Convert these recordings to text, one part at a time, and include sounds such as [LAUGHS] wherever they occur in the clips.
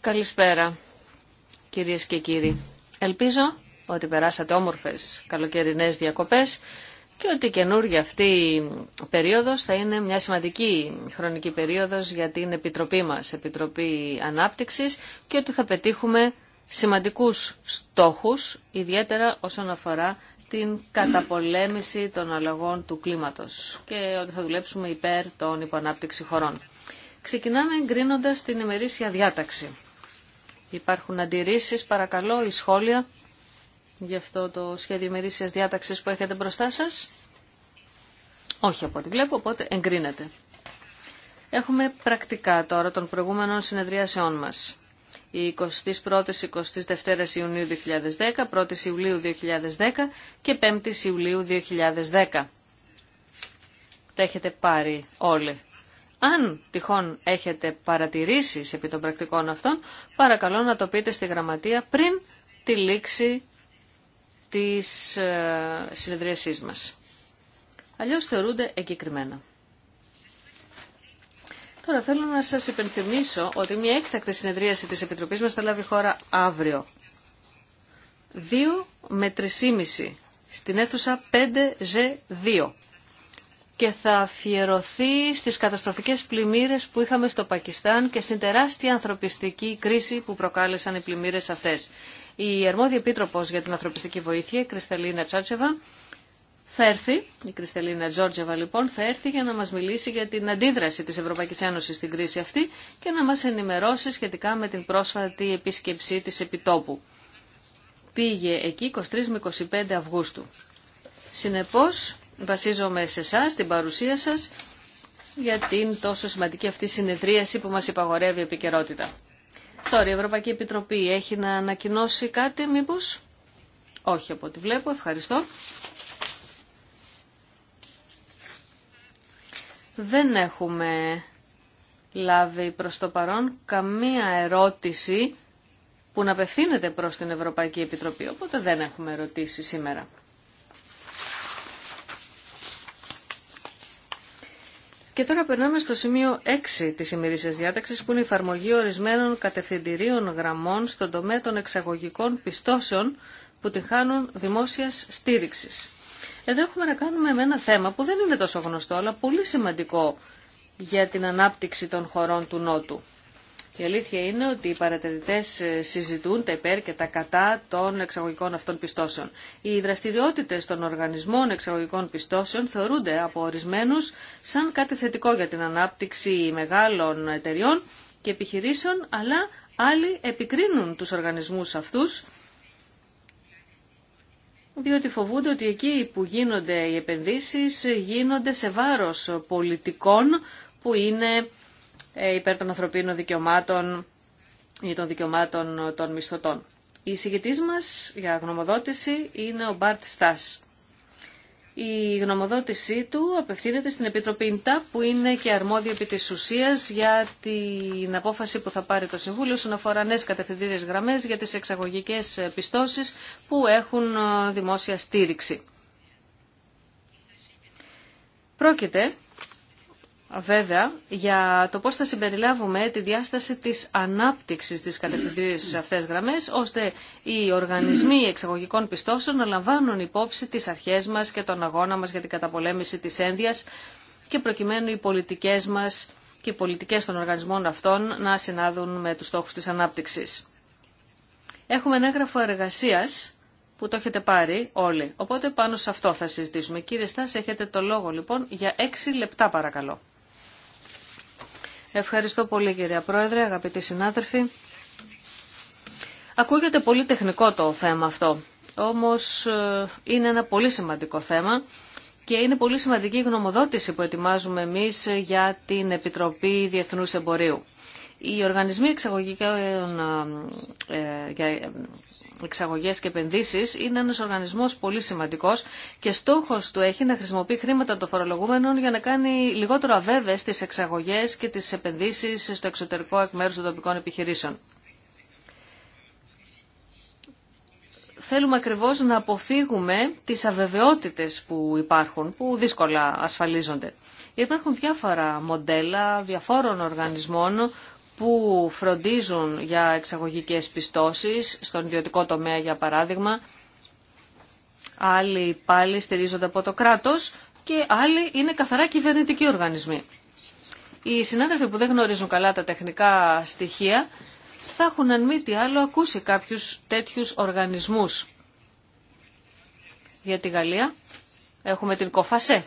Καλησπέρα, κυρίες και κύριοι. Ελπίζω ότι περάσατε όμορφες καλοκαιρινές διακοπές και ότι η καινούργια αυτή περίοδος θα είναι μια σημαντική χρονική περίοδος για την Επιτροπή μα Επιτροπή ανάπτυξη και ότι θα πετύχουμε σημαντικούς στόχους, ιδιαίτερα όσον αφορά την καταπολέμηση των αλλαγών του κλίματος και ότι θα δουλέψουμε υπέρ των υποανάπτυξη χωρών. Ξεκινάμε εγκρίνοντας την ημερήσια διάταξη. Υπάρχουν αντιρρήσεις, παρακαλώ, ή σχόλια για αυτό το σχέδιο ημερήσια διάταξης που έχετε μπροστά σας. Όχι από ό,τι βλέπω, οπότε εγκρίνεται. Έχουμε πρακτικά τώρα των προηγούμενων συνεδριάσεών μας. Η 21η-22η Ιουνίου 2010, 1η Ιουλίου 2010 και 5η Ιουλίου 2010. Τα έχετε πάρει όλοι. Αν τυχόν έχετε παρατηρήσεις επί των πρακτικών αυτών, παρακαλώ να το πείτε στη γραμματεία πριν τη λήξη της ε, συνεδρίασής μας. Αλλιώς θεωρούνται εγκεκριμένα. Τώρα θέλω να σας υπενθυμίσω ότι μια έκτακτη συνεδρίαση της Επιτροπής μας θα λάβει χώρα αύριο. 2 με 3,5 στην αίθουσα 5G2 και θα αφιερωθεί στις καταστροφικές πλημμύρες που είχαμε στο Πακιστάν και στην τεράστια ανθρωπιστική κρίση που προκάλεσαν οι πλημμύρες αυτές. Η Ερμόδια επίτροπος για την ανθρωπιστική βοήθεια, η Κρυσταλίνα Τσάτσεβα, θα έρθει, η Κρυσταλίνα Τζόρτζεβα λοιπόν, θα έρθει για να μας μιλήσει για την αντίδραση της Ευρωπαϊκής Ένωσης στην κρίση αυτή και να μας ενημερώσει σχετικά με την πρόσφατη επίσκεψή της επιτόπου. Πήγε εκεί 23 με 25 Αυγούστου. Συνεπώς, βασίζομαι σε εσά, την παρουσία σας, για την τόσο σημαντική αυτή συνεδρίαση που μας υπαγορεύει η επικαιρότητα. Τώρα, η Ευρωπαϊκή Επιτροπή έχει να ανακοινώσει κάτι, μήπως? Όχι, από ό,τι βλέπω. Ευχαριστώ. Δεν έχουμε λάβει προς το παρόν καμία ερώτηση που να απευθύνεται προς την Ευρωπαϊκή Επιτροπή, οπότε δεν έχουμε ερωτήσει σήμερα. Και τώρα περνάμε στο σημείο 6 της ημερήσιας διάταξης που είναι η εφαρμογή ορισμένων κατευθυντηρίων γραμμών στον τομέα των εξαγωγικών πιστώσεων που την χάνουν δημόσιας στήριξης. Εδώ έχουμε να κάνουμε με ένα θέμα που δεν είναι τόσο γνωστό αλλά πολύ σημαντικό για την ανάπτυξη των χωρών του Νότου. Η αλήθεια είναι ότι οι παρατηρητέ ε, συζητούν τα υπέρ και τα κατά των εξαγωγικών αυτών πιστώσεων. Οι δραστηριότητε των οργανισμών εξαγωγικών πιστώσεων θεωρούνται από ορισμένου σαν κάτι θετικό για την ανάπτυξη μεγάλων εταιριών και επιχειρήσεων, αλλά άλλοι επικρίνουν τους οργανισμούς αυτούς διότι φοβούνται ότι εκεί που γίνονται οι επενδύσεις γίνονται σε βάρος πολιτικών που είναι ε, υπέρ των ανθρωπίνων δικαιωμάτων ή των δικαιωμάτων των μισθωτών. Η των δικαιωματων των μισθωτων η συγκητη μας για γνωμοδότηση είναι ο Μπάρτ Στάς. Η γνωμοδότησή του απευθύνεται στην Επιτροπή ΙΝΤΑ που είναι και αρμόδια επί της ουσίας για την απόφαση που θα πάρει το Συμβούλιο όσον αφορά κατευθυντήριες γραμμές για τις εξαγωγικές πιστώσεις που έχουν ε, δημόσια στήριξη. Πρόκειται Βέβαια, για το πώς θα συμπεριλάβουμε τη διάσταση της ανάπτυξης της κατευθυντήρησης σε αυτές γραμμές, ώστε οι οργανισμοί εξαγωγικών πιστώσεων να λαμβάνουν υπόψη τις αρχές μας και τον αγώνα μας για την καταπολέμηση της ένδειας και προκειμένου οι πολιτικές μας και οι πολιτικές των οργανισμών αυτών να συνάδουν με τους στόχους της ανάπτυξης. Έχουμε ένα έγγραφο εργασίας που το έχετε πάρει όλοι. Οπότε πάνω σε αυτό θα συζητήσουμε. Κύριε Στάση, έχετε το λόγο λοιπόν για έξι λεπτά παρακαλώ. Ευχαριστώ πολύ κυρία Πρόεδρε, αγαπητοί συνάδελφοι. Ακούγεται πολύ τεχνικό το θέμα αυτό, όμως ε, είναι ένα πολύ σημαντικό θέμα και είναι πολύ σημαντική η γνωμοδότηση που ετοιμάζουμε εμείς ε, για την Επιτροπή Διεθνούς Εμπορίου. Οι οργανισμοί εξαγωγικών ε, ε, για εξαγωγές και επενδύσεις είναι ένας οργανισμός πολύ σημαντικός και στόχος του έχει να χρησιμοποιεί χρήματα των φορολογούμενων για να κάνει λιγότερο αβέβαιες τις εξαγωγές και τις επενδύσεις στο εξωτερικό εκ μέρους των τοπικών επιχειρήσεων. θέλουμε ακριβώς να αποφύγουμε τις αβεβαιότητες που υπάρχουν, που δύσκολα ασφαλίζονται. Υπάρχουν διάφορα μοντέλα διαφόρων οργανισμών που φροντίζουν για εξαγωγικές πιστώσεις, στον ιδιωτικό τομέα για παράδειγμα. Άλλοι πάλι στηρίζονται από το κράτος και άλλοι είναι καθαρά κυβερνητικοί οργανισμοί. Οι συνάδελφοι που δεν γνωρίζουν καλά τα τεχνικά στοιχεία θα έχουν αν μη τι άλλο ακούσει κάποιους τέτοιους οργανισμούς. Για τη Γαλλία έχουμε την ΚΟΦΑΣΕ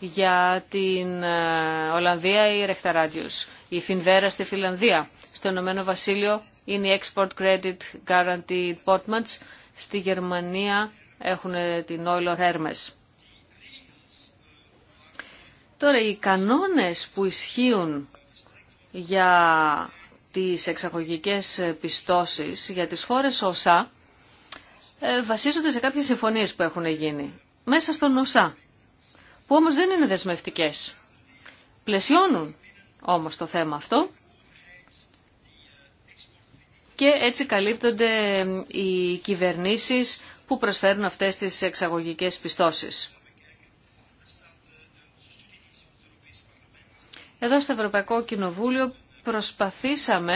για την ε, Ολλανδία η Radius. η Φινβέρα στη Φιλανδία, στο Ηνωμένο Βασίλειο είναι η Export Credit Guarantee Portmans, στη Γερμανία έχουν την Euler Hermes. Τώρα οι κανόνες που ισχύουν για τις εξαγωγικές πιστώσεις για τις χώρες ΟΣΑ ε, βασίζονται σε κάποιες συμφωνίες που έχουν γίνει. Μέσα στον ΟΣΑ που όμως δεν είναι δεσμευτικές. Πλαισιώνουν όμως το θέμα αυτό και έτσι καλύπτονται οι κυβερνήσεις που προσφέρουν αυτές τις εξαγωγικές πιστώσεις. Εδώ στο Ευρωπαϊκό Κοινοβούλιο προσπαθήσαμε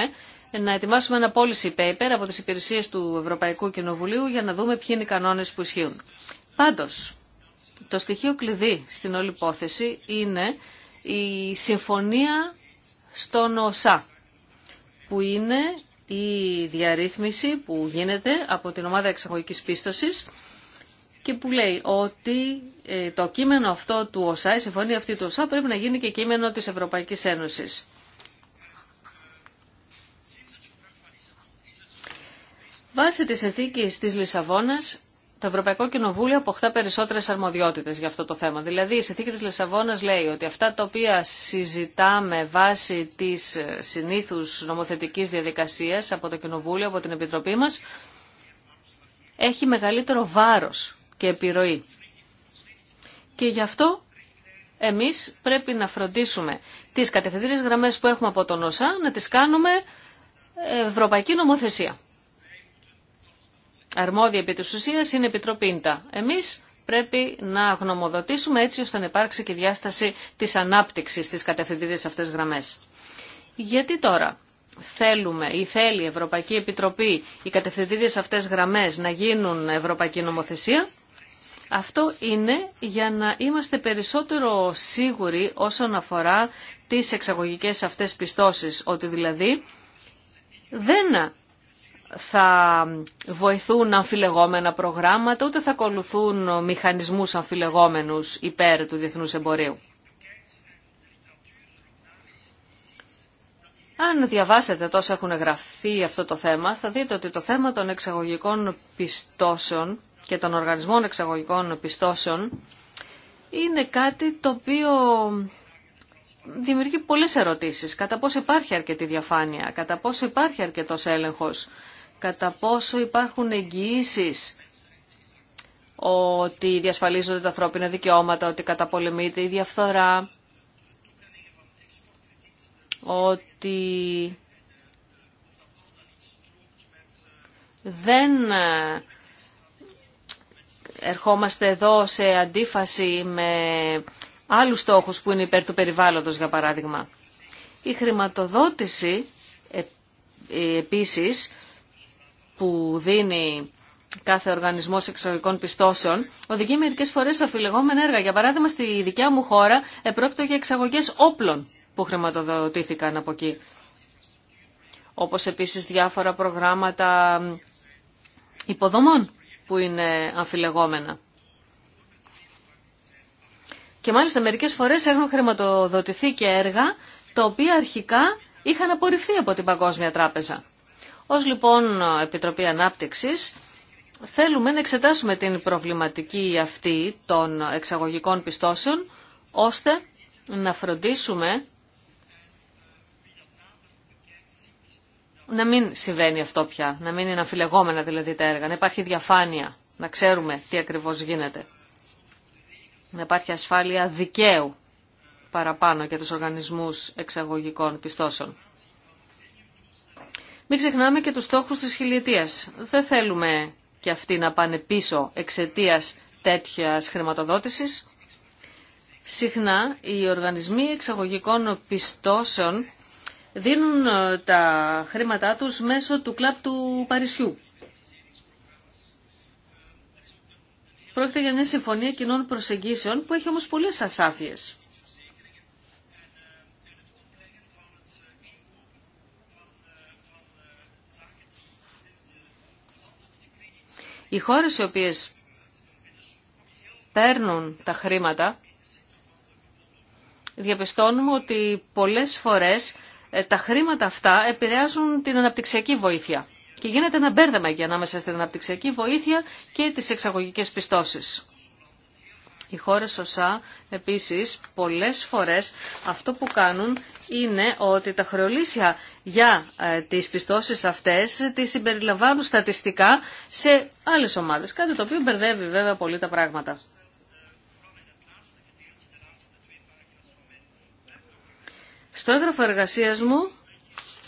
να ετοιμάσουμε ένα policy paper από τις υπηρεσίες του Ευρωπαϊκού Κοινοβουλίου για να δούμε ποιοι είναι οι κανόνες που ισχύουν. Πάντως, το στοιχείο κλειδί στην όλη υπόθεση είναι η συμφωνία στον ΟΣΑ, που είναι η διαρρύθμιση που γίνεται από την ομάδα εξαγωγικής πίστοσης και που λέει ότι ε, το κείμενο αυτό του ΟΣΑ, η συμφωνία αυτή του ΟΣΑ πρέπει να γίνει και κείμενο της Ευρωπαϊκής Ένωσης. Βάσει της συνθήκης της Λισαβόνας το Ευρωπαϊκό Κοινοβούλιο αποκτά περισσότερες αρμοδιότητες για αυτό το θέμα. Δηλαδή η συνθήκη τη Λισαβόνα λέει ότι αυτά τα οποία συζητάμε βάσει τη ε, συνήθους νομοθετική διαδικασία από το Κοινοβούλιο, από την Επιτροπή μας, έχει μεγαλύτερο βάρος και επιρροή. Και γι' αυτό εμείς πρέπει να φροντίσουμε τι κατευθυντήριε γραμμέ που έχουμε από τον ΩΣΑ να τι κάνουμε ευρωπαϊκή νομοθεσία αρμόδια επί της ουσίας είναι η Επιτροπή ΙΝΤΑ. Εμείς πρέπει να γνωμοδοτήσουμε έτσι ώστε να υπάρξει και διάσταση της ανάπτυξης στις κατευθυντήριες αυτές γραμμές. Γιατί τώρα θέλουμε ή θέλει η Ευρωπαϊκή Επιτροπή οι κατευθυντήριες αυτές γραμμές να γίνουν Ευρωπαϊκή Νομοθεσία. Αυτό είναι για να είμαστε περισσότερο σίγουροι όσον αφορά τις εξαγωγικές αυτές πιστώσεις, ότι δηλαδή δεν θα βοηθούν αμφιλεγόμενα προγράμματα, ούτε θα ακολουθούν μηχανισμούς αμφιλεγόμενους υπέρ του διεθνούς εμπορίου. Αν διαβάσετε τόσο έχουν γραφεί αυτό το θέμα, θα δείτε ότι το θέμα των εξαγωγικών πιστώσεων και των οργανισμών εξαγωγικών πιστώσεων είναι κάτι το οποίο δημιουργεί πολλές ερωτήσεις. Κατά πώς υπάρχει αρκετή διαφάνεια, κατά πώς υπάρχει αρκετός έλεγχος κατά πόσο υπάρχουν εγγυήσει ότι διασφαλίζονται τα ανθρώπινα δικαιώματα, ότι καταπολεμείται η διαφθορά, ότι δεν ε, ερχόμαστε εδώ σε αντίφαση με άλλους στόχους που είναι υπέρ του περιβάλλοντος, για παράδειγμα. Η χρηματοδότηση ε, ε, επίσης που δίνει κάθε οργανισμό εξαγωγικών πιστώσεων οδηγεί μερικέ φορέ αφιλεγόμενα έργα. Για παράδειγμα, στη δικιά μου χώρα επρόκειτο για εξαγωγέ όπλων που χρηματοδοτήθηκαν από εκεί. Όπω επίση διάφορα προγράμματα υποδομών που είναι αφιλεγόμενα. Και μάλιστα μερικές φορές έχουν χρηματοδοτηθεί και έργα τα οποία αρχικά είχαν απορριφθεί από την Παγκόσμια Τράπεζα. Ως λοιπόν Επιτροπή Ανάπτυξης θέλουμε να εξετάσουμε την προβληματική αυτή των εξαγωγικών πιστώσεων ώστε να φροντίσουμε να μην συμβαίνει αυτό πια, να μην είναι αμφιλεγόμενα δηλαδή τα έργα, να υπάρχει διαφάνεια, να ξέρουμε τι ακριβώς γίνεται. Να υπάρχει ασφάλεια δικαίου παραπάνω για τους οργανισμούς εξαγωγικών πιστώσεων. Μην ξεχνάμε και τους στόχους της χιλιετίας. Δεν θέλουμε και αυτοί να πάνε πίσω εξαιτία τέτοια χρηματοδότησης. Συχνά οι οργανισμοί εξαγωγικών πιστώσεων δίνουν ε, τα χρήματά τους μέσω του κλαπ του Παρισιού. Πρόκειται για μια συμφωνία κοινών προσεγγίσεων που έχει όμως πολλές ασάφειες. Οι χώρες οι οποίες παίρνουν τα χρήματα, διαπιστώνουμε ότι πολλές φορές ε, τα χρήματα αυτά επηρεάζουν την αναπτυξιακή βοήθεια. Και γίνεται ένα μπέρδεμα για ανάμεσα στην αναπτυξιακή βοήθεια και τις εξαγωγικές πιστώσεις. Οι χώρα ΩΣΑ επίσης πολλές φορές αυτό που κάνουν είναι ότι τα χρεολύσια για ε, τις πιστώσεις αυτές τις συμπεριλαμβάνουν στατιστικά σε άλλες ομάδες, κάτι το οποίο μπερδεύει βέβαια πολύ τα πράγματα. Στο έγγραφο εργασίας μου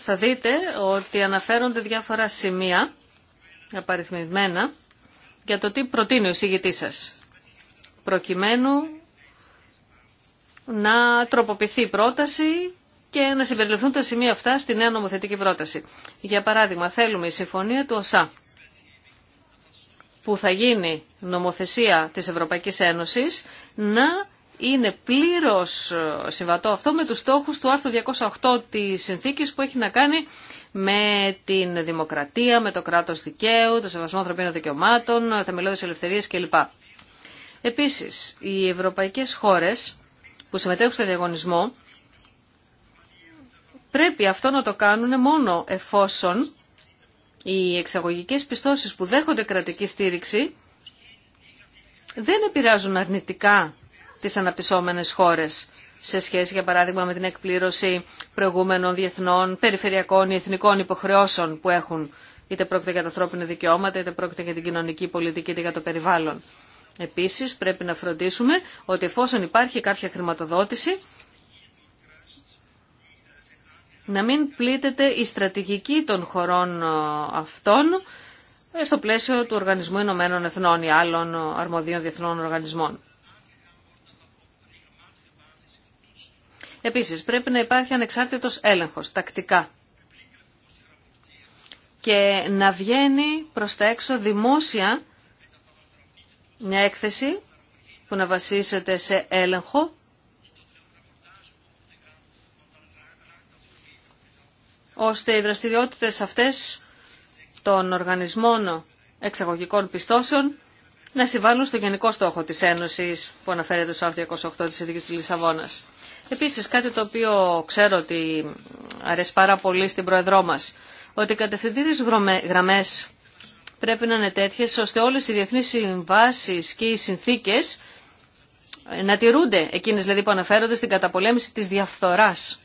θα δείτε ότι αναφέρονται διάφορα σημεία απαριθμημένα για το τι προτείνει ο εισηγητής σας προκειμένου να τροποποιηθεί η πρόταση και να συμπεριληφθούν τα σημεία αυτά στη νέα νομοθετική πρόταση. Για παράδειγμα, θέλουμε η συμφωνία του ΟΣΑ που θα γίνει νομοθεσία της Ευρωπαϊκής Ένωσης να είναι πλήρως συμβατό αυτό με τους στόχους του άρθρου 208 της συνθήκης που έχει να κάνει με την δημοκρατία, με το κράτος δικαίου, το σεβασμό ανθρωπίνων δικαιωμάτων, θεμελιώδες ελευθερίες κλπ. Επίσης, οι ευρωπαϊκές χώρες που συμμετέχουν στο διαγωνισμό πρέπει αυτό να το κάνουν μόνο εφόσον οι εξαγωγικές πιστώσεις που δέχονται κρατική στήριξη δεν επηρεάζουν αρνητικά τις αναπτυσσόμενες χώρες σε σχέση, για παράδειγμα, με την εκπλήρωση προηγούμενων διεθνών, περιφερειακών ή εθνικών υποχρεώσεων που έχουν, είτε πρόκειται για τα ανθρώπινα δικαιώματα, είτε πρόκειται για την κοινωνική πολιτική, είτε για το περιβάλλον. Επίσης πρέπει να φροντίσουμε ότι εφόσον υπάρχει κάποια χρηματοδότηση να μην πλήττεται η στρατηγική των χωρών ε, αυτών ε, στο πλαίσιο του Οργανισμού Ηνωμένων Εθνών ή άλλων αρμοδίων διεθνών οργανισμών. Επίσης, πρέπει να υπάρχει ανεξάρτητος έλεγχος, τακτικά. Και να βγαίνει προς τα έξω δημόσια μια έκθεση που να βασίζεται σε έλεγχο ώστε οι δραστηριότητες αυτές των οργανισμών εξαγωγικών πιστώσεων να συμβάλλουν στο γενικό στόχο της Ένωσης που αναφέρεται στο άρθρο 28 της Ειδικής της Λισαβόνας. Επίσης κάτι το οποίο ξέρω ότι αρέσει πάρα πολύ στην Προεδρό μας, ότι οι κατευθυντήριες γραμμές πρέπει να είναι τέτοιε, ώστε όλες οι διεθνεί συμβάσει και οι συνθήκες να τηρούνται εκείνες δηλαδή που αναφέρονται στην καταπολέμηση της διαφθοράς.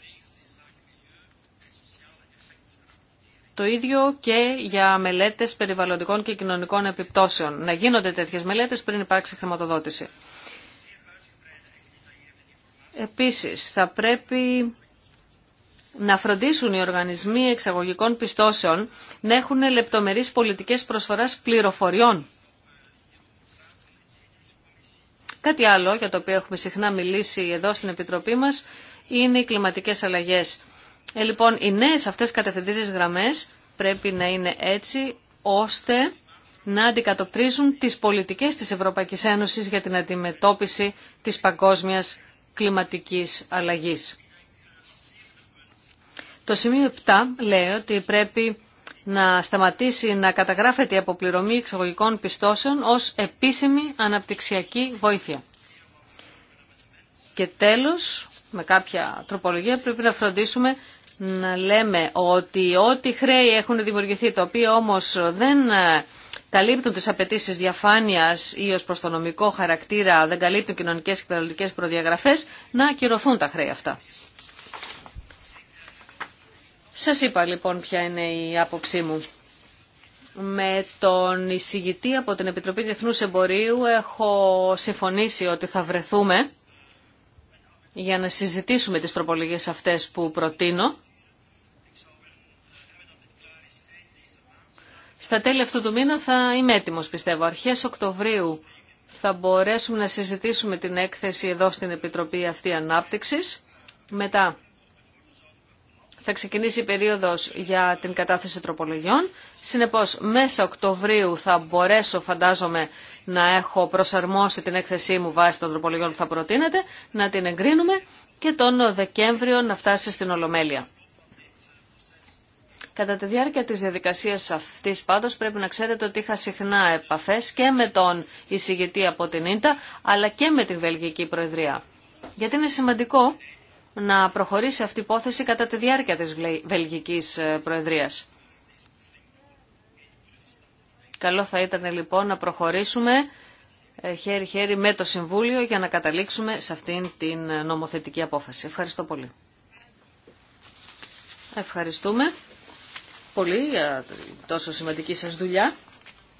Το ίδιο και για μελέτες περιβαλλοντικών και κοινωνικών επιπτώσεων. Να γίνονται τέτοιες μελέτες πριν υπάρξει χρηματοδότηση. Επίσης, θα πρέπει να φροντίσουν οι οργανισμοί εξαγωγικών πιστώσεων να έχουν λεπτομερείς πολιτικές προσφοράς πληροφοριών. Κάτι άλλο για το οποίο έχουμε συχνά μιλήσει εδώ στην Επιτροπή μας είναι οι κλιματικές αλλαγές. Ε, λοιπόν, οι νέες αυτές κατευθυντήριες γραμμές πρέπει να είναι έτσι ώστε να αντικατοπτρίζουν τις πολιτικές της Ευρωπαϊκής Ένωσης για την αντιμετώπιση της παγκόσμιας κλιματικής αλλαγής. Το σημείο 7 λέει ότι πρέπει να σταματήσει να καταγράφεται η αποπληρωμή εξαγωγικών πιστώσεων ως επίσημη αναπτυξιακή βοήθεια. Και τέλος, με κάποια τροπολογία πρέπει να φροντίσουμε να λέμε ότι ό,τι χρέη έχουν δημιουργηθεί, το οποίο όμως δεν ε, καλύπτουν τις απαιτήσει διαφάνειας ή ως προς το νομικό χαρακτήρα, δεν καλύπτουν κοινωνικές και προδιαγραφές, να ακυρωθούν τα χρέη αυτά. Σας είπα λοιπόν ποια είναι η άποψή μου. Με τον εισηγητή από την Επιτροπή Διεθνούς Εμπορίου έχω συμφωνήσει ότι θα βρεθούμε για να συζητήσουμε τις τροπολογίες αυτές που προτείνω. Στα τέλη αυτού του μήνα θα είμαι έτοιμος πιστεύω. Αρχές Οκτωβρίου θα μπορέσουμε να συζητήσουμε την έκθεση εδώ στην Επιτροπή αυτή Ανάπτυξης. Μετά θα ξεκινήσει η περίοδος για την κατάθεση τροπολογιών. Συνεπώς, μέσα Οκτωβρίου θα μπορέσω, φαντάζομαι, να έχω προσαρμόσει την έκθεσή μου βάσει των τροπολογιών που θα προτείνετε, να την εγκρίνουμε και τον Δεκέμβριο να φτάσει στην Ολομέλεια. Κατά τη διάρκεια της διαδικασίας αυτής πάντως πρέπει να ξέρετε ότι είχα συχνά επαφές και με τον εισηγητή από την Ίντα αλλά και με την Βελγική Προεδρία. Γιατί είναι σημαντικό να προχωρήσει αυτή η υπόθεση κατά τη διάρκεια της Βελγικής ε, Προεδρίας. Καλό θα ήταν λοιπόν να προχωρήσουμε ε, χέρι-χέρι με το Συμβούλιο για να καταλήξουμε σε αυτήν την ε, νομοθετική απόφαση. Ευχαριστώ πολύ. Ευχαριστούμε πολύ για τόσο σημαντική σας δουλειά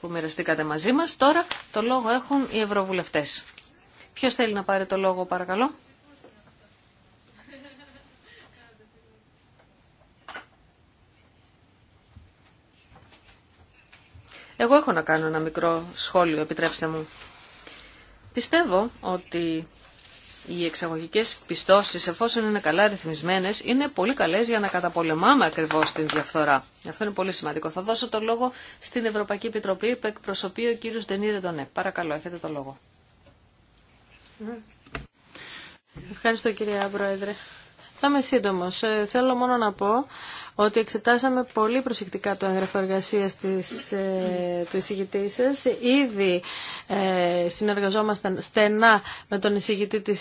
που μοιραστήκατε μαζί μας. Τώρα το λόγο έχουν οι ευρωβουλευτές. Ποιος θέλει να πάρει το λόγο παρακαλώ. Εγώ έχω να κάνω ένα μικρό σχόλιο, επιτρέψτε μου. Πιστεύω ότι οι εξαγωγικές πιστώσεις, εφόσον είναι καλά ρυθμισμένες, είναι πολύ καλές για να καταπολεμάμε ακριβώς την διαφθορά. Αυτό είναι πολύ σημαντικό. Θα δώσω το λόγο στην Ευρωπαϊκή Επιτροπή που εκπροσωπεί ο κύριος Ντενίρε Ντονέ. Παρακαλώ, έχετε το λόγο. Ευχαριστώ κυρία Πρόεδρε. Θα είμαι σύντομος. Ε, θέλω μόνο να πω ότι εξετάσαμε πολύ προσεκτικά το έγγραφο εργασία ε, του εισηγητή σα. Ήδη ε, συνεργαζόμασταν στενά με τον εισηγητή τη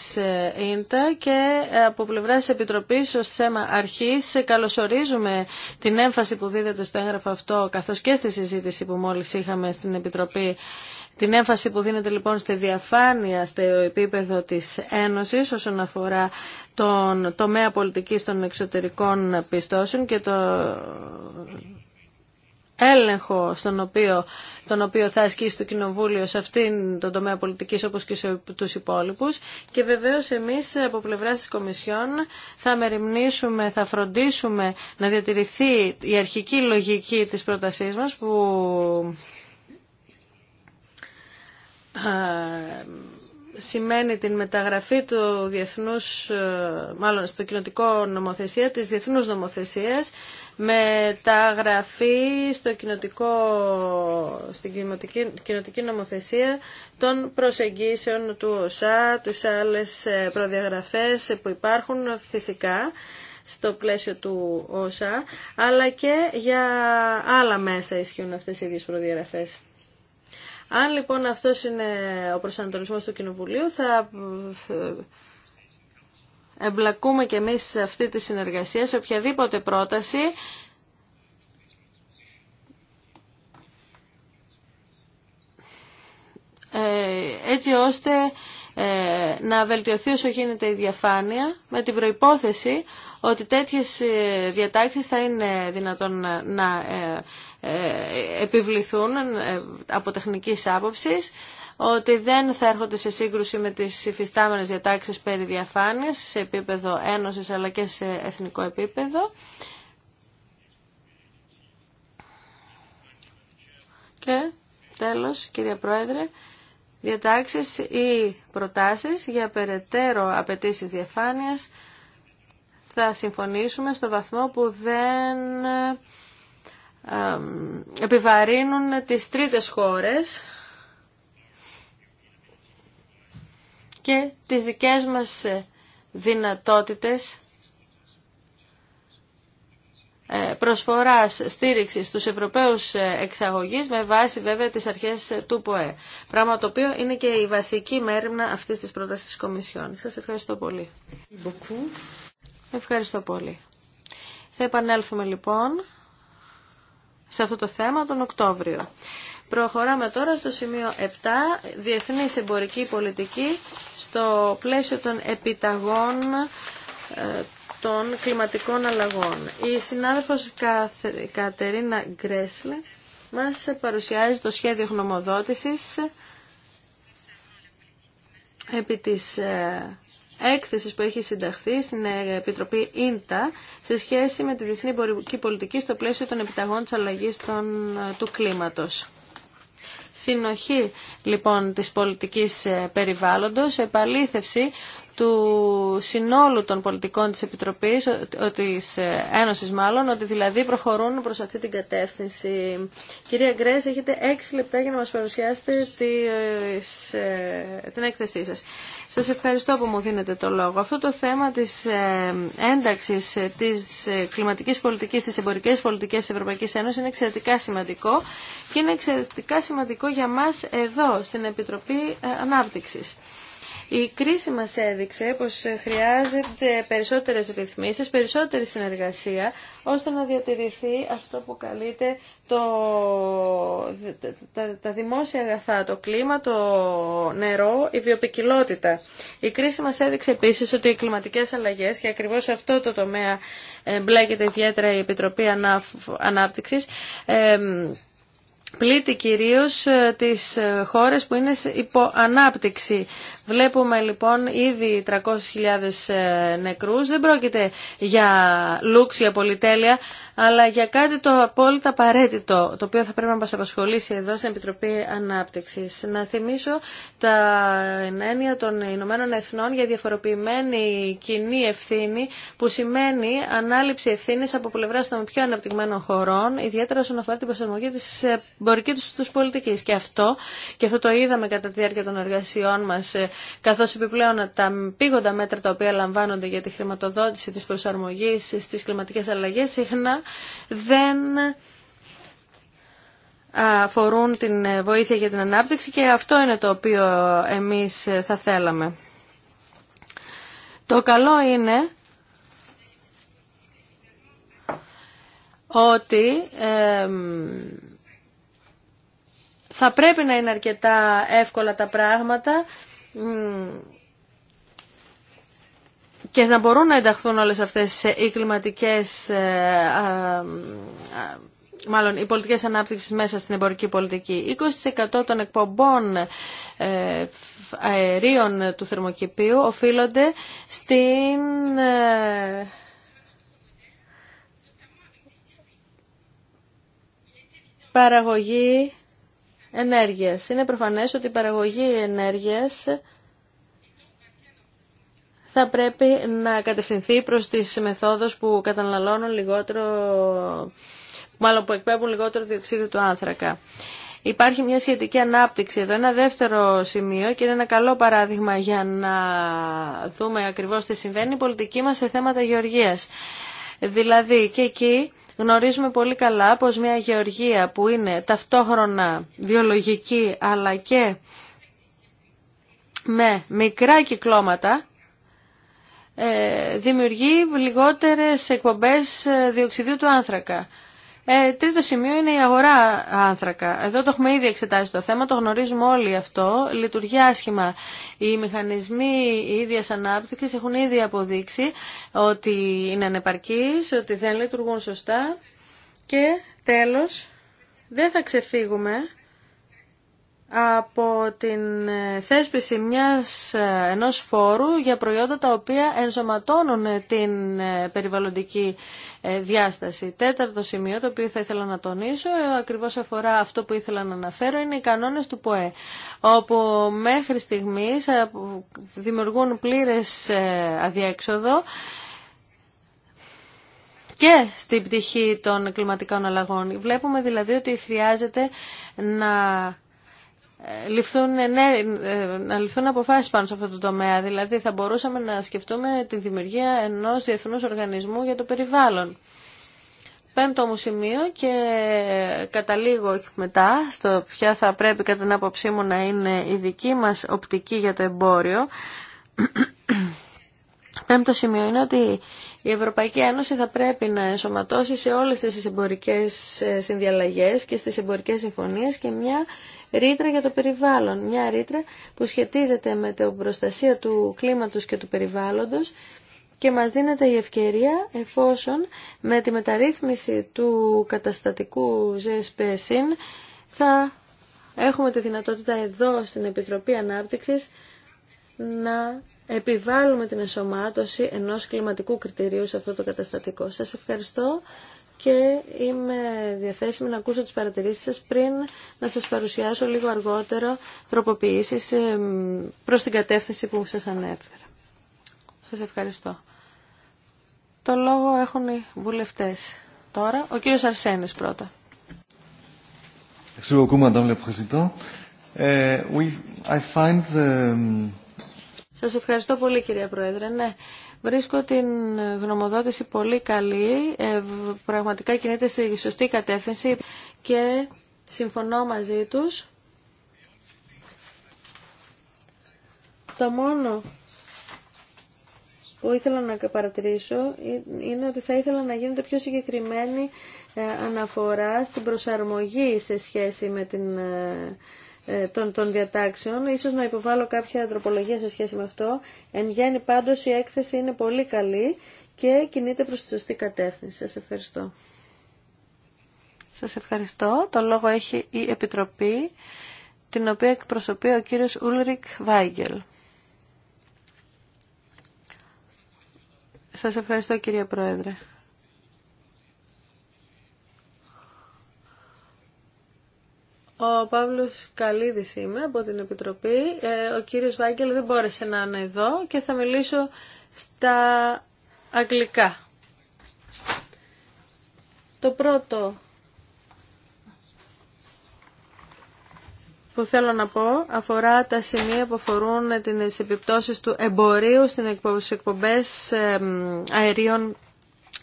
ΙΝΤΑ ε, και από πλευρά τη Επιτροπή ω θέμα αρχή καλωσορίζουμε την έμφαση που δίδεται στο έγγραφο αυτό καθώ και στη συζήτηση που μόλι είχαμε στην Επιτροπή την έμφαση που δίνεται λοιπόν στη διαφάνεια στο επίπεδο της Ένωσης όσον αφορά τον τομέα πολιτικής των εξωτερικών πιστώσεων και το έλεγχο στον οποίο, τον οποίο θα ασκήσει το Κοινοβούλιο σε αυτήν τον τομέα πολιτικής όπως και σε τους υπόλοιπους και βεβαίως εμείς από πλευρά της Κομισιόν θα μεριμνήσουμε, θα φροντίσουμε να διατηρηθεί η αρχική λογική της πρότασής μας που σημαίνει την μεταγραφή του διεθνούς, ε, μάλλον στο κοινοτικό νομοθεσία, της διεθνούς νομοθεσίας, μεταγραφή στο κοινοτικό, στην κοινοτική, κοινοτική νομοθεσία των προσεγγίσεων του ΟΣΑ, τις άλλες ε, προδιαγραφές που υπάρχουν φυσικά στο πλαίσιο του ΟΣΑ, αλλά και για άλλα μέσα ισχύουν αυτές οι ίδιες προδιαγραφές. Αν λοιπόν αυτό είναι ο προσανατολισμός του Κοινοβουλίου, θα εμπλακούμε και εμείς σε αυτή τη συνεργασία, σε οποιαδήποτε πρόταση ε, έτσι ώστε ε, να βελτιωθεί όσο γίνεται η διαφάνεια με την προϋπόθεση ότι τέτοιες ε, διατάξεις θα είναι δυνατόν να ε, επιβληθούν ε, από τεχνικής άποψης, ότι δεν θα έρχονται σε σύγκρουση με τις υφιστάμενες διατάξεις περί διαφάνειας σε επίπεδο ένωσης αλλά και σε εθνικό επίπεδο. Και τέλος, κυρία Πρόεδρε, διατάξεις ή προτάσεις για περαιτέρω απαιτήσει διαφάνειας θα συμφωνήσουμε στο βαθμό που δεν επιβαρύνουν τις τρίτες χώρες και τις δικές μας δυνατότητες ε, προσφοράς στήριξης στους Ευρωπαίους ε, εξαγωγείς με βάση βέβαια τις αρχές του ΠΟΕ. Πράγμα το οποίο είναι και η βασική μέρημνα αυτής της πρότασης της Κομισιόν. Σας ευχαριστώ πολύ. Ευχαριστώ πολύ. Θα επανέλθουμε λοιπόν σε αυτό το θέμα τον Οκτώβριο. Προχωράμε τώρα στο σημείο 7, Διεθνής Εμπορική Πολιτική, στο πλαίσιο των επιταγών ε, των κλιματικών αλλαγών. Η συνάδελφος Κατερίνα Γκρέσλε μας παρουσιάζει το σχέδιο γνωμοδότησης επί της ε, Έκθεση που έχει συνταχθεί στην ε, Επιτροπή ΙΝΤΑ σε σχέση με τη διεθνή πολιτική στο πλαίσιο των επιταγών της αλλαγής ε, του κλίματος. Συνοχή λοιπόν της πολιτικής ε, περιβάλλοντος, επαλήθευση του συνόλου των πολιτικών της Επιτροπής, της ε, Ένωσης μάλλον, ότι δηλαδή προχωρούν προς αυτή την κατεύθυνση. Κυρία Γκρέζ, έχετε έξι λεπτά για να μας παρουσιάσετε ε, την έκθεσή σας. Σας ευχαριστώ που μου δίνετε το λόγο. Αυτό το θέμα της ε, ένταξης της κλιματικής πολιτικής, της εμπορικής πολιτικής της Ευρωπαϊκής Ένωσης είναι εξαιρετικά σημαντικό και είναι εξαιρετικά σημαντικό για μας εδώ, στην Επιτροπή Ανάπτυξης. Η κρίση μας έδειξε πως χρειάζεται περισσότερες ρυθμίσεις, περισσότερη συνεργασία, ώστε να διατηρηθεί αυτό που καλείται το, τα, τα δημόσια αγαθά, το κλίμα, το νερό, η βιοπικιλότητα. Η κρίση μας έδειξε επίσης ότι οι κλιματικές αλλαγές και ακριβώς αυτό το τομέα ε, μπλέκεται ιδιαίτερα η Επιτροπή Ανάπτυξης, ε, πλήττει κυρίως ε, τις ε, χώρες που είναι υπό ανάπτυξη. Βλέπουμε λοιπόν ήδη 300.000 ε, νεκρούς. Δεν πρόκειται για λούξια πολυτέλεια, αλλά για κάτι το απόλυτα απαραίτητο, το οποίο θα πρέπει να μας απασχολήσει εδώ στην Επιτροπή Ανάπτυξης. Να θυμίσω τα ενένεια των Ηνωμένων Εθνών για διαφοροποιημένη κοινή ευθύνη, που σημαίνει ανάληψη ευθύνης από πλευρά των πιο αναπτυγμένων χωρών, ιδιαίτερα όσον αφορά την προσαρμογή της εμπορική τους πολιτικής. Και αυτό, και αυτό το είδαμε κατά τη διάρκεια των εργασιών μας, ε, καθώς επιπλέον τα πήγοντα μέτρα τα οποία λαμβάνονται για τη χρηματοδότηση της προσαρμογής στις κλιματικές αλλαγές, συχνά δεν αφορούν την βοήθεια για την ανάπτυξη και αυτό είναι το οποίο εμείς ε, θα θέλαμε. Το καλό είναι ότι θα πρέπει να είναι αρκετά εύκολα τα πράγματα και να μπορούν να ενταχθούν όλες αυτές οι κλιματικές, ε, μάλλον οι πολιτικές ανάπτυξης μέσα στην εμπορική πολιτική. 20% των εκπομπών ε, αερίων του θερμοκηπίου οφείλονται στην ε, παραγωγή ενέργειας. Είναι προφανές ότι η παραγωγή ενέργειας θα πρέπει να κατευθυνθεί προς τις μεθόδους που καταναλώνουν λιγότερο, μάλλον που εκπέμπουν λιγότερο διοξείδιο του άνθρακα. Υπάρχει μια σχετική ανάπτυξη εδώ. Ένα δεύτερο σημείο και είναι ένα καλό παράδειγμα για να δούμε ακριβώς τι συμβαίνει η πολιτική μας σε θέματα γεωργίας. Δηλαδή και εκεί γνωρίζουμε πολύ καλά πως μια γεωργία που είναι ταυτόχρονα βιολογική αλλά και με μικρά κυκλώματα ε, δημιουργεί λιγότερες εκπομπές ε, διοξιδίου του άνθρακα. Ε, τρίτο σημείο είναι η αγορά άνθρακα. Εδώ το έχουμε ήδη εξετάσει το θέμα, το γνωρίζουμε όλοι αυτό. Λειτουργεί άσχημα. Οι μηχανισμοί ίδια ανάπτυξη έχουν ήδη αποδείξει ότι είναι ανεπαρκείς, ότι δεν λειτουργούν σωστά. Και τέλος, δεν θα ξεφύγουμε από την ε, θέσπιση μιας, ε, ενός φόρου για προϊόντα τα οποία ενσωματώνουν ε, την περιβαλλοντική διάσταση. Τέταρτο σημείο το οποίο θα ήθελα να τονίσω, ακριβώς αφορά αυτό που ήθελα να αναφέρω, είναι οι κανόνες του ΠΟΕ, όπου μέχρι στιγμής δημιουργούν πλήρες αδιέξοδο και στην πτυχή των κλιματικών αλλαγών. Βλέπουμε δηλαδή ότι χρειάζεται να ληφθούν, ναι, να ληφθούν αποφάσεις πάνω σε αυτό το τομέα. Δηλαδή θα μπορούσαμε να σκεφτούμε τη δημιουργία ενός διεθνούς οργανισμού για το περιβάλλον. Πέμπτο μου σημείο και καταλήγω μετά στο ποια θα πρέπει κατά την άποψή μου να είναι η δική μας οπτική για το εμπόριο. Πέμπτο σημείο είναι ότι η Ευρωπαϊκή Ένωση θα πρέπει να ενσωματώσει σε όλες τις εμπορικές συνδιαλλαγές και στις εμπορικές συμφωνίες και μια ρήτρα για το περιβάλλον. Μια ρήτρα που σχετίζεται με την προστασία του κλίματος και του περιβάλλοντος και μας δίνεται η ευκαιρία εφόσον με τη μεταρρύθμιση του καταστατικού ΖΕΣΠΕΣΙΝ θα έχουμε τη δυνατότητα εδώ στην Επιτροπή Ανάπτυξης να επιβάλλουμε την ενσωμάτωση ενός κλιματικού κριτηρίου σε αυτό το καταστατικό. Σας ευχαριστώ και είμαι διαθέσιμη να ακούσω τις παρατηρήσεις σας πριν να σας παρουσιάσω λίγο αργότερο τροποποιήσεις ε, προς την κατεύθυνση που σας ανέφερα. Σας ευχαριστώ. Το λόγο έχουν οι βουλευτές. Τώρα, ο κύριος Αρσένης πρώτα. Ε, σας ευχαριστώ πολύ κυρία Πρόεδρε. Ναι, Βρίσκω την γνωμοδότηση πολύ καλή, ε, πραγματικά κινείται στη σωστή κατεύθυνση και συμφωνώ μαζί τους. Το μόνο που ήθελα να παρατηρήσω είναι ότι θα ήθελα να γίνεται πιο συγκεκριμένη ε, αναφορά στην προσαρμογή σε σχέση με την ε, ε, των, των διατάξεων. Ίσως να υποβάλω κάποια τροπολογία σε σχέση με αυτό. Εν γέννη πάντως η έκθεση είναι πολύ καλή και κινείται προς τη σωστή κατεύθυνση. Σας ευχαριστώ. Σας ευχαριστώ. Το λόγο έχει η Επιτροπή, την οποία εκπροσωπεί ο κύριος Ούλρικ Βάιγκελ. Σας ευχαριστώ κυρία Πρόεδρε. Ο Παύλος Καλίδης είμαι από την Επιτροπή. Ε, ο κύριος Βάγκελ δεν μπόρεσε να είναι εδώ και θα μιλήσω στα αγγλικά. Το πρώτο που θέλω να πω αφορά τα σημεία που αφορούν τις επιπτώσεις του εμπορίου στις εκπομπές αερίων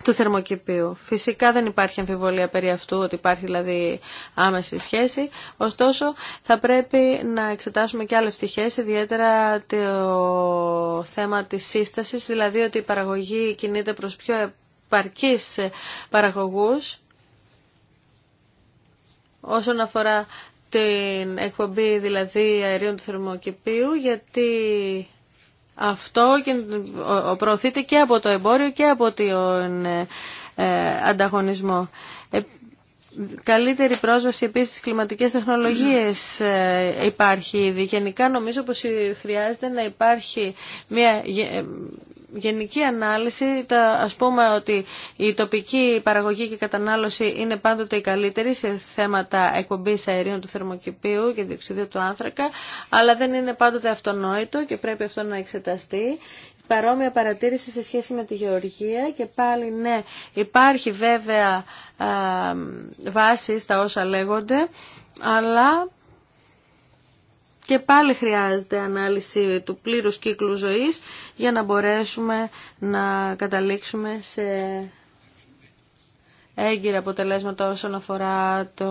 του θερμοκηπίου. Φυσικά δεν υπάρχει αμφιβολία περί αυτού ότι υπάρχει δηλαδή άμεση σχέση, ωστόσο θα πρέπει να εξετάσουμε και άλλε πτυχέ ιδιαίτερα το θέμα της σύσταση, δηλαδή ότι η παραγωγή κινείται προ πιο επαρκεί παραγωγού. όσον αφορά την εκπομπή δηλαδή αερίων του θερμοκηπίου, γιατί αυτό προωθείται και από το εμπόριο και από τον ε, ε, ανταγωνισμό. Ε, καλύτερη πρόσβαση επίσης στις κλιματικές τεχνολογίες υπάρχει ήδη. Γενικά νομίζω πως χρειάζεται να υπάρχει μια γενική ανάλυση, τα, ας πούμε ότι η τοπική παραγωγή και κατανάλωση είναι πάντοτε η καλύτερη σε θέματα εκπομπής αερίων του θερμοκηπίου και διοξιδίου του άνθρακα, αλλά δεν είναι πάντοτε αυτονόητο και πρέπει αυτό να εξεταστεί. Παρόμοια παρατήρηση σε σχέση με τη γεωργία και πάλι ναι, υπάρχει βέβαια βάση στα όσα λέγονται, αλλά και πάλι χρειάζεται ανάλυση του πλήρους κύκλου ζωής για να μπορέσουμε να καταλήξουμε σε έγκυρα αποτελέσματα όσον αφορά το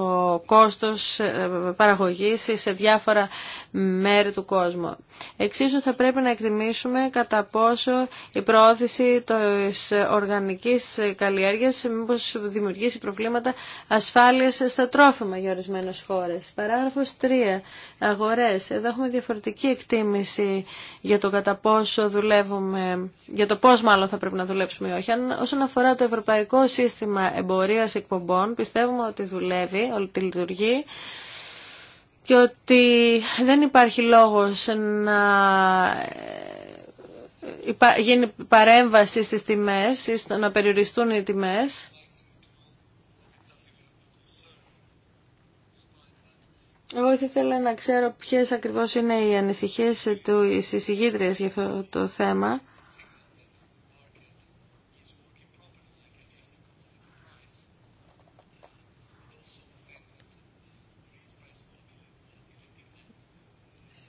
κόστος ε, παραγωγής σε διάφορα μέρη του κόσμου. Εξίσου θα πρέπει να εκτιμήσουμε κατά πόσο η προώθηση της οργανικής καλλιέργειας μήπως δημιουργήσει προβλήματα ασφάλειας στα τρόφιμα για ορισμένες χώρες. Παράγραφος 3. Αγορές. Εδώ έχουμε διαφορετική εκτίμηση για το κατά πόσο δουλεύουμε, για το πώς μάλλον θα πρέπει να δουλέψουμε ή όχι. Αν, όσον αφορά το ευρωπαϊκό σύστημα πορεία εκπομπών πιστεύουμε ότι δουλεύει, ότι λειτουργεί και ότι δεν υπάρχει λόγος να ε, γίνει παρέμβαση στις τιμές ή στο να περιοριστούν οι τιμές. Εγώ ήθελα να ξέρω ποιες ακριβώς είναι οι ανησυχίες του εισηγήτριας για αυτό το θέμα.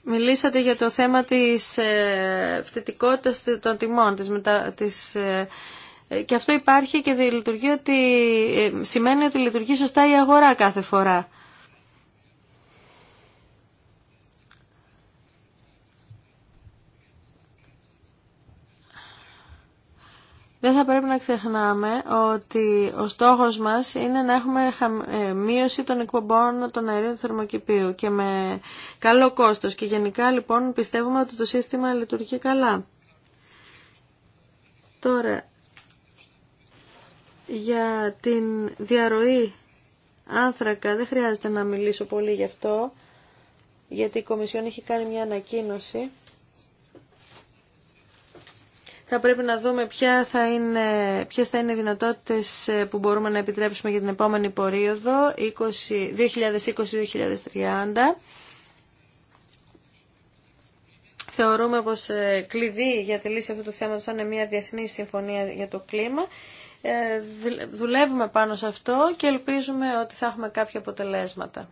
Μιλήσατε για το θέμα της ε, πτυτικότητας των τιμών, της, μετα... της ε, ε, και αυτό υπάρχει και λειτουργεί ότι, σημαίνει ότι λειτουργεί σωστά η αγορά κάθε φορά. δεν θα πρέπει να ξεχνάμε ότι ο στόχος μας είναι να έχουμε ε, μείωση των εκπομπών των αερίων του θερμοκηπίου και με καλό κόστος. Και γενικά λοιπόν πιστεύουμε ότι το σύστημα λειτουργεί καλά. Τώρα, για την διαρροή άνθρακα δεν χρειάζεται να μιλήσω πολύ γι' αυτό, γιατί η Κομισιόν έχει κάνει μια ανακοίνωση θα πρέπει να δούμε ποια θα είναι, ποιες θα είναι οι δυνατότητες ε, που μπορούμε να επιτρέψουμε για την επόμενη περίοδο 2020-2030. Θεωρούμε πως ε, κλειδί για τη λύση αυτού του θέματος είναι μια διεθνή συμφωνία για το κλίμα. Ε, δουλεύουμε πάνω σε αυτό και ελπίζουμε ότι θα έχουμε κάποια αποτελέσματα.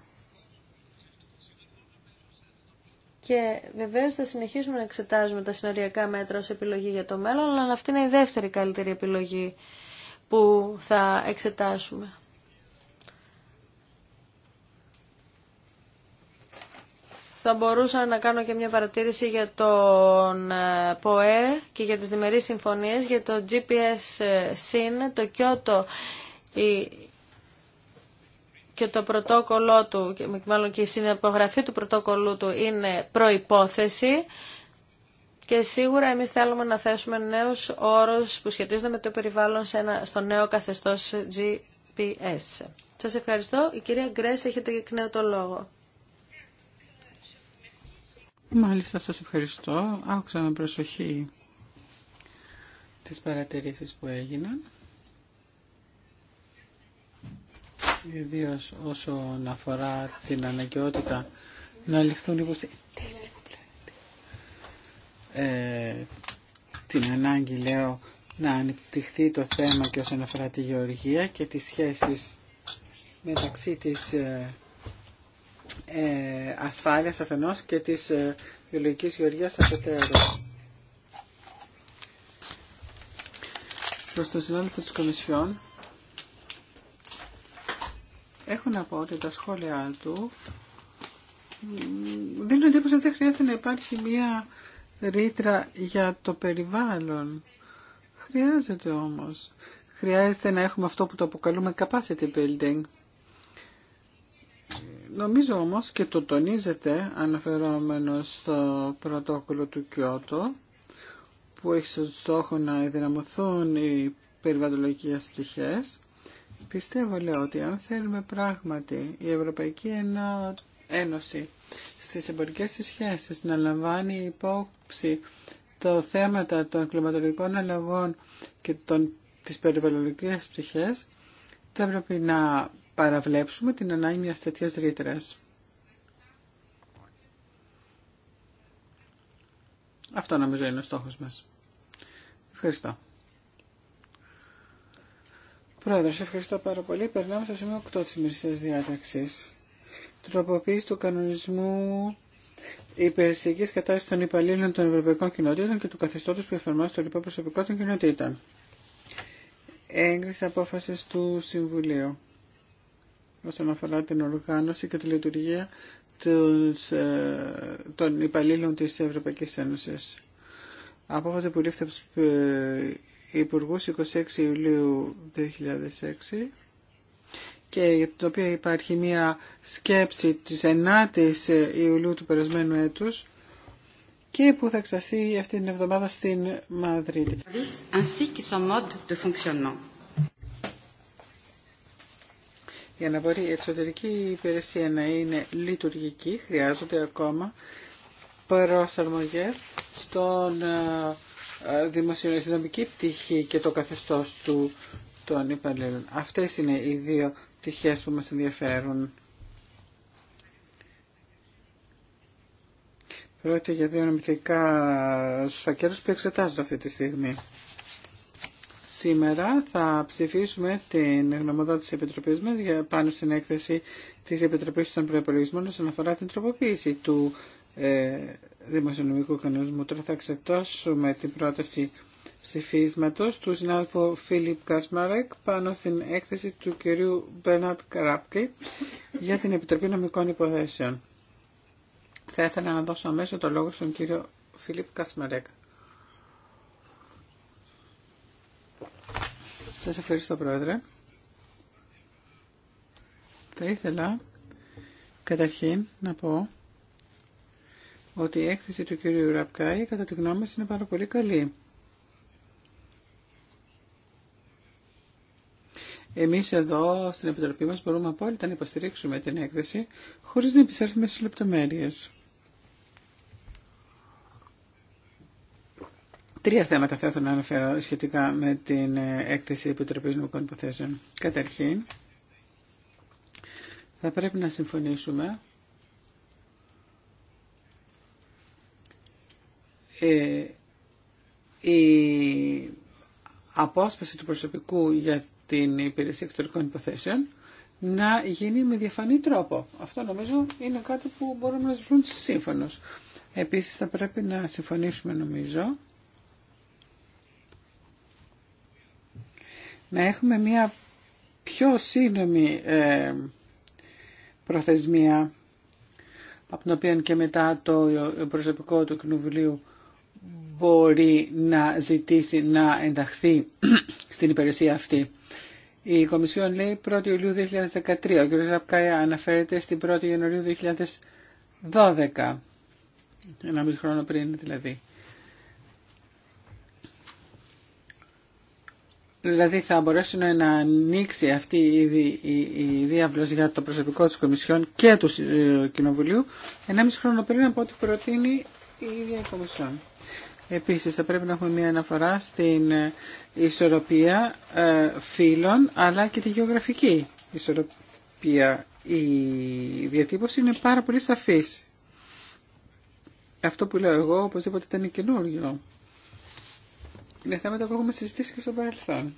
Και βεβαίω θα συνεχίσουμε να εξετάζουμε τα συνοριακά μέτρα ως επιλογή για το μέλλον, αλλά αυτή είναι η δεύτερη καλύτερη επιλογή που θα εξετάσουμε. Θα μπορούσα να κάνω και μια παρατήρηση για τον ε, ΠΟΕ και για τις διμερείς συμφωνίες, για το GPS-SYN, ε, το Kyoto, η και το πρωτόκολλό του, μάλλον και η συνεπογραφή του πρωτόκολλου του είναι προϋπόθεση και σίγουρα εμείς θέλουμε να θέσουμε νέους όρους που σχετίζονται με το περιβάλλον σε ένα, στο νέο καθεστώς GPS. Σας ευχαριστώ. Η κυρία Γκρέσ έχετε εκ νέου το λόγο. Μάλιστα, σας ευχαριστώ. Άκουσα με προσοχή τις παρατηρήσεις που έγιναν ιδίω όσον αφορά την αναγκαιότητα να ληφθούν υπόψη ε, την ανάγκη λέω να ανεπτυχθεί το θέμα και όσον αφορά τη γεωργία και τις σχέσεις μεταξύ της ε, ε, ασφάλειας αφενός και της ε, βιολογικής γεωργίας αφετέρου. Προς τον συνάδελφο της Κομισιόν Έχω να πω ότι τα σχόλια του δίνουν εντύπωση ότι δεν χρειάζεται να υπάρχει μία ρήτρα για το περιβάλλον. Χρειάζεται όμως. Χρειάζεται να έχουμε αυτό που το αποκαλούμε capacity building. Νομίζω όμως και το τονίζεται αναφερόμενο στο πρωτόκολλο του Κιώτο που έχει στο στόχο να δυναμωθούν οι περιβαλλοντικές πτυχές Πιστεύω, λέω, ότι αν θέλουμε πράγματι η Ευρωπαϊκή Ένωση στις εμπορικές σχέσεις να λαμβάνει υπόψη τα θέματα των κλιματολογικών αλλαγών και των, της περιβαλλοντικής ψυχές, θα πρέπει να παραβλέψουμε την ανάγκη μια τέτοια ρήτρα. Αυτό νομίζω είναι ο στόχος μας. Ευχαριστώ. Πρόεδρος, ευχαριστώ πάρα πολύ. Περνάμε στο σημείο 8 τη ημερησία διάταξη. Τροποποίηση του κανονισμού υπηρεσιακή κατάσταση των υπαλλήλων των Ευρωπαϊκών Κοινοτήτων και του καθεστώτο που εφαρμόζει το λοιπό προσωπικό των κοινοτήτων. Έγκριση απόφαση του Συμβουλίου όσον αφορά την οργάνωση και τη λειτουργία ε, των υπαλλήλων της Ευρωπαϊκής Ένωσης. Απόφαση που λήφθη ε, Υπουργού 26 Ιουλίου 2006 και για την οποία υπάρχει μια σκέψη της 9ης Ιουλίου του περασμένου έτους και που θα εξαστεί αυτή την εβδομάδα στην Μαδρίτη. Για να μπορεί η εξωτερική υπηρεσία να είναι λειτουργική χρειάζονται ακόμα προσαρμογές στον ε, ε, δημοσιονομική πτυχή και το καθεστώς του των υπαλλήλων. Αυτές είναι οι δύο πτυχές που μας ενδιαφέρουν. Πρόκειται για δύο νομιθικά σφακέρους που εξετάζονται αυτή τη στιγμή. Σήμερα θα ψηφίσουμε την γνωμοδότηση της Επιτροπής μας για πάνω στην έκθεση της Επιτροπής των Προεπολογισμών όσον αφορά την τροποποίηση του ε, δημοσιονομικού κανονισμού. Τώρα θα εξετάσουμε την πρόταση ψηφίσματο του συνάδελφου Φίλιπ Κασμαρέκ πάνω στην έκθεση του κυρίου Μπέρνατ Καράπκη για την Επιτροπή Νομικών Υποθέσεων. Θα ήθελα να δώσω αμέσω το λόγο στον κύριο Φίλιπ Κασμαρέκ. Σας ευχαριστώ Πρόεδρε. Θα ήθελα καταρχήν να πω ότι η έκθεση του κυρίου Ραπκάη κατά τη γνώμη μας είναι πάρα πολύ καλή. Εμείς εδώ στην Επιτροπή μας μπορούμε απόλυτα να υποστηρίξουμε την έκθεση χωρίς να επισέλθουμε σε λεπτομέρειες. Τρία θέματα θα ήθελα να αναφέρω σχετικά με την ε, έκθεση Επιτροπής Νομικών Υποθέσεων. Καταρχήν, θα πρέπει να συμφωνήσουμε Ε, η απόσπαση του προσωπικού για την υπηρεσία εξωτερικών υποθέσεων να γίνει με διαφανή τρόπο. Αυτό νομίζω είναι κάτι που μπορούμε να βρούμε σύμφωνος. Επίσης θα πρέπει να συμφωνήσουμε νομίζω να έχουμε μια πιο σύντομη ε, προθεσμία από την οποία και μετά το προσωπικό του κοινοβουλίου μπορεί να ζητήσει να ενταχθεί [CLEARS THROAT] στην υπηρεσία αυτή. Η Κομισιόν λέει 1η Ιουλίου 2013. Ο κ. Ζαπκάια αναφέρεται στην 1η Ιανουαρίου 2012. Ένα μισό χρόνο πριν δηλαδή. Δηλαδή θα μπορέσουν να ανοίξει αυτή η ιανουαριου 2012 ενα μισο χρονο πριν δηλαδη δηλαδη θα μπορεσει να ανοιξει αυτη η διαβλωση για το προσωπικό της Κομισιόν και του ε, Κοινοβουλίου ένα μισό χρόνο πριν από ό,τι προτείνει η ίδια η Κομισιόν. Επίσης θα πρέπει να έχουμε μια αναφορά στην ε, ισορροπία ε, φύλων αλλά και τη γεωγραφική ισορροπία. Η διατύπωση είναι πάρα πολύ σαφής. Αυτό που λέω εγώ οπωσδήποτε ήταν καινούριο. Είναι θέματα που έχουμε συζητήσει και στο παρελθόν.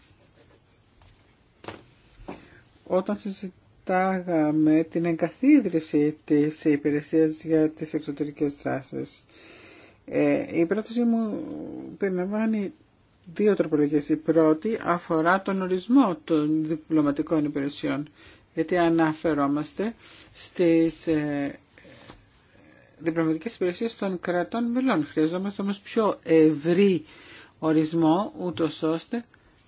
Όταν συζητάγαμε την εγκαθίδρυση της υπηρεσίας για τις εξωτερικές δράσεις, ε, η πρόταση μου περιλαμβάνει δύο τροπολογίες. Η πρώτη αφορά τον ορισμό των διπλωματικών υπηρεσιών, γιατί αναφερόμαστε στις ε, διπλωματικές υπηρεσίες των κρατών μελών. Χρειαζόμαστε όμως πιο ευρύ ορισμό, ούτω ώστε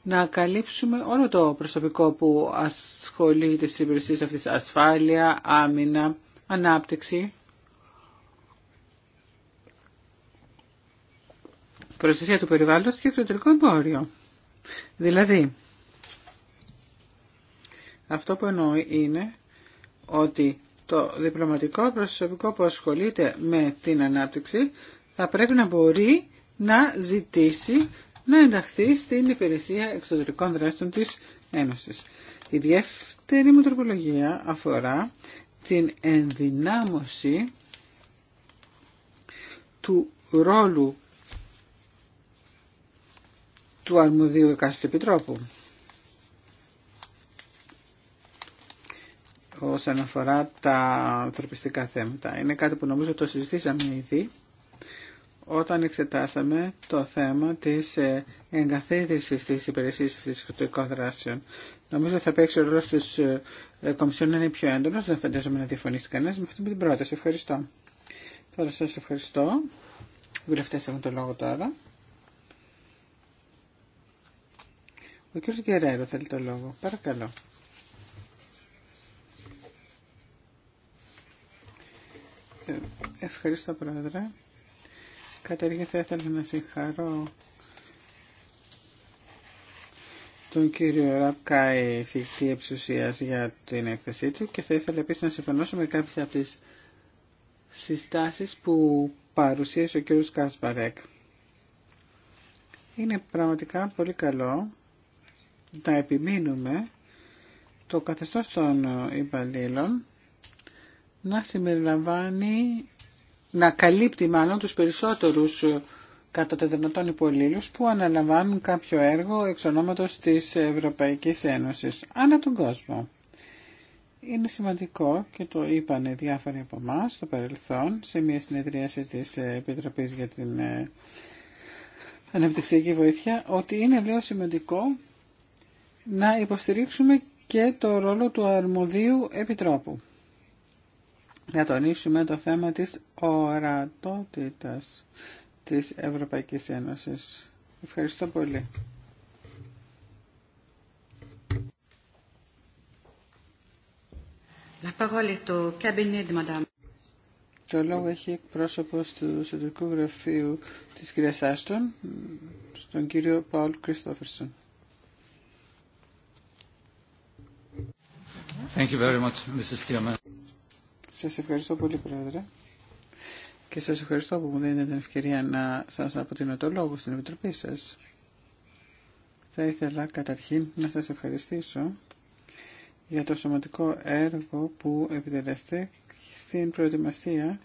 να καλύψουμε όλο το προσωπικό που ασχολείται στις υπηρεσίες αυτής ασφάλεια, άμυνα, ανάπτυξη προστασία του περιβάλλοντος και εξωτερικό εμπόριο. Δηλαδή, αυτό που εννοώ είναι ότι το διπλωματικό προσωπικό που ασχολείται με την ανάπτυξη θα πρέπει να μπορεί να ζητήσει να ενταχθεί στην υπηρεσία εξωτερικών δράσεων της Ένωσης. Η δεύτερη μου τροπολογία αφορά την ενδυνάμωση του ρόλου του αρμοδίου εκάστοτε επιτρόπου. όσον αφορά τα ανθρωπιστικά θέματα. Είναι κάτι που νομίζω το συζητήσαμε ήδη όταν εξετάσαμε το θέμα της ε, εγκαθίδρυσης της υπηρεσίας αυτής δράσεων. Νομίζω θα παίξει ο ρόλος της ε, ε, Κομισιόν να είναι πιο έντονος, δεν φαντάζομαι να διαφωνήσει κανένας με αυτή την πρόταση. Ευχαριστώ. Τώρα σας ευχαριστώ. βουλευτές έχουν το λόγο τώρα. Ο κ. Γκερέρο θέλει το λόγο. Παρακαλώ. Ευχαριστώ, Πρόεδρε. Καταρχήν θα ήθελα να συγχαρώ τον κύριο Ραπκάη, συγκεκριτή εξουσία για την έκθεσή του και θα ήθελα επίσης να συμφωνώσω με κάποιες από τις συστάσεις που παρουσίασε ο κύριος Κάσπαρέκ. Είναι πραγματικά πολύ καλό θα επιμείνουμε το καθεστώς των υπαλλήλων να συμπεριλαμβάνει, να καλύπτει μάλλον τους περισσότερους κατά τα που αναλαμβάνουν κάποιο έργο εξ ονόματος της Ευρωπαϊκής Ένωσης, ανά τον κόσμο. Είναι σημαντικό και το είπανε διάφοροι από εμά στο παρελθόν σε μια συνεδρίαση της Επιτροπής για την Αναπτυξιακή Βοήθεια ότι είναι λέω σημαντικό να υποστηρίξουμε και το ρόλο του αρμοδίου επιτρόπου. Να τονίσουμε το θέμα της ορατότητας της Ευρωπαϊκής Ένωσης. Ευχαριστώ πολύ. La parole est au cabinet de Madame. Το λόγο έχει εκπρόσωπο του εσωτερικού γραφείου της κυρίας Άστον, στον κύριο Παουλ Κριστόφερσον. Thank Σας ευχαριστώ πολύ, Πρόεδρε. Και σας ευχαριστώ που μου δίνετε την ευκαιρία να σας αποτείνω το λόγο στην Επιτροπή σας. Θα ήθελα καταρχήν να σας ευχαριστήσω για το σωματικό έργο που επιτελέστε στην προετοιμασία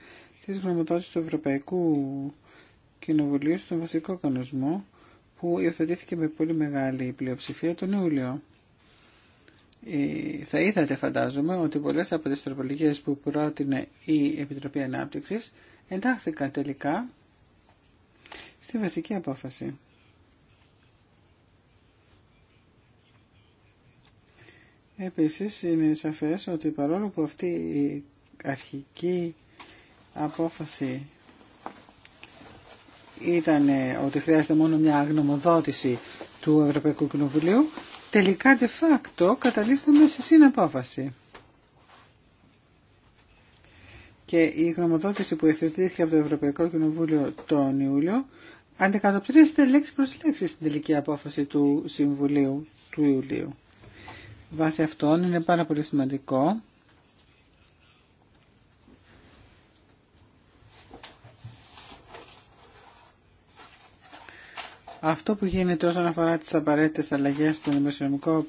της γνωμοτότησης του Ευρωπαϊκού Κοινοβουλίου στον βασικό κανονισμό που υιοθετήθηκε με πολύ μεγάλη πλειοψηφία τον Ιούλιο θα είδατε φαντάζομαι ότι πολλές από τις τροπολογίες που πρότεινε η Επιτροπή Ανάπτυξης εντάχθηκαν τελικά στη βασική απόφαση. Επίσης είναι σαφές ότι παρόλο που αυτή η αρχική απόφαση ήταν ότι χρειάζεται μόνο μια αγνομοδότηση του Ευρωπαϊκού Κοινοβουλίου, τελικά de facto καταλήξαμε σε συναπόφαση. Και η γνωμοδότηση που ευθετήθηκε από το Ευρωπαϊκό Κοινοβούλιο τον Ιούλιο αντικατοπτρίζεται λέξη προς λέξη στην τελική απόφαση του Συμβουλίου του Ιουλίου. Βάσει αυτών είναι πάρα πολύ σημαντικό Αυτό που γίνεται όσον αφορά τις απαραίτητες αλλαγές στον δημοσιονομικό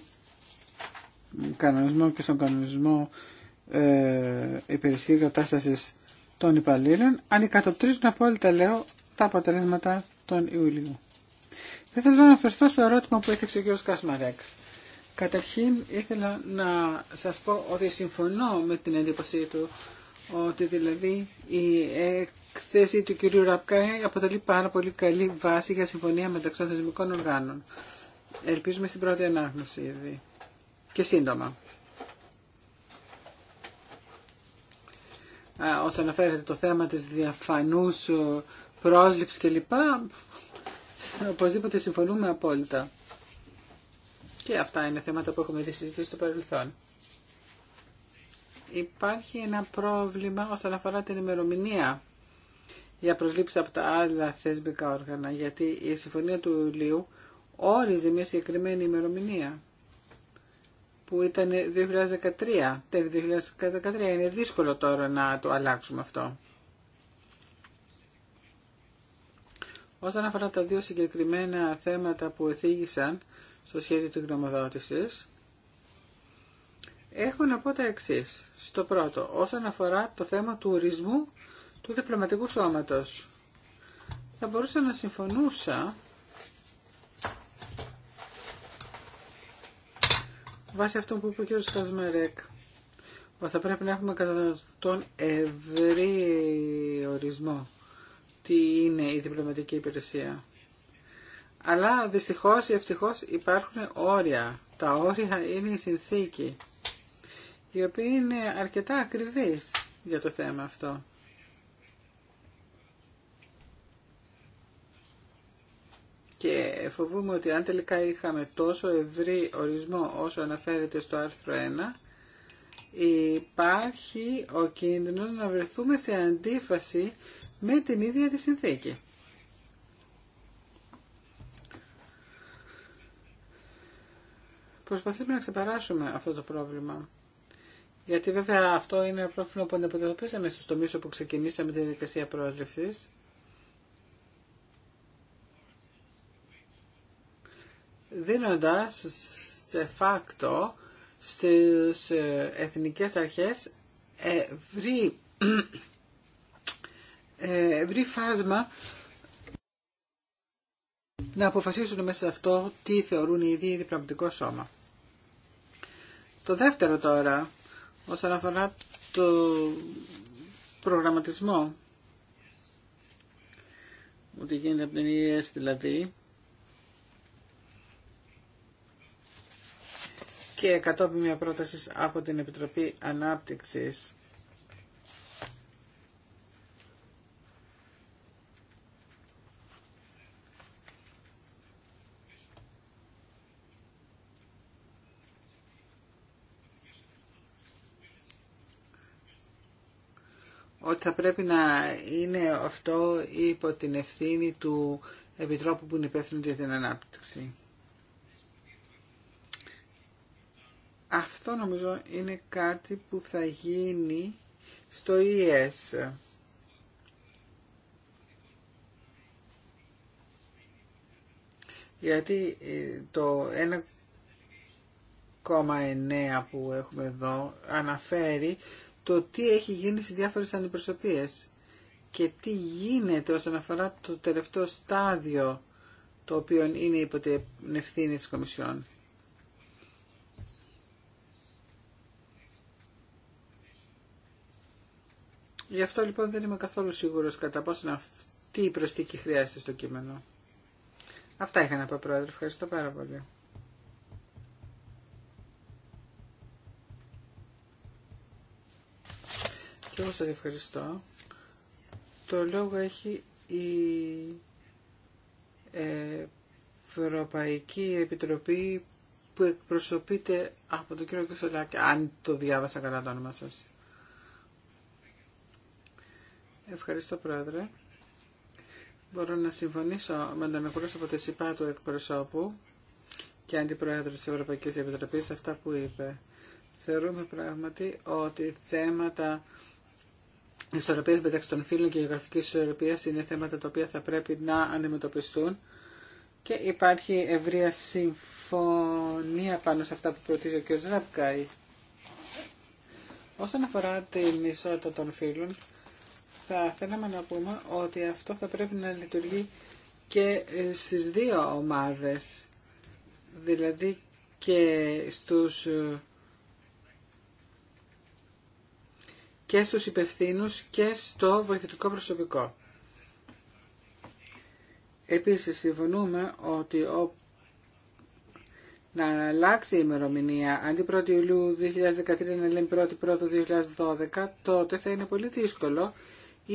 κανονισμό και στον κανονισμό ε, υπηρεσία κατάστασης των υπαλλήλων αντικατοπτρίζουν απόλυτα, λέω, τα αποτελέσματα των Ιουλίου. Δεν θέλω να αναφερθώ στο ερώτημα που έθεξε ο κ. Κασμαρέκ. Καταρχήν ήθελα να σας πω ότι συμφωνώ με την έντυπωσή του ότι δηλαδή η έκθεση του κ. Ραπκάη αποτελεί πάρα πολύ καλή βάση για συμφωνία μεταξύ των θεσμικών οργάνων. Ελπίζουμε στην πρώτη ανάγνωση ήδη. Και σύντομα. Α, όσον αναφέρεται το θέμα της διαφανούς πρόσληψης κλπ. Οπωσδήποτε συμφωνούμε απόλυτα. Και αυτά είναι θέματα που έχουμε ήδη συζητήσει στο παρελθόν. Υπάρχει ένα πρόβλημα όσον αφορά την ημερομηνία για προσλήψη από τα άλλα θεσμικά όργανα, γιατί η συμφωνία του Ιουλίου όριζε μια συγκεκριμένη ημερομηνία που ήταν 2013, τέλη 2013. Είναι δύσκολο τώρα να το αλλάξουμε αυτό. Όσον αφορά τα δύο συγκεκριμένα θέματα που εθίγησαν στο σχέδιο της γνωμοδότησης, έχω να πω τα εξή. Στο πρώτο, όσον αφορά το θέμα του ορισμού του διπλωματικού σώματος. Θα μπορούσα να συμφωνούσα βάσει αυτό που είπε ο κ. ότι θα πρέπει να έχουμε κατά τον ευρύ ορισμό τι είναι η διπλωματική υπηρεσία. Αλλά δυστυχώς ή ευτυχώς υπάρχουν όρια. Τα όρια είναι η συνθήκη, η οποία είναι αρκετά ακριβής για το θέμα αυτό. Και φοβούμαι ότι αν τελικά είχαμε τόσο ευρύ ορισμό όσο αναφέρεται στο άρθρο 1, υπάρχει ο κίνδυνος να βρεθούμε σε αντίφαση με την ίδια τη συνθήκη. Προσπαθούμε να ξεπεράσουμε αυτό το πρόβλημα. Γιατί βέβαια αυτό είναι ένα πρόβλημα που αντιμετωπίσαμε στο μίσο που ξεκινήσαμε τη διαδικασία πρόσληψης δίνοντας de facto στις ε, εθνικές αρχές [CLEARS THROAT] ε, ευρύ, φάσμα να αποφασίσουν μέσα σε αυτό τι θεωρούν οι ίδιοι διπλωματικό σώμα. Το δεύτερο τώρα, όσον αφορά το προγραμματισμό, ότι γίνεται από την ΙΕΣ δηλαδή, και κατόπιν μια πρόταση από την Επιτροπή Ανάπτυξης. ότι θα πρέπει να είναι αυτό υπό την ευθύνη του Επιτρόπου που είναι υπεύθυνο για την ανάπτυξη. Αυτό νομίζω είναι κάτι που θα γίνει στο ΙΕΣ. E Γιατί ε, το 1,9 που έχουμε εδώ αναφέρει το τι έχει γίνει στις διάφορες αντιπροσωπείες και τι γίνεται όσον αφορά το τελευταίο στάδιο το οποίο είναι υπό την ευθύνη της Κομισιόν. Γι' αυτό λοιπόν δεν είμαι καθόλου σίγουρος κατά πόσο αυτή η προστίκη χρειάζεται στο κείμενο. Αυτά είχα να πω πρόεδρε. Ευχαριστώ πάρα πολύ. Και εγώ σας ευχαριστώ. Το λόγο έχει η ε, Ευρωπαϊκή Επιτροπή που εκπροσωπείται από τον κύριο Κεσολάκη, αν το διάβασα καλά το όνομά σας. Ευχαριστώ, Πρόεδρε. Μπορώ να συμφωνήσω με τον εκπρόσωπο τη ΥΠΑ του εκπροσώπου και αντιπρόεδρο της Ευρωπαϊκής Επιτροπής αυτά που είπε. Θεωρούμε πράγματι ότι θέματα ισορροπία μεταξύ των φύλων και γεωγραφική ισορροπία είναι θέματα τα οποία θα πρέπει να αντιμετωπιστούν και υπάρχει ευρεία συμφωνία πάνω σε αυτά που προτείνει ο κ. Ραπκάη. Όσον αφορά την ισότητα των φύλων, θα θέλαμε να πούμε ότι αυτό θα πρέπει να λειτουργεί και ε, στις δύο ομάδες, δηλαδή και στους ε, και στους υπευθύνους και στο βοηθητικό προσωπικό. Επίσης συμφωνούμε ότι ο... να αλλάξει η ημερομηνία αντί 1η Ιουλίου 2013 να λέμε 1η 2012 τότε θα είναι πολύ δύσκολο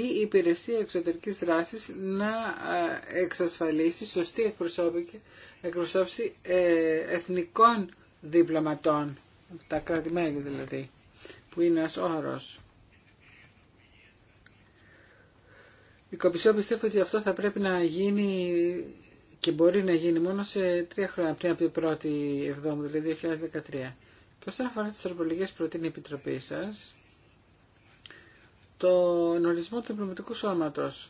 η υπηρεσία εξωτερικής δράσης να ε, εξασφαλίσει σωστή εκπροσώπηση ε, εθνικών διπλωματών, τα κρατημέλη δηλαδή, που είναι ένας όρος. Η Κομισιό πιστεύω ότι αυτό θα πρέπει να γίνει και μπορεί να γίνει μόνο σε τρία χρόνια πριν από την πρώτη εβδόμου, δηλαδή 2013. Και όσον αφορά τις που προτείνει η Επιτροπή σας, το ορισμό του πνευματικού σώματος.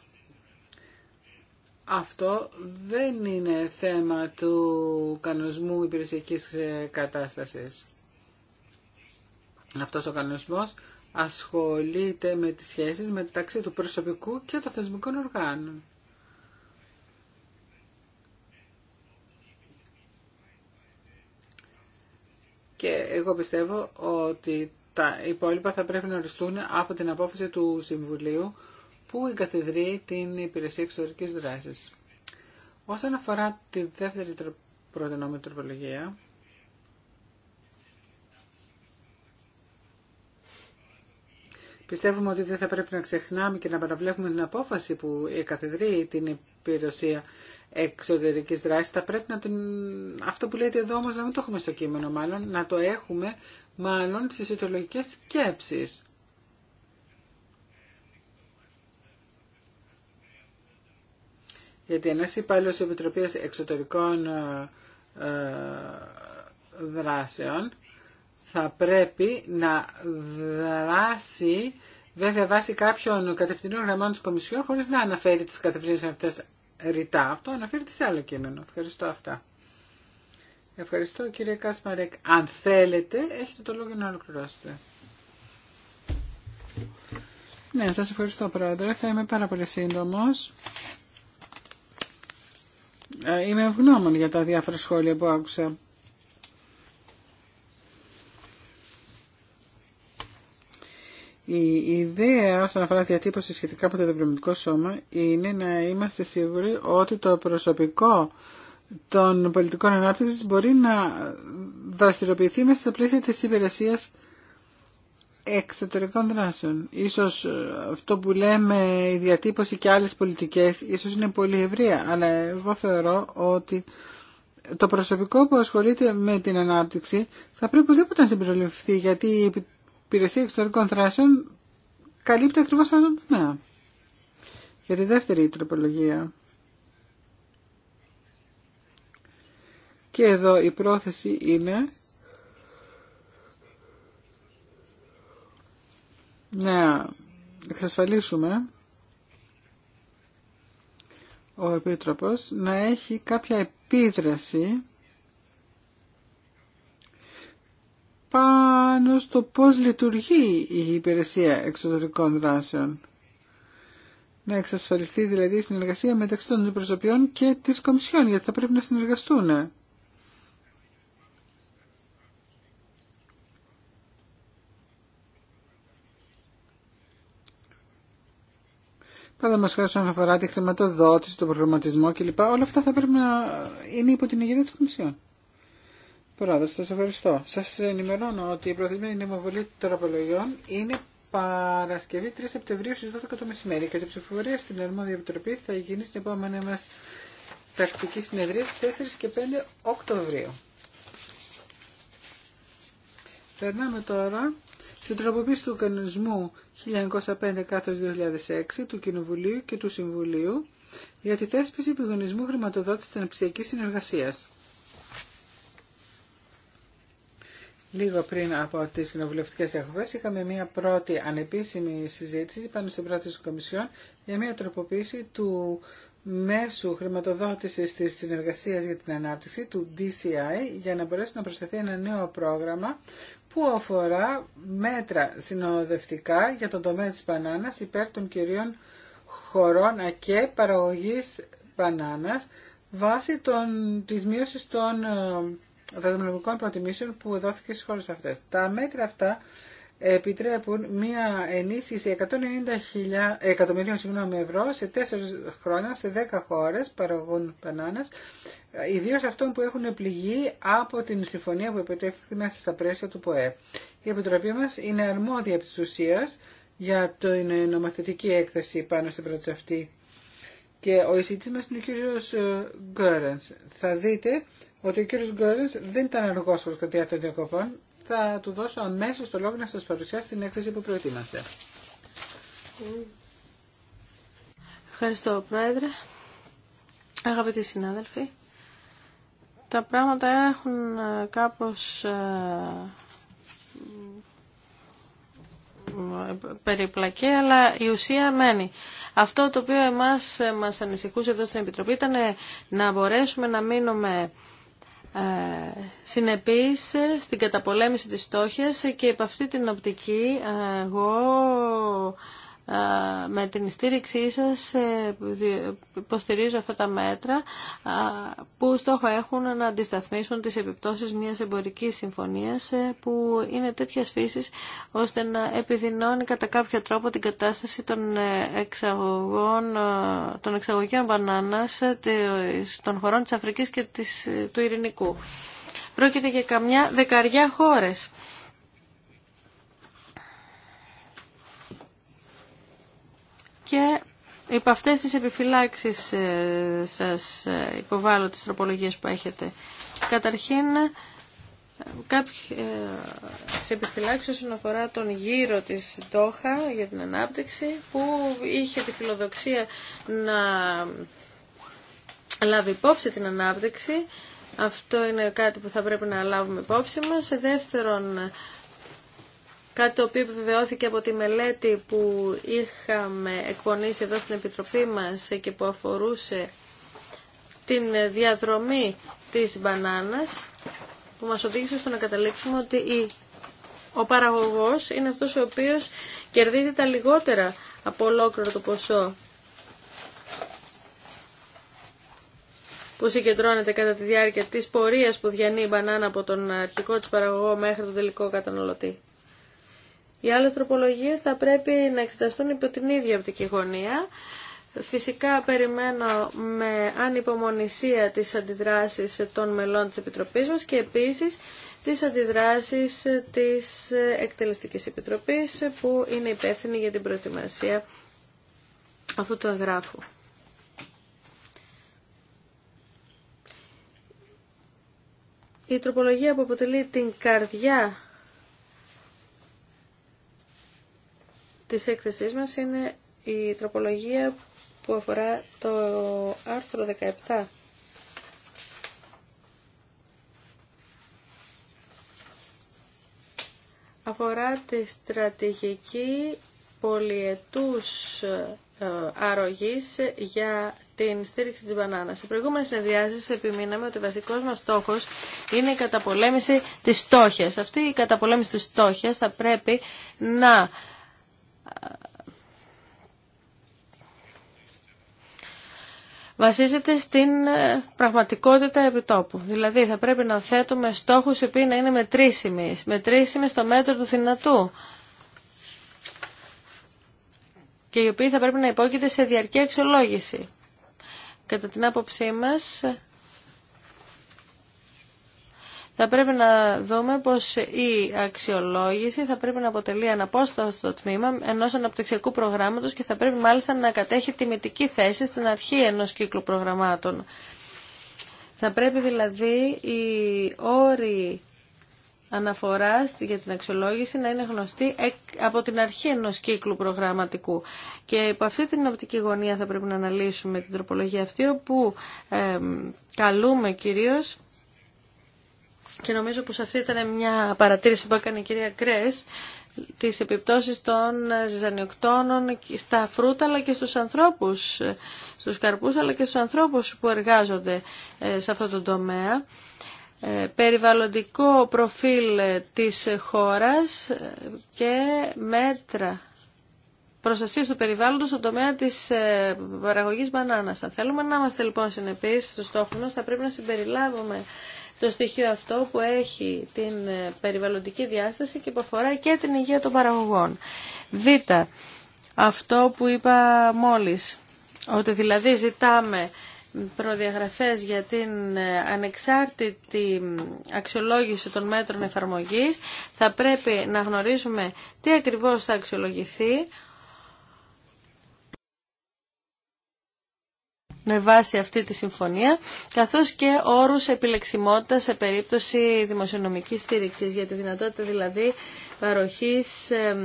Αυτό δεν είναι θέμα του κανονισμού υπηρεσιακής ε, κατάστασης. Αυτός ο κανονισμός ασχολείται με τις σχέσεις μεταξύ του προσωπικού και των θεσμικών οργάνων. Και εγώ πιστεύω ότι τα υπόλοιπα θα πρέπει να οριστούν από την απόφαση του Συμβουλίου που εγκαθιδρεί την Υπηρεσία Εξωτερικής Δράσης. Όσον αφορά τη δεύτερη προτενόμενη τροπολογία, Πιστεύουμε ότι δεν θα πρέπει να ξεχνάμε και να παραβλέπουμε την απόφαση που εγκαθιδρεί την Υπηρεσία εξωτερικής δράσης θα πρέπει να την... αυτό που λέτε εδώ όμως να μην το έχουμε στο κείμενο μάλλον να το έχουμε μάλλον στις ιδεολογικές σκέψεις. Γιατί ένας υπάλληλος Επιτροπής Εξωτερικών ε, ε, Δράσεων θα πρέπει να δράσει βέβαια βάσει κάποιων κατευθυνών γραμμών της Κομισιόν χωρίς να αναφέρει τις κατευθυντήρες αυτές ρητά. Αυτό αναφέρει σε άλλο κείμενο. Ευχαριστώ αυτά. Ευχαριστώ κύριε Κάσμαρεκ. Αν θέλετε, έχετε το λόγο να ολοκληρώσετε. Ναι, σας ευχαριστώ πρόεδρε. Θα είμαι πάρα πολύ σύντομος. Ε, είμαι ευγνώμων για τα διάφορα σχόλια που άκουσα. Η ιδέα όσον αφορά διατύπωση σχετικά με το διπλωματικό σώμα είναι να είμαστε σίγουροι ότι το προσωπικό των πολιτικών ανάπτυξης μπορεί να δραστηριοποιηθεί μέσα στα πλαίσια της υπηρεσία εξωτερικών δράσεων. Ίσως ε, αυτό που λέμε η διατύπωση και άλλες πολιτικές ίσως είναι πολύ ευρεία, αλλά εγώ θεωρώ ότι το προσωπικό που ασχολείται με την ανάπτυξη θα πρέπει οπωσδήποτε να συμπεριληφθεί γιατί η υπηρεσία εξωτερικών δράσεων καλύπτει ακριβώς αυτό το Για τη δεύτερη τροπολογία. Και εδώ η πρόθεση είναι να εξασφαλίσουμε ο Επίτροπος να έχει κάποια επίδραση πάνω στο πώς λειτουργεί η υπηρεσία εξωτερικών δράσεων. Να εξασφαλιστεί δηλαδή η συνεργασία μεταξύ των προσωπιών και της Κομισιόν, γιατί θα πρέπει να συνεργαστούν. μα όσον αφορά τη χρηματοδότηση, τον προγραμματισμό κλπ. Όλα αυτά θα πρέπει να είναι υπό την ηγεσία τη Κομισιόν. Πρόεδρε, σα ευχαριστώ. Σα ενημερώνω ότι η προθεσμένη νομοβολή των απολογιών είναι Παρασκευή 3 Σεπτεμβρίου στι 12 το μεσημέρι και η ψηφοφορία στην Αρμόδια Επιτροπή θα γίνει στην επόμενη μα τακτική συνεδρία στι 4 και 5 Οκτωβρίου. Περνάμε τώρα στην τροποποίηση του κανονισμού 1905-2006 του Κοινοβουλίου και του Συμβουλίου για τη θέσπιση επιγονισμού χρηματοδότησης της αναπτυξιακής συνεργασίας. Λίγο πριν από τι κοινοβουλευτικέ διακοπέ, είχαμε μια πρώτη ανεπίσημη συζήτηση πάνω στην πρόταση τη Κομισιόν για μια τροποποίηση του μέσου χρηματοδότηση τη συνεργασία για την ανάπτυξη, του DCI, για να μπορέσει να προσθεθεί ένα νέο πρόγραμμα που αφορά μέτρα συνοδευτικά για τον τομέα της μπανάνας υπέρ των κυρίων χωρών και παραγωγής μπανάνας βάσει των, της μείωσης των ε, δεδομενικών προτιμήσεων που δόθηκε στις χώρες αυτές. Τα μέτρα αυτά επιτρέπουν μία ενίσχυση 190 εκατομμυρίων συγγνώμη, ευρώ σε 4 χρόνια σε 10 χώρες παραγωγούν πανάνας ιδίως αυτών που έχουν πληγεί από την συμφωνία που επιτέχθηκε μέσα στα πρέσια του ΠΟΕ. Η Επιτροπή μας είναι αρμόδια της ουσίας για την νομοθετική έκθεση πάνω στην πρώτη αυτή. Και ο εισητής μας είναι ο κύριος ε, Γκόρενς. Θα δείτε ότι ο κύριος Γκόρενς δεν ήταν αργός προς κατά των διακοπών, θα του δώσω αμέσω το λόγο να σα παρουσιάσει την έκθεση που προετοίμασε. Ευχαριστώ Πρόεδρε. Αγαπητοί συνάδελφοι, τα πράγματα έχουν ε, κάπως ε, περιπλακεί, αλλά η ουσία μένει. Αυτό το οποίο εμάς ε, μας ανησυχούσε εδώ στην Επιτροπή ήταν να μπορέσουμε να μείνουμε ε, συνεπής ε, στην καταπολέμηση της στόχιας ε, και από αυτή την οπτική εγώ με την στήριξή σας ε, υποστηρίζω αυτά τα μέτρα που στόχο έχουν να αντισταθμίσουν τις επιπτώσεις μιας εμπορικής συμφωνίας ε, που είναι τέτοιας φύσης ώστε να επιδεινώνει κατά κάποιο τρόπο την κατάσταση των ε, εξαγωγών των εξαγωγών μπανάνας των χωρών της Αφρικής και του Ειρηνικού. Πρόκειται για καμιά δεκαριά χώρες. και υπ' αυτές τις επιφυλάξεις ε, σας ε, υποβάλλω τις τροπολογίες που έχετε. Καταρχήν, ε, κάποιες επιφυλάξεις όσον αφορά τον γύρο της Ντόχα για την ανάπτυξη που είχε τη φιλοδοξία να λάβει υπόψη την ανάπτυξη. Αυτό είναι κάτι που θα πρέπει να λάβουμε υπόψη μας. Σε δεύτερον, Κάτι το οποίο επιβεβαιώθηκε από τη μελέτη που είχαμε εκπονήσει εδώ στην Επιτροπή μας και που αφορούσε την διαδρομή της μπανάνας που μας οδήγησε στο να καταλήξουμε ότι ο παραγωγός είναι αυτός ο οποίος κερδίζει τα λιγότερα από ολόκληρο το ποσό που συγκεντρώνεται κατά τη διάρκεια της πορείας που διανύει η μπανάνα από τον αρχικό της παραγωγό μέχρι τον τελικό καταναλωτή. Οι άλλες τροπολογίες θα πρέπει να εξεταστούν υπό την ίδια οπτική γωνία. Φυσικά περιμένω με ανυπομονησία τις αντιδράσεις των μελών της Επιτροπής μας και επίσης τις αντιδράσεις της Εκτελεστικής Επιτροπής που είναι υπεύθυνη για την προετοιμασία αυτού του εγγράφου. Η τροπολογία που αποτελεί την καρδιά της έκθεσής μας είναι η τροπολογία που αφορά το άρθρο 17. Αφορά τη στρατηγική πολιετούς ε, αρρωγής για την στήριξη της μπανάνας. Σε προηγούμενες συνεδριάσεις επιμείναμε ότι ο βασικός μας στόχος είναι η καταπολέμηση της στόχιας. Αυτή η καταπολέμηση της στόχιας θα πρέπει να βασίζεται στην ε, πραγματικότητα επιτόπου. Δηλαδή θα πρέπει να θέτουμε στόχους οι οποίοι να είναι μετρήσιμοι, μετρήσιμοι στο μέτρο του θυνατού και οι οποίοι θα πρέπει να υπόκειται σε διαρκή αξιολόγηση. Κατά την άποψή μας, θα πρέπει να δούμε πως η αξιολόγηση θα πρέπει να αποτελεί στο τμήμα ενός αναπτυξιακού προγράμματος και θα πρέπει μάλιστα να κατέχει τιμητική θέση στην αρχή ενός κύκλου προγραμμάτων. Θα πρέπει δηλαδή οι όροι αναφοράς για την αξιολόγηση να είναι γνωστή από την αρχή ενός κύκλου προγραμματικού. Και από αυτή την οπτική γωνία θα πρέπει να αναλύσουμε την τροπολογία αυτή, όπου καλούμε κυρίως και νομίζω πως αυτή ήταν μια παρατήρηση που έκανε η κυρία Κρές τις επιπτώσεις των ζυζανιοκτώνων στα φρούτα αλλά και στους ανθρώπους, στους καρπούς αλλά και στους ανθρώπους που εργάζονται ε, σε αυτό το τομέα. Ε, περιβαλλοντικό προφίλ της χώρας ε, και μέτρα προστασίας του περιβάλλοντος στον τομέα της παραγωγής μπανάνας. Αν θέλουμε να είμαστε λοιπόν συνεπείς στο στόχο μας θα πρέπει να συμπεριλάβουμε το στοιχείο αυτό που έχει την ε, περιβαλλοντική διάσταση και που αφορά και την υγεία των παραγωγών. Β. Αυτό που είπα μόλις, ότι δηλαδή ζητάμε προδιαγραφές για την ε, ανεξάρτητη αξιολόγηση των μέτρων εφαρμογής. Θα πρέπει να γνωρίζουμε τι ακριβώς θα αξιολογηθεί, με βάση αυτή τη συμφωνία, καθώς και όρους επιλεξιμότητας σε περίπτωση δημοσιονομικής στήριξης, για τη δυνατότητα δηλαδή παροχής ε,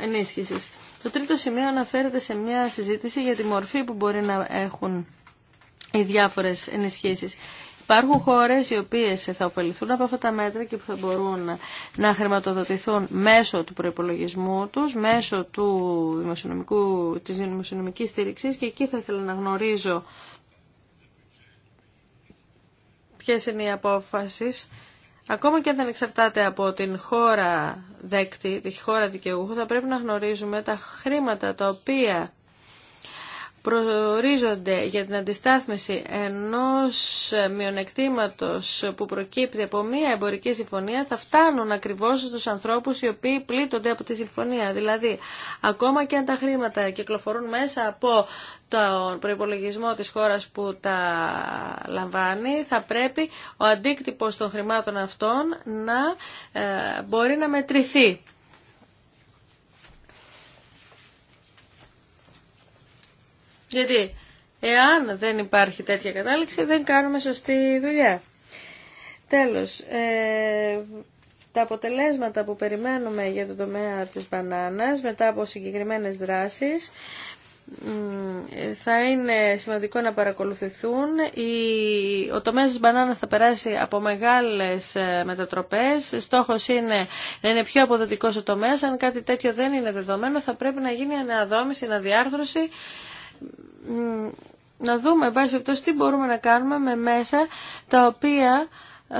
ενίσχυσης. Το τρίτο σημείο αναφέρεται σε μια συζήτηση για τη μορφή που μπορεί να έχουν οι διάφορες ενισχύσεις. Υπάρχουν χώρε οι οποίες θα ωφεληθούν από αυτά τα μέτρα και που θα μπορούν να χρηματοδοτηθούν μέσω του προϋπολογισμού τους, μέσω του δημοσιονομική της δημοσιονομικής στήριξης και εκεί θα ήθελα να γνωρίζω ποιε είναι οι απόφασεις. Ακόμα και αν δεν εξαρτάται από την χώρα δέκτη, τη χώρα δικαιούχου, θα πρέπει να γνωρίζουμε τα χρήματα τα οποία προορίζονται για την αντιστάθμιση ενός μειονεκτήματος που προκύπτει από μία εμπορική συμφωνία θα φτάνουν ακριβώς στους ανθρώπους οι οποίοι πλήττονται από τη συμφωνία. Δηλαδή, ακόμα και αν τα χρήματα κυκλοφορούν μέσα από τον προϋπολογισμό της χώρας που τα λαμβάνει, θα πρέπει ο αντίκτυπος των χρημάτων αυτών να ε, μπορεί να μετρηθεί. Γιατί εάν δεν υπάρχει τέτοια κατάληξη δεν κάνουμε σωστή δουλειά. Τέλος, ε, τα αποτελέσματα που περιμένουμε για το τομέα της μπανάνας μετά από συγκεκριμένες δράσεις θα είναι σημαντικό να παρακολουθηθούν. Ο τομέας της μπανάνας θα περάσει από μεγάλες ε, μετατροπές. Στόχος είναι να είναι πιο αποδοτικός ο τομέας. Αν κάτι τέτοιο δεν είναι δεδομένο θα πρέπει να γίνει αναδόμηση, αναδιάρθρωση να δούμε, εν πάση τι μπορούμε να κάνουμε με μέσα τα οποία ε,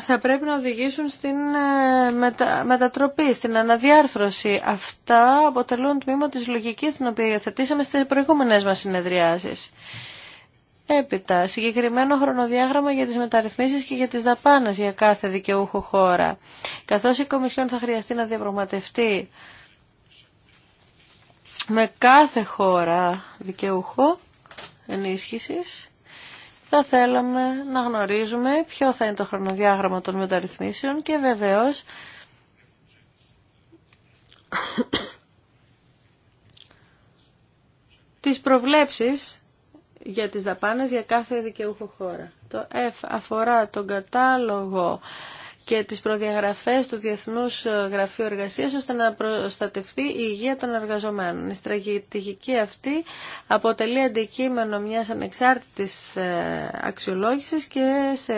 θα πρέπει να οδηγήσουν στην ε, μετατροπή, στην αναδιάρθρωση. Αυτά αποτελούν τμήμα της λογικής την οποία υιοθετήσαμε στις προηγούμενες μας συνεδριάσεις. Έπειτα, συγκεκριμένο χρονοδιάγραμμα για τις μεταρρυθμίσεις και για τις δαπάνες για κάθε δικαιούχο χώρα. Καθώς η Κομισιόν θα χρειαστεί να διαπραγματευτεί με κάθε χώρα δικαιούχο ενίσχυσης θα θέλαμε να γνωρίζουμε ποιο θα είναι το χρονοδιάγραμμα των μεταρρυθμίσεων και βεβαίως [COUGHS] τις προβλέψεις για τις δαπάνες για κάθε δικαιούχο χώρα. Το F αφορά τον κατάλογο και τις προδιαγραφές του Διεθνούς Γραφείου Εργασίας ώστε να προστατευτεί η υγεία των εργαζομένων. Η στρατηγική αυτή αποτελεί αντικείμενο μιας ανεξάρτητης ε, αξιολόγησης και σε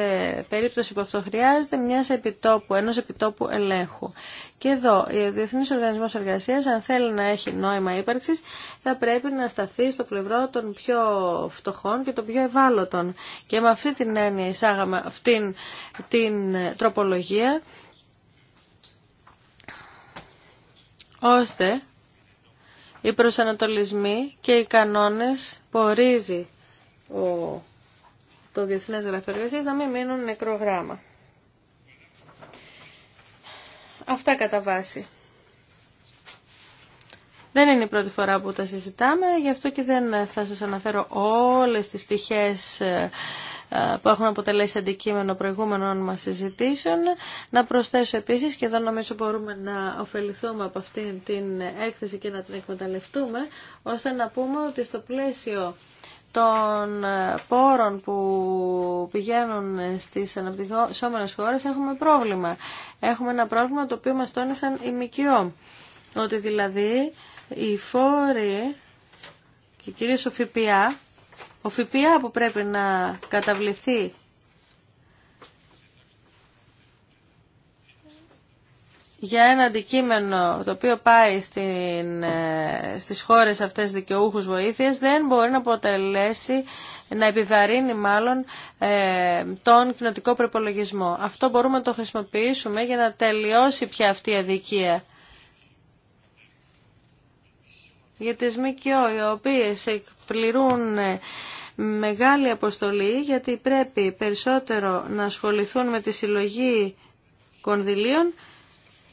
περίπτωση που αυτό χρειάζεται μιας επιτόπου, ενός επιτόπου ελέγχου. Και εδώ, ο Διεθνή Οργανισμό Εργασία, αν θέλει να έχει νόημα ύπαρξη, θα πρέπει να σταθεί στο πλευρό των πιο φτωχών και των πιο ευάλωτων. Και με αυτή την έννοια εισάγαμε αυτήν την τροπολογία, ώστε οι προσανατολισμοί και οι κανόνες που ορίζει ο, το Διεθνές Γραφείο Εργασίας να μην μείνουν νεκρό γράμμα. Αυτά κατά βάση. Δεν είναι η πρώτη φορά που τα συζητάμε, γι' αυτό και δεν θα σας αναφέρω όλες τις πτυχές ε, ε, που έχουν αποτελέσει αντικείμενο προηγούμενων μας συζητήσεων. Να προσθέσω επίσης, και εδώ νομίζω μπορούμε να ωφεληθούμε από αυτήν την έκθεση και να την εκμεταλλευτούμε, ώστε να πούμε ότι στο πλαίσιο των ε, πόρων που πηγαίνουν στις αναπτυσσόμενες χώρες έχουμε πρόβλημα. Έχουμε ένα πρόβλημα το οποίο μας τόνισαν οι ΜΚΟ. Ότι δηλαδή οι φόροι και κυρίως ο ΦΠΑ, ο ΦΠΑ που πρέπει να καταβληθεί για ένα αντικείμενο το οποίο πάει στην, ε, στις χώρες αυτές δικαιούχους βοήθειας δεν μπορεί να αποτελέσει, να επιβαρύνει μάλλον ε, τον κοινοτικό προπολογισμό. Αυτό μπορούμε να το χρησιμοποιήσουμε για να τελειώσει πια αυτή η αδικία. Για τις ΜΚΟ οι οποίες εκπληρούν ε, μεγάλη αποστολή γιατί πρέπει περισσότερο να ασχοληθούν με τη συλλογή κονδυλίων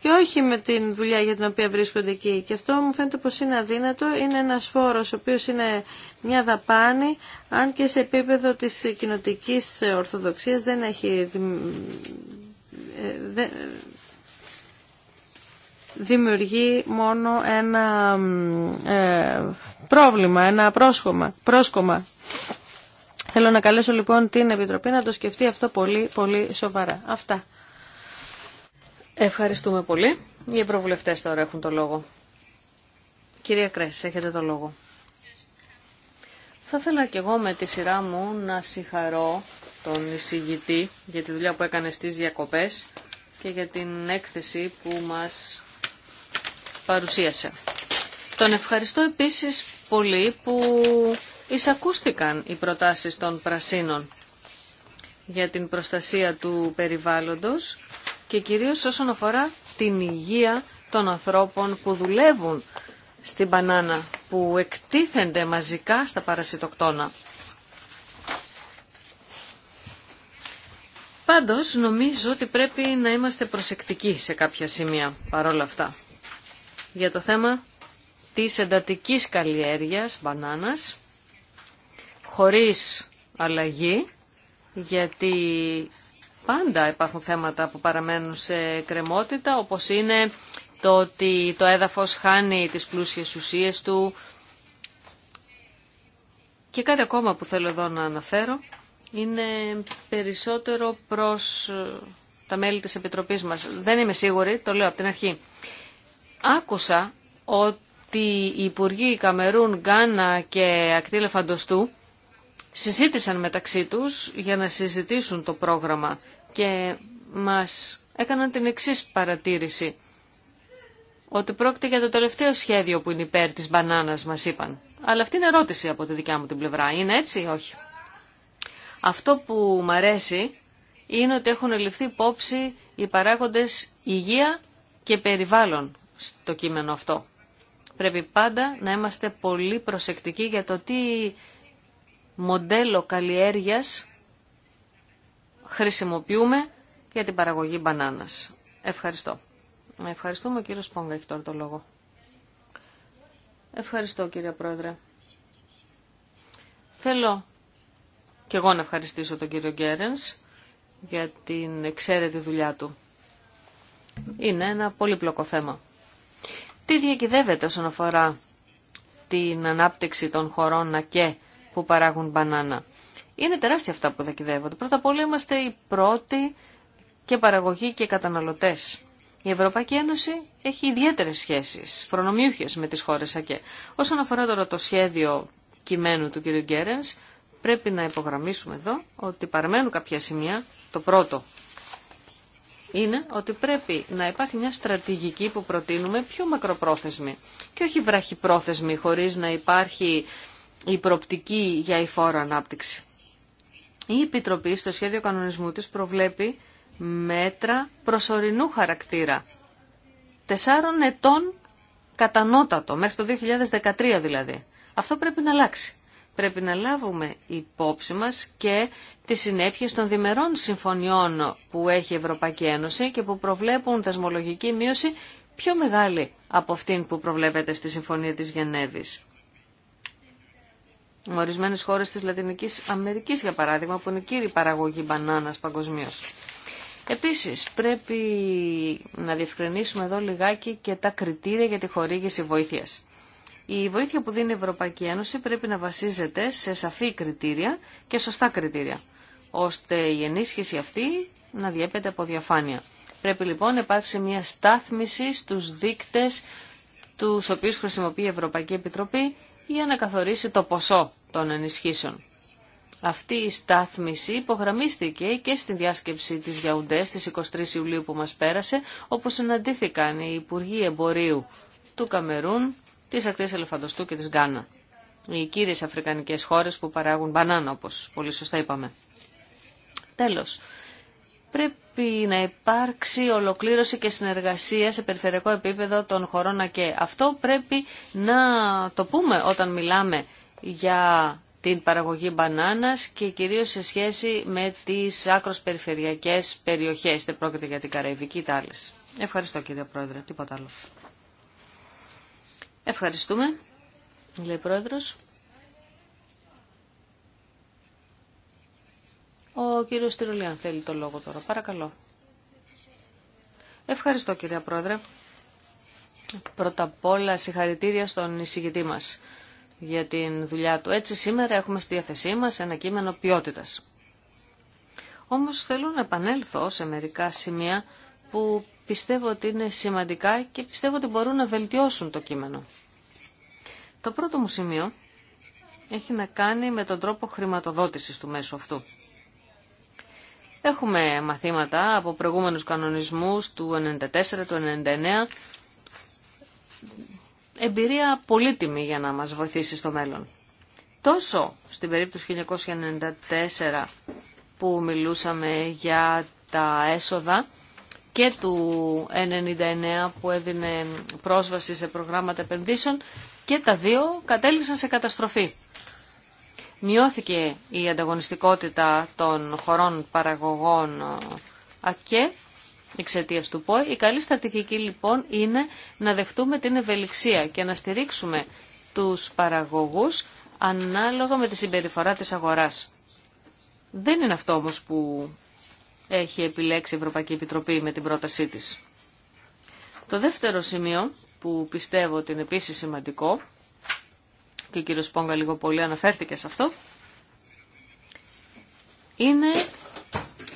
και όχι με την δουλειά για την οποία βρίσκονται εκεί. Και αυτό μου φαίνεται πως είναι αδύνατο. Είναι ένας φόρος ο οποίος είναι μια δαπάνη, αν και σε επίπεδο της κοινοτική ορθοδοξίας δεν έχει ε, δημιουργεί μόνο ένα ε, πρόβλημα, ένα πρόσκομα. Θέλω να καλέσω λοιπόν την Επιτροπή να το σκεφτεί αυτό πολύ πολύ σοβαρά. Αυτά. Ευχαριστούμε πολύ. Οι ευρωβουλευτέ τώρα έχουν το λόγο. Κυρία Κρέση, έχετε το λόγο. Θα ήθελα και εγώ με τη σειρά μου να συγχαρώ τον εισηγητή για τη δουλειά που έκανε στις διακοπές και για την έκθεση που μας παρουσίασε. Τον ευχαριστώ επίσης πολύ που εισακούστηκαν οι προτάσεις των πρασίνων για την προστασία του περιβάλλοντος και κυρίως όσον αφορά την υγεία των ανθρώπων που δουλεύουν στην μπανάνα, που εκτίθενται μαζικά στα παρασιτοκτόνα. Πάντως νομίζω ότι πρέπει να είμαστε προσεκτικοί σε κάποια σημεία παρόλα αυτά. Για το θέμα της εντατικής καλλιέργειας μπανάνας, χωρίς αλλαγή, γιατί Πάντα υπάρχουν θέματα που παραμένουν σε κρεμότητα, όπως είναι το ότι το έδαφος χάνει τις πλούσιες ουσίες του. Και κάτι ακόμα που θέλω εδώ να αναφέρω είναι περισσότερο προς ε, τα μέλη της Επιτροπής μας. Δεν είμαι σίγουρη, το λέω από την αρχή. Άκουσα ότι οι Υπουργοί Καμερούν, Γκάνα και Ακτήλε Φαντοστού συζήτησαν μεταξύ τους για να συζητήσουν το πρόγραμμα και μας έκαναν την εξής παρατήρηση ότι πρόκειται για το τελευταίο σχέδιο που είναι υπέρ της μπανάνας, μας είπαν. Αλλά αυτή είναι ερώτηση από τη δικιά μου την πλευρά. Είναι έτσι ή όχι. Αυτό που μου αρέσει είναι ότι έχουν ληφθεί υπόψη οι παράγοντες υγεία και περιβάλλον στο κείμενο αυτό. Πρέπει πάντα να είμαστε πολύ προσεκτικοί για το τι μοντέλο καλλιέργειας χρησιμοποιούμε για την παραγωγή μπανάνας. Ευχαριστώ. Ευχαριστούμε. Ο κύριος Πόγκα έχει τώρα το λόγο. Ευχαριστώ κύριε Πρόεδρε. Θέλω και εγώ να ευχαριστήσω τον κύριο Γκέρενς για την εξαίρετη δουλειά του. Είναι ένα πολύπλοκο θέμα. Τι διακυδεύεται όσον αφορά την ανάπτυξη των χωρών ΑΚΕ που παράγουν μπανάνα. Είναι τεράστια αυτά που δακυδεύονται. Πρώτα απ' όλα είμαστε οι πρώτοι και παραγωγοί και καταναλωτές. Η Ευρωπαϊκή Ένωση έχει ιδιαίτερε σχέσει, προνομιούχε με τι χώρε ΑΚΕ. Όσον αφορά τώρα το σχέδιο κειμένου του κ. Γκέρεν, πρέπει να υπογραμμίσουμε εδώ ότι παραμένουν κάποια σημεία. Το πρώτο είναι ότι πρέπει να υπάρχει μια στρατηγική που προτείνουμε πιο μακροπρόθεσμη και όχι βραχυπρόθεσμη, χωρίς να υπάρχει η προοπτική για η φόρο ανάπτυξη. Η Επιτροπή στο σχέδιο κανονισμού της προβλέπει μέτρα προσωρινού χαρακτήρα, τεσσάρων ετών κατανότατο, μέχρι το 2013 δηλαδή. Αυτό πρέπει να αλλάξει. Πρέπει να λάβουμε υπόψη μας και τις συνέπειες των διμερών συμφωνιών που έχει η Ευρωπαϊκή Ένωση και που προβλέπουν δασμολογική μείωση πιο μεγάλη από αυτήν που προβλέπεται στη Συμφωνία της Γενέβης. Ορισμένε χώρε χώρες της Λατινικής Αμερικής, για παράδειγμα, που είναι κύριοι παραγωγή μπανάνα παγκοσμίω. Επίση, πρέπει να διευκρινίσουμε εδώ λιγάκι και τα κριτήρια για τη χορήγηση βοήθεια. Η βοήθεια που δίνει η Ευρωπαϊκή Ένωση πρέπει να βασίζεται σε σαφή κριτήρια και σωστά κριτήρια, ώστε η ενίσχυση αυτή να διέπεται από διαφάνεια. Πρέπει λοιπόν να υπάρξει μια στάθμιση στους δείκτες τους οποίου χρησιμοποιεί η Ευρωπαϊκή Επιτροπή για να καθορίσει το ποσό των ενισχύσεων. Αυτή η στάθμιση υπογραμμίστηκε και στη διάσκεψη της Γιαουντέ στις 23 Ιουλίου που μας πέρασε, όπου συναντήθηκαν οι Υπουργοί Εμπορίου του Καμερούν, της Ακτής Ελεφαντοστού και της Γκάνα. Οι κύριες αφρικανικές χώρες που παράγουν μπανάνα, όπως πολύ σωστά είπαμε. Τέλος, πρέπει να υπάρξει ολοκλήρωση και συνεργασία σε περιφερειακό επίπεδο των χωρών και αυτό πρέπει να το πούμε όταν μιλάμε για την παραγωγή μπανάνας και κυρίως σε σχέση με τις άκρος περιφερειακές περιοχές. Δεν πρόκειται για την Καραϊβική ή Ευχαριστώ κύριε Πρόεδρε. Τίποτα άλλο. Ευχαριστούμε. Λέει Πρόεδρος. Ο κύριος Στυρολίαν θέλει το λόγο τώρα. Παρακαλώ. Ευχαριστώ κυρία Πρόεδρε. Πρώτα απ' όλα συγχαρητήρια στον εισηγητή μας για την δουλειά του. Έτσι σήμερα έχουμε στη διάθεσή μας ένα κείμενο ποιότητας. Όμως θέλω να επανέλθω σε μερικά σημεία που πιστεύω ότι είναι σημαντικά και πιστεύω ότι μπορούν να βελτιώσουν το κείμενο. Το πρώτο μου σημείο έχει να κάνει με τον τρόπο χρηματοδότησης του μέσου αυτού. Έχουμε μαθήματα από προηγούμενους κανονισμούς του 94, του 99. Εμπειρία πολύτιμη για να μας βοηθήσει στο μέλλον. Τόσο στην περίπτωση 1994 που μιλούσαμε για τα έσοδα και του 99 που έδινε πρόσβαση σε προγράμματα επενδύσεων και τα δύο κατέληξαν σε καταστροφή μειώθηκε η ανταγωνιστικότητα των χωρών παραγωγών ε, ΑΚΕ εξαιτία του ΠΟΕ. Η καλή στρατηγική λοιπόν είναι να δεχτούμε την ευελιξία και να στηρίξουμε τους παραγωγούς ανάλογα με τη συμπεριφορά της αγοράς. Δεν είναι αυτό όμως που έχει επιλέξει η Ευρωπαϊκή Επιτροπή με την πρότασή της. Το δεύτερο σημείο που πιστεύω ότι είναι επίσης σημαντικό και ο κύριος Πόγκα λίγο πολύ αναφέρθηκε σε αυτό, είναι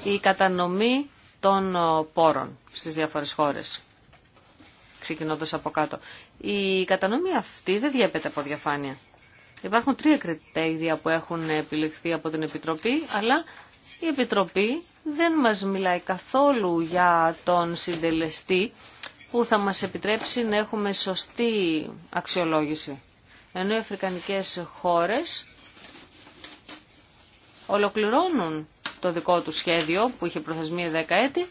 η κατανομή των ε, πόρων στις διάφορες χώρες, ξεκινώντας από κάτω. Η κατανομή αυτή δεν διέπεται από διαφάνεια. Υπάρχουν τρία κριτήρια που έχουν επιλεχθεί από την Επιτροπή, αλλά η Επιτροπή δεν μας μιλάει καθόλου για τον συντελεστή που θα μας επιτρέψει να έχουμε σωστή αξιολόγηση ενώ οι αφρικανικές χώρες ολοκληρώνουν το δικό του σχέδιο που είχε προθεσμία 10 έτη,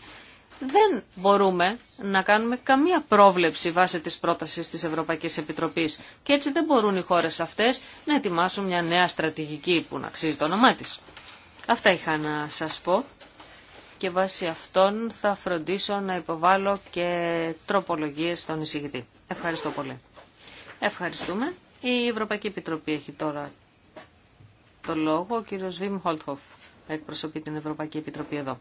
δεν μπορούμε να κάνουμε καμία πρόβλεψη βάσει της πρότασης της Ευρωπαϊκής Επιτροπής και έτσι δεν μπορούν οι χώρες αυτές να ετοιμάσουν μια νέα στρατηγική που να αξίζει το όνομά της. Αυτά είχα να σας πω και βάσει αυτών θα φροντίσω να υποβάλω και τροπολογίες στον εισηγητή. Ευχαριστώ πολύ. Ευχαριστούμε. Η Ευρωπαϊκή Επιτροπή έχει τώρα το λόγο. Ο κύριος Βίμ Χολτχοφ εκπροσωπεί την Ευρωπαϊκή Επιτροπή εδώ.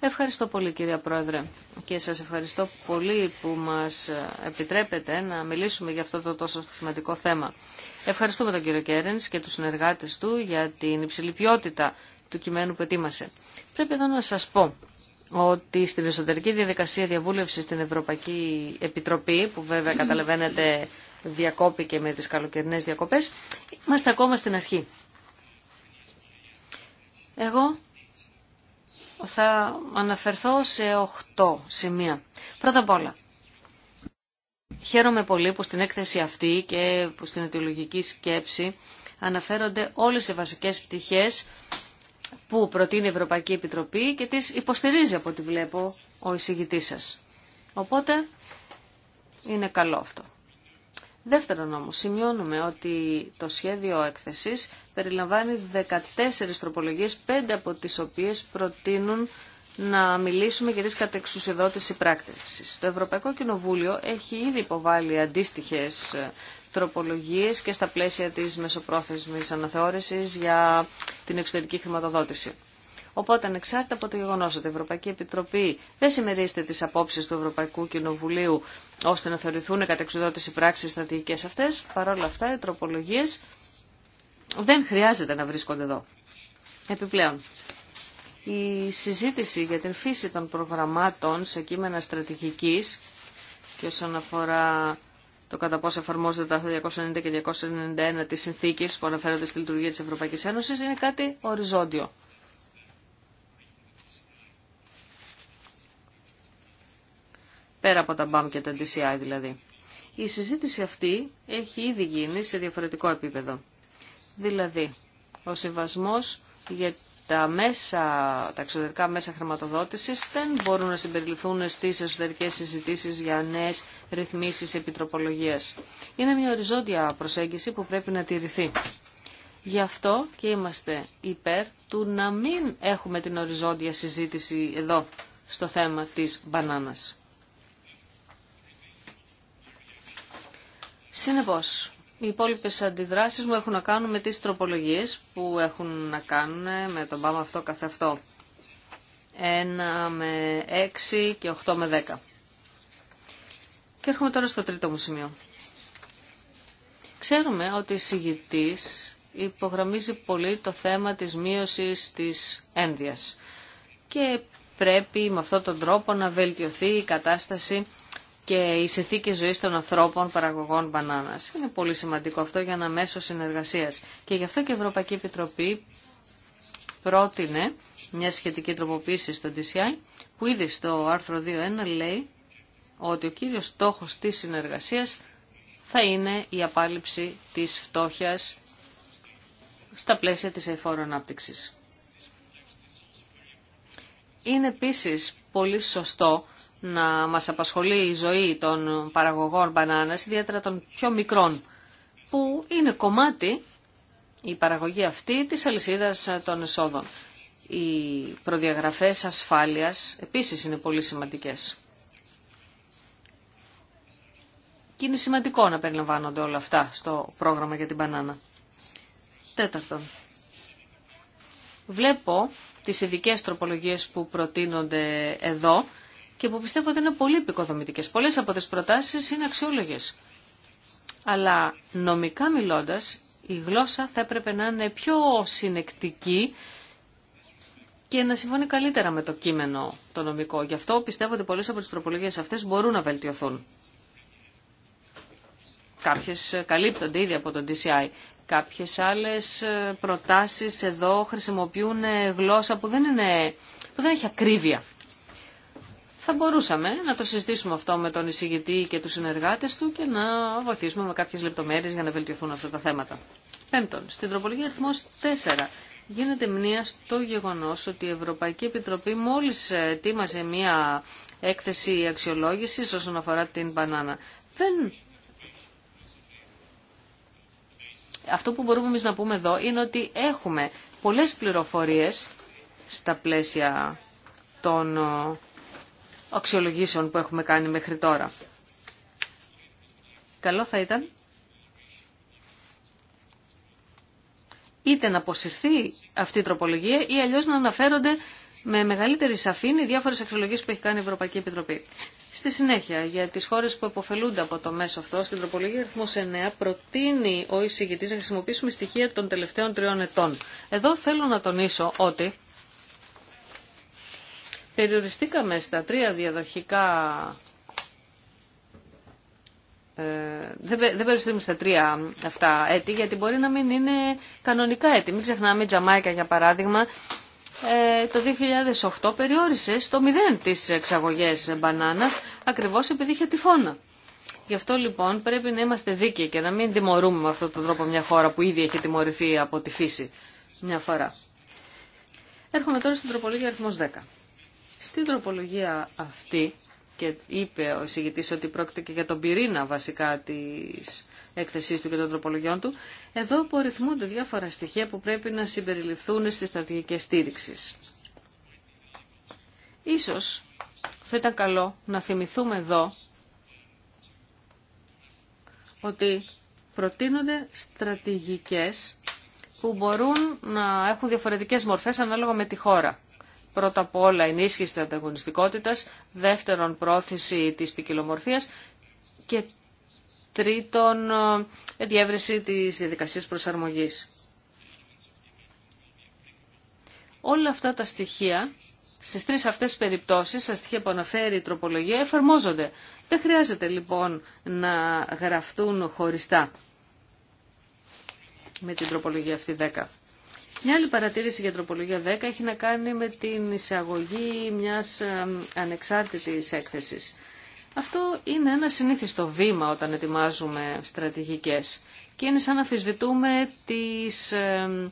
Ευχαριστώ πολύ κύριε Πρόεδρε και σας ευχαριστώ πολύ που μας επιτρέπετε να μιλήσουμε για αυτό το τόσο σημαντικό θέμα. Ευχαριστούμε τον κύριο Κέρενς και τους συνεργάτες του για την υψηλή ποιότητα του κειμένου που ετοίμασε. Πρέπει εδώ να σας πω ότι στην εσωτερική διαδικασία διαβούλευση στην Ευρωπαϊκή Επιτροπή, που βέβαια καταλαβαίνετε διακόπηκε με τις καλοκαιρινές διακοπές, είμαστε ακόμα στην αρχή. Εγώ θα αναφερθώ σε 8 σημεία. Πρώτα απ' όλα, χαίρομαι πολύ που στην έκθεση αυτή και που στην αιτιολογική σκέψη αναφέρονται όλες οι βασικές πτυχές που προτείνει η Ευρωπαϊκή Επιτροπή και τις υποστηρίζει από ό,τι βλέπω ο εισηγητής σας. Οπότε είναι καλό αυτό. Δεύτερον όμως, σημειώνουμε ότι το σχέδιο έκθεσης περιλαμβάνει 14 τροπολογίες, 5 από τις οποίες προτείνουν να μιλήσουμε για τις κατεξουσιοδότηση πράκτηση. Το Ευρωπαϊκό Κοινοβούλιο έχει ήδη υποβάλει αντίστοιχες ε, τροπολογίες και στα πλαίσια της μεσοπρόθεσμης αναθεώρησης για την εξωτερική χρηματοδότηση. Οπότε ανεξάρτητα από το γεγονό ότι η Ευρωπαϊκή Επιτροπή δεν συμμερίζεται τι απόψει του Ευρωπαϊκού Κοινοβουλίου ώστε να θεωρηθούν κατά εξουδότηση πράξει στρατηγικέ αυτέ, παρόλα αυτά οι τροπολογίε δεν χρειάζεται να βρίσκονται εδώ. Επιπλέον, η συζήτηση για την φύση των προγραμμάτων σε κείμενα στρατηγική και όσον αφορά το κατά πόσο εφαρμόζεται τα 290 και 291 τη συνθήκη που αναφέρονται στη λειτουργία τη Ευρωπαϊκή Ένωση είναι κάτι οριζόντιο. πέρα από τα BAM και τα DCI δηλαδή. Η συζήτηση αυτή έχει ήδη γίνει σε διαφορετικό επίπεδο. Δηλαδή, ο συμβασμός για τα, μέσα, τα εξωτερικά μέσα χρηματοδότησης δεν μπορούν να συμπεριληφθούν στις εσωτερικέ συζητήσεις για νέες ρυθμίσεις επιτροπολογίας. Είναι μια οριζόντια προσέγγιση που πρέπει να τηρηθεί. Γι' αυτό και είμαστε υπέρ του να μην έχουμε την οριζόντια συζήτηση εδώ στο θέμα της μπανάνας. Συνεπώ, οι υπόλοιπε αντιδράσεις μου έχουν να κάνουν με τις τροπολογίες που έχουν να κάνουν με τον ΠΑΜ αυτό καθ' αυτό. 1 με 6 και 8 με 10. Και έρχομαι τώρα στο τρίτο μου σημείο. Ξέρουμε ότι η συγητής υπογραμμίζει πολύ το θέμα της μείωσης της ένδυας και πρέπει με αυτόν τον τρόπο να βελτιωθεί η κατάσταση και οι συνθήκε ζωής των ανθρώπων παραγωγών μπανάνας. Είναι πολύ σημαντικό αυτό για ένα μέσο συνεργασία. Και γι' αυτό και η Ευρωπαϊκή Επιτροπή πρότεινε μια σχετική τροποποίηση στο DCI, που ήδη στο άρθρο 2.1 λέει ότι ο κύριος στόχος της συνεργασίας θα είναι η απάλληψη της φτώχειας στα πλαίσια της εφόρου ανάπτυξη. Είναι επίσης πολύ σωστό να μας απασχολεί η ζωή των παραγωγών μπανάνας, ιδιαίτερα των πιο μικρών, που είναι κομμάτι η παραγωγή αυτή της αλυσίδας των εσόδων. Οι προδιαγραφές ασφάλειας επίσης είναι πολύ σημαντικές. Και είναι σημαντικό να περιλαμβάνονται όλα αυτά στο πρόγραμμα για την μπανάνα. Τέταρτον, βλέπω τις ειδικές τροπολογίες που προτείνονται εδώ και που πιστεύω ότι είναι πολύ επικοδομητικές. Πολλές από τις προτάσεις είναι αξιόλογες. Αλλά νομικά μιλώντας, η γλώσσα θα έπρεπε να είναι πιο συνεκτική και να συμφωνεί καλύτερα με το κείμενο το νομικό. Γι' αυτό πιστεύω ότι πολλές από τις τροπολογίες αυτές μπορούν να βελτιωθούν. Κάποιες καλύπτονται ήδη από τον DCI. Κάποιες άλλες ε, προτάσεις εδώ χρησιμοποιούν ε, γλώσσα που δεν, είναι, που δεν έχει ακρίβεια θα μπορούσαμε να το συζητήσουμε αυτό με τον εισηγητή και τους συνεργάτες του και να βοηθήσουμε με κάποιες λεπτομέρειες για να βελτιωθούν αυτά τα θέματα. Πέμπτον, στην τροπολογία αριθμός 4 γίνεται μνήμα στο γεγονός ότι η Ευρωπαϊκή Επιτροπή μόλις ετοίμασε μία έκθεση αξιολόγησης όσον αφορά την μπανάνα. Δεν... Αυτό που μπορούμε εμείς να πούμε εδώ είναι ότι έχουμε πολλές πληροφορίες στα πλαίσια των αξιολογήσεων που έχουμε κάνει μέχρι τώρα. Καλό θα ήταν είτε να αποσυρθεί αυτή η τροπολογία ή αλλιώς να αναφέρονται με μεγαλύτερη σαφήνεια οι διάφορες αξιολογίες που έχει κάνει η Ευρωπαϊκή Επιτροπή. Στη συνέχεια, για τις χώρες που υποφελούνται από το μέσο αυτό, στην τροπολογία αριθμό 9 προτείνει ο εισηγητής να χρησιμοποιήσουμε στοιχεία των τελευταίων τριών ετών. Εδώ θέλω να τονίσω ότι Περιοριστήκαμε στα τρία διαδοχικά... Ε, δεν, δεν περιοριστήκαμε στα τρία αυτά έτη, γιατί μπορεί να μην είναι κανονικά έτη. Μην ξεχνάμε, η Τζαμάικα για παράδειγμα, ε, το 2008 περιόρισε στο μηδέν τις εξαγωγές μπανάνας, ακριβώς επειδή είχε τυφώνα. Γι' αυτό λοιπόν πρέπει να είμαστε δίκαιοι και να μην τιμωρούμε με αυτόν τον τρόπο μια χώρα που ήδη έχει τιμωρηθεί από τη φύση μια φορά. Έρχομαι τώρα στην τροπολογία αριθμός 10. Στην τροπολογία αυτή και είπε ο εισηγητής ότι πρόκειται και για τον πυρήνα βασικά της έκθεσής του και των τροπολογιών του, εδώ απορριθμούνται διάφορα στοιχεία που πρέπει να συμπεριληφθούν στις στρατηγικές στήριξης. Ίσως θα ήταν καλό να θυμηθούμε εδώ ότι προτείνονται στρατηγικές που μπορούν να έχουν διαφορετικές μορφές ανάλογα με τη χώρα. Πρώτα απ' όλα ενίσχυση της ανταγωνιστικότητας, δεύτερον πρόθεση της ποικιλομορφία και τρίτον ε, διεύρυνση της διαδικασίας προσαρμογής. Όλα αυτά τα στοιχεία στις τρεις αυτές περιπτώσεις, τα στοιχεία που αναφέρει η τροπολογία, εφαρμόζονται. Δεν χρειάζεται λοιπόν να γραφτούν χωριστά με την τροπολογία αυτή 10. Μια άλλη παρατήρηση για τροπολογία 10 έχει να κάνει με την εισαγωγή μιας ε, ανεξάρτητης έκθεσης. Αυτό είναι ένα συνήθιστο βήμα όταν ετοιμάζουμε στρατηγικές και είναι σαν να αφισβητούμε τις ε,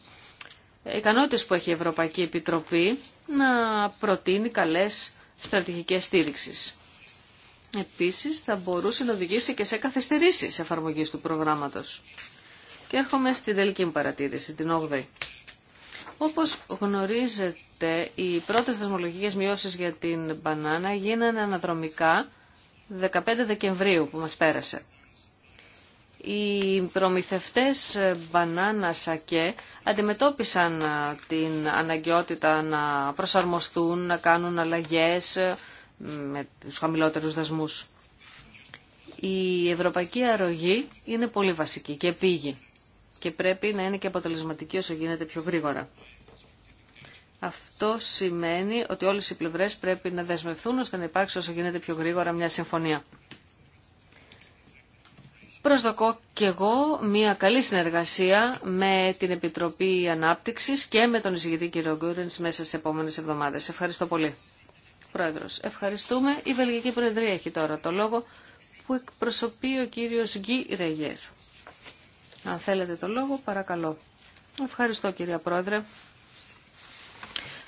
ικανότητες που έχει η Ευρωπαϊκή Επιτροπή να προτείνει καλές στρατηγικές στήριξης. Επίσης θα μπορούσε να οδηγήσει και σε καθυστερήσεις εφαρμογής του προγράμματος. Και έρχομαι στην τελική μου παρατήρηση, την 8η. Όπως γνωρίζετε, οι πρώτες δεσμολογικές μειώσεις για την μπανάνα γίνανε αναδρομικά 15 Δεκεμβρίου που μας πέρασε. Οι προμηθευτές μπανάνα σακέ αντιμετώπισαν την αναγκαιότητα να προσαρμοστούν, να κάνουν αλλαγές με τους χαμηλότερους δασμούς. Η ευρωπαϊκή αρρωγή είναι πολύ βασική και πήγη και πρέπει να είναι και αποτελεσματική όσο γίνεται πιο γρήγορα. Αυτό σημαίνει ότι όλες οι πλευρές πρέπει να δεσμευθούν ώστε να υπάρξει όσο γίνεται πιο γρήγορα μια συμφωνία. Προσδοκώ και εγώ μια καλή συνεργασία με την Επιτροπή Ανάπτυξης και με τον εισηγητή κύριο Γκούρενς μέσα στις επόμενες εβδομάδες. Ευχαριστώ πολύ. Πρόεδρος, ευχαριστούμε. Η Βελγική Προεδρία έχει τώρα το λόγο που εκπροσωπεί ο κύριος Γκί Ρεγέρ. Αν θέλετε το λόγο, παρακαλώ. Ευχαριστώ κυρία Πρόεδρε.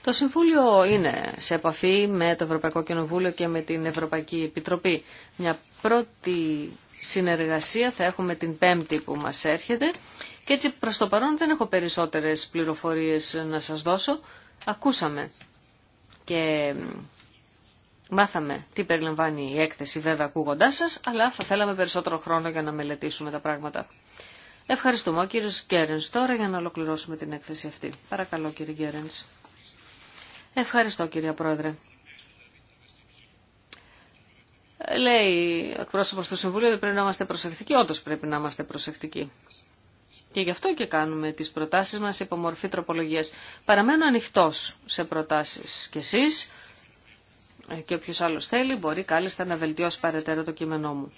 Το Συμβούλιο είναι σε επαφή με το Ευρωπαϊκό Κοινοβούλιο και με την Ευρωπαϊκή Επιτροπή. Μια πρώτη συνεργασία θα έχουμε την πέμπτη που μας έρχεται και έτσι προς το παρόν δεν έχω περισσότερες πληροφορίες να σας δώσω. Ακούσαμε και μάθαμε τι περιλαμβάνει η έκθεση βέβαια ακούγοντάς σας, αλλά θα θέλαμε περισσότερο χρόνο για να μελετήσουμε τα πράγματα. Ευχαριστούμε ο κύριος Γκέρενς τώρα για να ολοκληρώσουμε την έκθεση αυτή. Παρακαλώ κύριε Γκέρενς. Ευχαριστώ κυρία Πρόεδρε. Λέει ο εκπρόσωπος του Συμβουλίου ότι πρέπει να είμαστε προσεκτικοί. Όντως πρέπει να είμαστε προσεκτικοί. Και γι' αυτό και κάνουμε τις προτάσεις μας υπό μορφή τροπολογίας. Παραμένω ανοιχτός σε προτάσεις. Και εσείς και όποιος άλλος θέλει μπορεί κάλλιστα να βελτιώσει παρετέρω το κείμενό μου.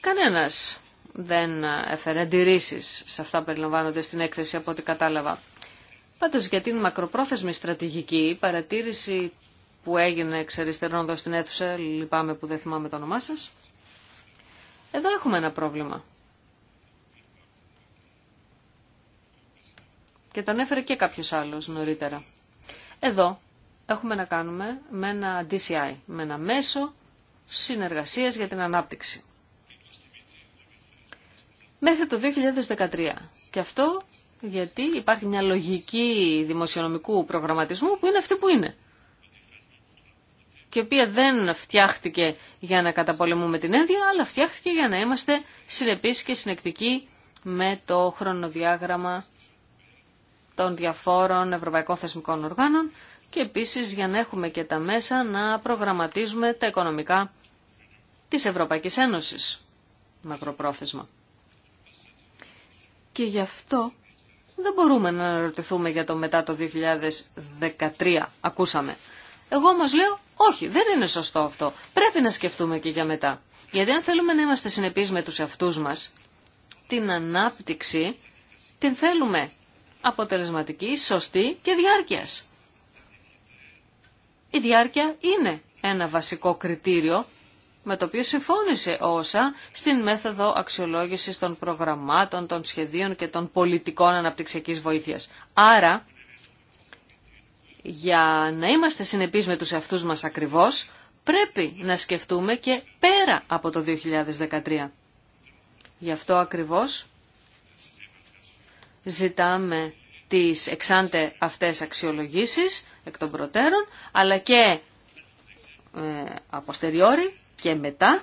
Κανένας δεν έφερε αντιρρήσει σε αυτά που περιλαμβάνονται στην έκθεση από ό,τι κατάλαβα. Πάντω για την μακροπρόθεσμη στρατηγική, παρατήρηση που έγινε εξ αριστερών εδώ στην αίθουσα, λυπάμαι που δεν θυμάμαι το όνομά σα, εδώ έχουμε ένα πρόβλημα. Και τον έφερε και κάποιο άλλος νωρίτερα. Εδώ έχουμε να κάνουμε με ένα DCI, με ένα μέσο συνεργασίας για την ανάπτυξη. Μέχρι το 2013. Και αυτό γιατί υπάρχει μια λογική δημοσιονομικού προγραμματισμού που είναι αυτή που είναι και η οποία δεν φτιάχτηκε για να καταπολεμούμε την ένδια, αλλά φτιάχτηκε για να είμαστε συνεπείς και συνεκτικοί με το χρονοδιάγραμμα των διαφόρων ευρωπαϊκών θεσμικών οργάνων και επίσης για να έχουμε και τα μέσα να προγραμματίζουμε τα οικονομικά της Ευρωπαϊκής Ένωσης μακροπρόθεσμα. Και γι' αυτό δεν μπορούμε να αναρωτηθούμε για το μετά το 2013, ακούσαμε. Εγώ όμως λέω, όχι, δεν είναι σωστό αυτό. Πρέπει να σκεφτούμε και για μετά. Γιατί αν θέλουμε να είμαστε συνεπείς με τους εαυτούς μας, την ανάπτυξη την θέλουμε αποτελεσματική, σωστή και διάρκειας. Η διάρκεια είναι ένα βασικό κριτήριο με το οποίο συμφώνησε όσα στην μέθοδο αξιολόγησης των προγραμμάτων, των σχεδίων και των πολιτικών αναπτυξιακής βοήθειας. Άρα, για να είμαστε συνεπείς με τους εαυτούς μας ακριβώς, πρέπει να σκεφτούμε και πέρα από το 2013. Γι' αυτό ακριβώς ζητάμε τις εξάντε αυτές αξιολογήσεις εκ των προτέρων, αλλά και ε, και μετά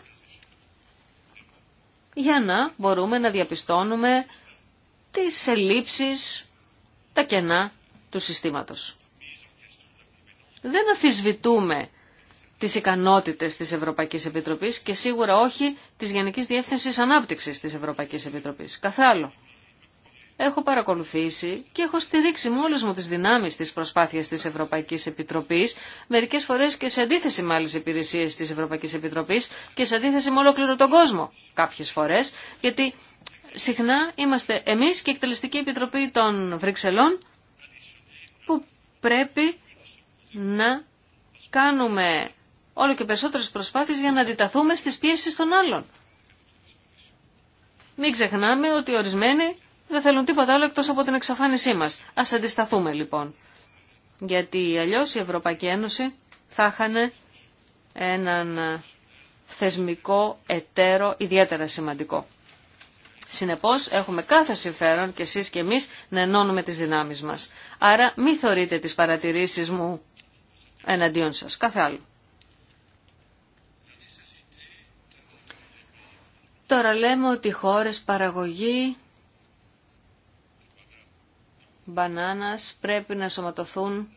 για να μπορούμε να διαπιστώνουμε τις ελλείψεις, τα κενά του συστήματος. Δεν αφισβητούμε τις ικανότητες της Ευρωπαϊκής Επιτροπής και σίγουρα όχι της Γενικής Διεύθυνσης Ανάπτυξης της Ευρωπαϊκής Επιτροπής. Καθ' άλλο έχω παρακολουθήσει και έχω στηρίξει με όλε μου τι δυνάμει τι προσπάθειε τη Ευρωπαϊκή Επιτροπή. Μερικέ φορέ και σε αντίθεση με άλλε υπηρεσίε τη Ευρωπαϊκή Επιτροπή και σε αντίθεση με ολόκληρο τον κόσμο κάποιε φορέ, γιατί συχνά είμαστε εμεί και η Εκτελεστική Επιτροπή των Βρυξελών που πρέπει να κάνουμε όλο και περισσότερες προσπάθειες για να αντιταθούμε στις πιέσεις των άλλων. Μην ξεχνάμε ότι ορισμένοι δεν θέλουν τίποτα άλλο εκτός από την εξαφάνισή μας. Ας αντισταθούμε λοιπόν. Γιατί αλλιώς η Ευρωπαϊκή Ένωση θα χάνε έναν θεσμικό εταίρο ιδιαίτερα σημαντικό. Συνεπώς έχουμε κάθε συμφέρον και εσείς και εμείς να ενώνουμε τις δυνάμεις μας. Άρα μη θεωρείτε τις παρατηρήσεις μου εναντίον σας. Κάθε άλλο. Τώρα λέμε ότι οι χώρες παραγωγή μπανάνας πρέπει να σωματωθούν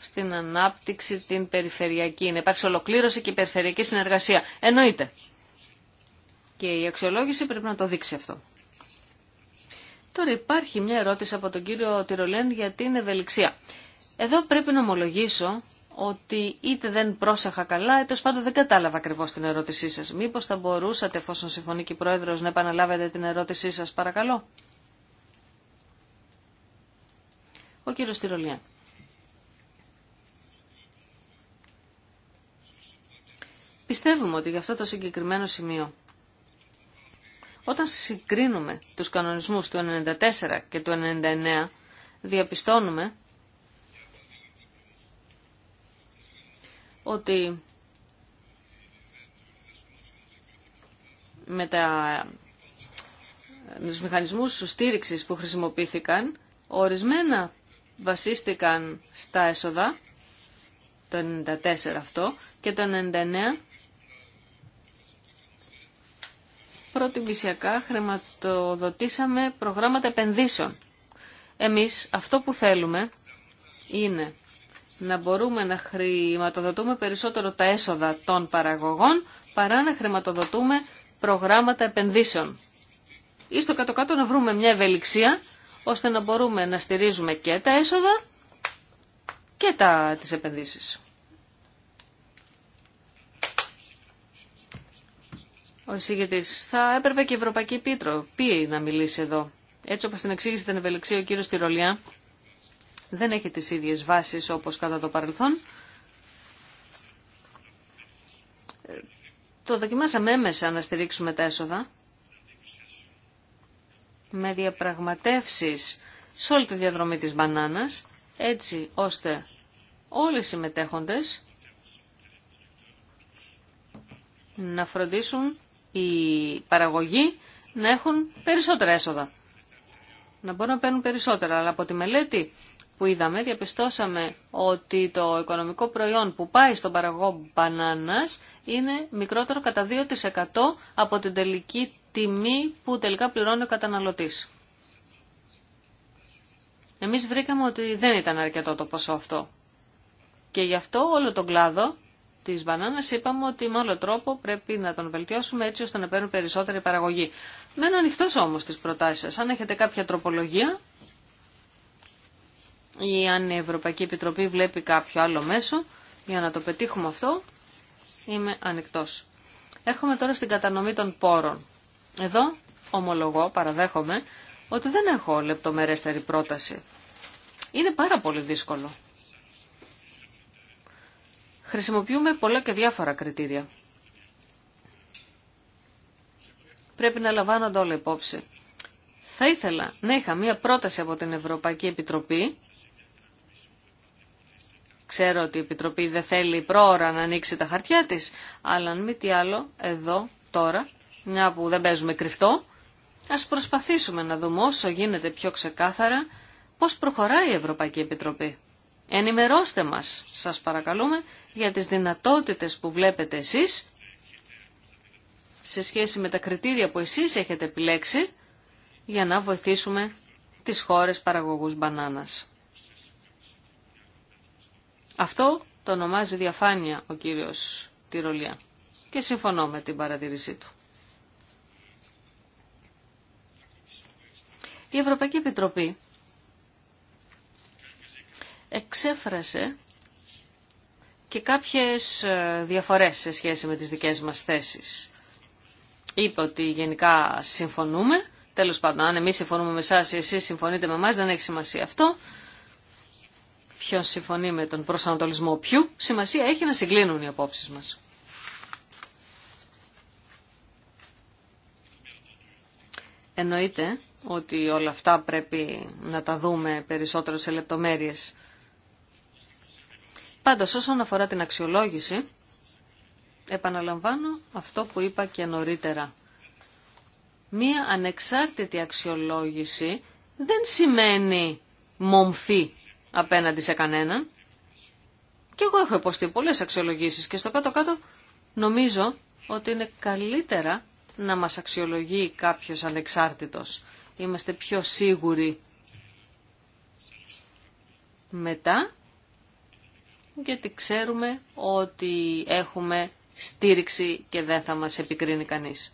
στην ανάπτυξη την περιφερειακή. Να υπάρξει ολοκλήρωση και η περιφερειακή συνεργασία. Εννοείται. Και η αξιολόγηση πρέπει να το δείξει αυτό. Τώρα υπάρχει μια ερώτηση από τον κύριο Τυρολέν για την ευελιξία. Εδώ πρέπει να ομολογήσω ότι είτε δεν πρόσεχα καλά, είτε πάντα δεν κατάλαβα ακριβώ την ερώτησή σας. Μήπως θα μπορούσατε, εφόσον συμφωνεί και η Πρόεδρο, να επαναλάβετε την ερώτησή σα, παρακαλώ. Ο κύριο Τυρολιά. Πιστεύουμε ότι για αυτό το συγκεκριμένο σημείο, όταν συγκρίνουμε τους κανονισμούς του 94 και του 99, διαπιστώνουμε ότι με τα, τους μηχανισμούς στήριξης που χρησιμοποιήθηκαν, ορισμένα βασίστηκαν στα έσοδα, το 94 αυτό, και το 99 προτιμησιακά χρηματοδοτήσαμε προγράμματα επενδύσεων. Εμείς αυτό που θέλουμε είναι να μπορούμε να χρηματοδοτούμε περισσότερο τα έσοδα των παραγωγών παρά να χρηματοδοτούμε προγράμματα επενδύσεων. Ή στο κάτω-κάτω να βρούμε μια ευελιξία ώστε να μπορούμε να στηρίζουμε και τα έσοδα και τα, τις επενδύσεις. Ο εισηγητής, θα έπρεπε και η Ευρωπαϊκή Επιτροπή να μιλήσει εδώ. Έτσι όπως την εξήγησε την ευελιξία ο κύριος Τυρολιά, δεν έχει τις ίδιες βάσεις όπως κατά το παρελθόν. Ε, το δοκιμάσαμε έμεσα να στηρίξουμε τα έσοδα με διαπραγματεύσεις σε όλη τη διαδρομή της μπανάνας, έτσι ώστε όλοι οι συμμετέχοντες να φροντίσουν οι παραγωγοί να έχουν περισσότερα έσοδα. Να μπορούν να παίρνουν περισσότερα. Αλλά από τη μελέτη που είδαμε διαπιστώσαμε ότι το οικονομικό προϊόν που πάει στον παραγωγό μπανάνας είναι μικρότερο κατά 2% από την τελική τιμή που τελικά πληρώνει ο καταναλωτής. Εμείς βρήκαμε ότι δεν ήταν αρκετό το ποσό αυτό. Και γι' αυτό όλο τον κλάδο της μπανάνας είπαμε ότι με άλλο τρόπο πρέπει να τον βελτιώσουμε έτσι ώστε να παίρνουν περισσότερη παραγωγή. Μένω ανοιχτό όμως τις προτάσεις σας. Αν έχετε κάποια τροπολογία ή αν η Ευρωπαϊκή Επιτροπή βλέπει κάποιο άλλο μέσο για να το πετύχουμε αυτό, είμαι ανοιχτός. Έρχομαι τώρα στην κατανομή των πόρων. Εδώ ομολογώ, παραδέχομαι, ότι δεν έχω λεπτομερέστερη πρόταση. Είναι πάρα πολύ δύσκολο. Χρησιμοποιούμε πολλά και διάφορα κριτήρια. Πρέπει να λαμβάνονται όλα υπόψη. Θα ήθελα να είχα μία πρόταση από την Ευρωπαϊκή Επιτροπή Ξέρω ότι η Επιτροπή δεν θέλει πρόωρα να ανοίξει τα χαρτιά της, αλλά αν μη τι άλλο, εδώ, τώρα, μια που δεν παίζουμε κρυφτό, ας προσπαθήσουμε να δούμε όσο γίνεται πιο ξεκάθαρα πώς προχωράει η Ευρωπαϊκή Επιτροπή. Ενημερώστε μας, σας παρακαλούμε, για τις δυνατότητες που βλέπετε εσείς σε σχέση με τα κριτήρια που εσείς έχετε επιλέξει για να βοηθήσουμε τις χώρες παραγωγούς μπανάνας. Αυτό το ονομάζει διαφάνεια ο κύριος Τυρολιά και συμφωνώ με την παρατηρήσή του. Η Ευρωπαϊκή Επιτροπή εξέφρασε και κάποιες ε, διαφορές σε σχέση με τις δικές μας θέσεις. Είπε ότι γενικά συμφωνούμε, τέλος πάντων αν εμείς συμφωνούμε με εσάς ή εσείς συμφωνείτε με εμάς δεν έχει σημασία αυτό, Ποιο συμφωνεί με τον προσανατολισμό ποιου, σημασία έχει να συγκλίνουν οι απόψεις μας. Εννοείται ότι όλα αυτά πρέπει να τα δούμε περισσότερο σε λεπτομέρειες. Πάντως όσον αφορά την αξιολόγηση, επαναλαμβάνω αυτό που είπα και νωρίτερα. Μία ανεξάρτητη αξιολόγηση δεν σημαίνει μομφή απέναντι σε κανέναν. Και εγώ έχω υποστεί πολλές αξιολογήσεις και στο κάτω-κάτω νομίζω ότι είναι καλύτερα να μας αξιολογεί κάποιος ανεξάρτητος. Είμαστε πιο σίγουροι μετά γιατί ξέρουμε ότι έχουμε στήριξη και δεν θα μας επικρίνει κανείς.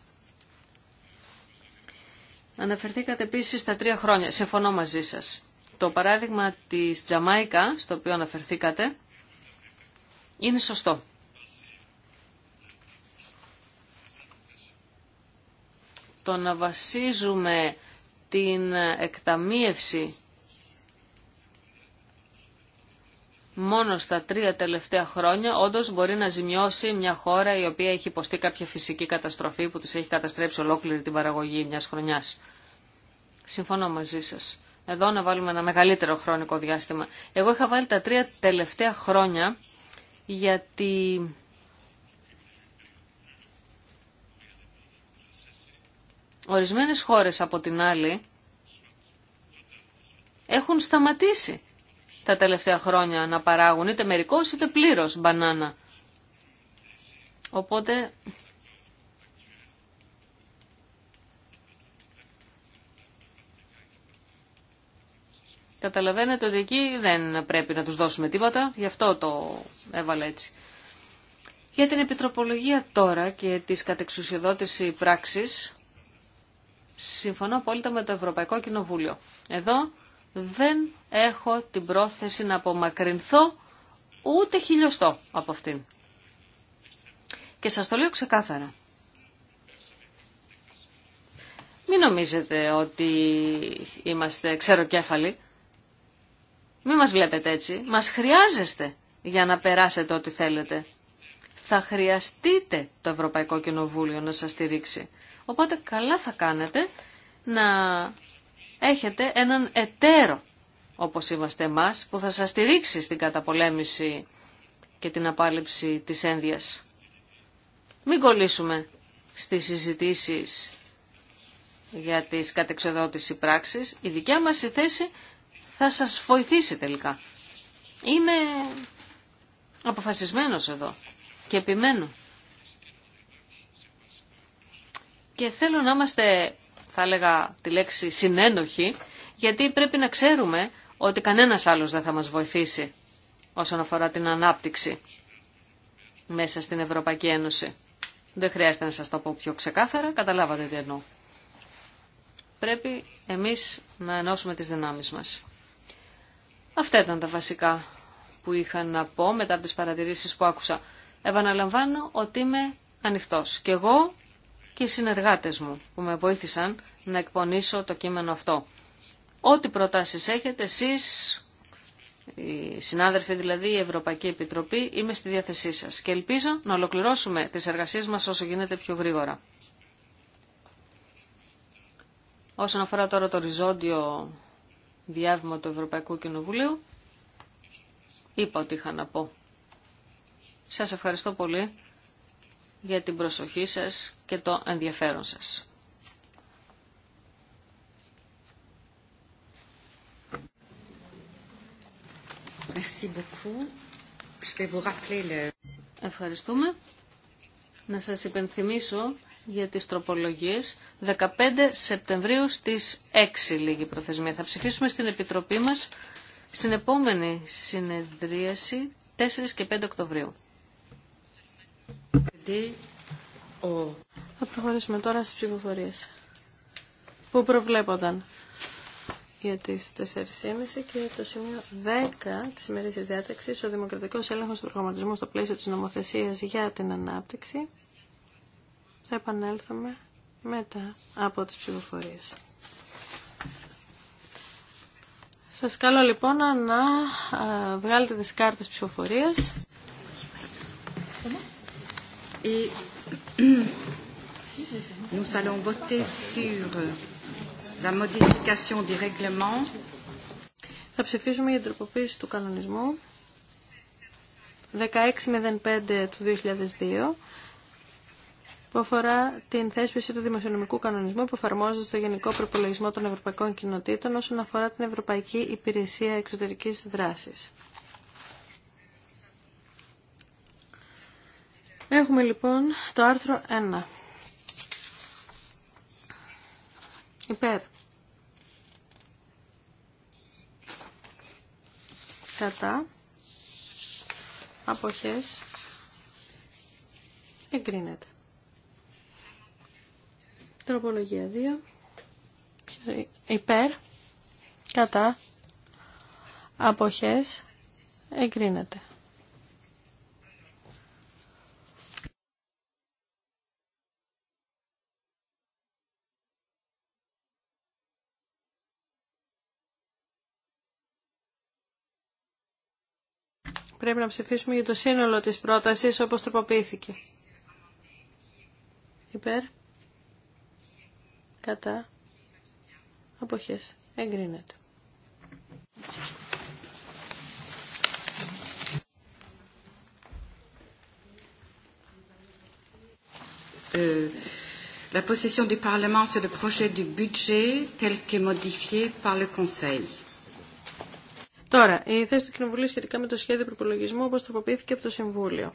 Αναφερθήκατε επίσης στα τρία χρόνια. Σε φωνώ μαζί σας. Το παράδειγμα της Τζαμάικα, στο οποίο αναφερθήκατε, είναι σωστό. Το να βασίζουμε την εκταμίευση μόνο στα τρία τελευταία χρόνια όντως μπορεί να ζημιώσει μια χώρα η οποία έχει υποστεί κάποια φυσική καταστροφή που τους έχει καταστρέψει ολόκληρη την παραγωγή μιας χρονιάς. Συμφωνώ μαζί σας εδώ να βάλουμε ένα μεγαλύτερο χρονικό διάστημα. Εγώ είχα βάλει τα τρία τελευταία χρόνια γιατί ορισμένες χώρες από την άλλη έχουν σταματήσει τα τελευταία χρόνια να παράγουν είτε μερικώς είτε πλήρως μπανάνα. Οπότε Καταλαβαίνετε ότι εκεί δεν πρέπει να τους δώσουμε τίποτα, γι' αυτό το έβαλε έτσι. Για την επιτροπολογία τώρα και τις κατεξουσιοδότηση πράξης, συμφωνώ απόλυτα με το Ευρωπαϊκό Κοινοβούλιο. Εδώ δεν έχω την πρόθεση να απομακρυνθώ ούτε χιλιοστό από αυτήν. Και σας το λέω ξεκάθαρα. Μην νομίζετε ότι είμαστε ξεροκέφαλοι. Μη μας βλέπετε έτσι. Μας χρειάζεστε για να περάσετε ό,τι θέλετε. Θα χρειαστείτε το Ευρωπαϊκό Κοινοβούλιο να σας στηρίξει. Οπότε καλά θα κάνετε να έχετε έναν εταίρο όπως είμαστε εμάς που θα σας στηρίξει στην καταπολέμηση και την απάλληψη της ένδυας. Μην κολλήσουμε στις συζητήσεις για τις κατεξοδότηση πράξεις. Η δικιά μας η θέση θα σας βοηθήσει τελικά. Είμαι αποφασισμένος εδώ και επιμένω. Και θέλω να είμαστε, θα έλεγα τη λέξη, συνένοχοι, γιατί πρέπει να ξέρουμε ότι κανένας άλλος δεν θα μας βοηθήσει όσον αφορά την ανάπτυξη μέσα στην Ευρωπαϊκή Ένωση. Δεν χρειάζεται να σας το πω πιο ξεκάθαρα, καταλάβατε τι εννοώ. Πρέπει εμείς να ενώσουμε τις δυνάμεις μας. Αυτά ήταν τα βασικά που είχα να πω μετά από τις παρατηρήσεις που άκουσα. Επαναλαμβάνω ότι είμαι ανοιχτός. Και εγώ και οι συνεργάτες μου που με βοήθησαν να εκπονήσω το κείμενο αυτό. Ό,τι προτάσεις έχετε εσείς, οι συνάδελφοι δηλαδή, η Ευρωπαϊκή Επιτροπή, είμαι στη διάθεσή σας. Και ελπίζω να ολοκληρώσουμε τις εργασίες μας όσο γίνεται πιο γρήγορα. Όσον αφορά τώρα το οριζόντιο διάβημα του Ευρωπαϊκού Κοινοβουλίου είπα ότι είχα να πω. Σας ευχαριστώ πολύ για την προσοχή σας και το ενδιαφέρον σας. Ευχαριστούμε. Να σας υπενθυμίσω για τις τροπολογίες. 15 Σεπτεμβρίου στις 6 λίγη προθεσμία. Θα ψηφίσουμε στην Επιτροπή μας στην επόμενη συνεδρίαση 4 και 5 Οκτωβρίου. Θα προχωρήσουμε τώρα στις ψηφοφορίες που προβλέπονταν για τις 4.30 και το σημείο 10 της ημερής διάταξης, ο Δημοκρατικός Έλεγχος του Προγραμματισμού στο πλαίσιο της νομοθεσίας για την ανάπτυξη. Θα επανέλθουμε μετά από τις ψηφοφορίες. Σας καλώ λοιπόν να βγάλετε τις κάρτες ψηφοφορίας. [CLEARS THROAT] nous allons voter sur la modification du règlement. Θα ψηφίσουμε για την τροποποίηση του κανονισμού 1605 του 2002 που αφορά την θέσπιση του δημοσιονομικού κανονισμού που εφαρμόζεται στο Γενικό Προπολογισμό των Ευρωπαϊκών Κοινοτήτων όσον αφορά την Ευρωπαϊκή Υπηρεσία Εξωτερικής Δράσης. Έχουμε λοιπόν το άρθρο 1. Υπέρ. Κατά. Αποχές. Εγκρίνεται. Τροπολογία 2. Υπέρ. Κατά. Αποχές. Εγκρίνεται. Πρέπει να ψηφίσουμε για το σύνολο της πρότασης όπως τροποποιήθηκε. Υπέρ κατά αποχές εγκρίνεται. Euh, la possession du Parlement sur le projet du budget tel que modifié par le Conseil. Τώρα, η θέση του Κοινοβουλίου σχετικά με το σχέδιο προπολογισμού όπως τροποποιήθηκε από το Συμβούλιο.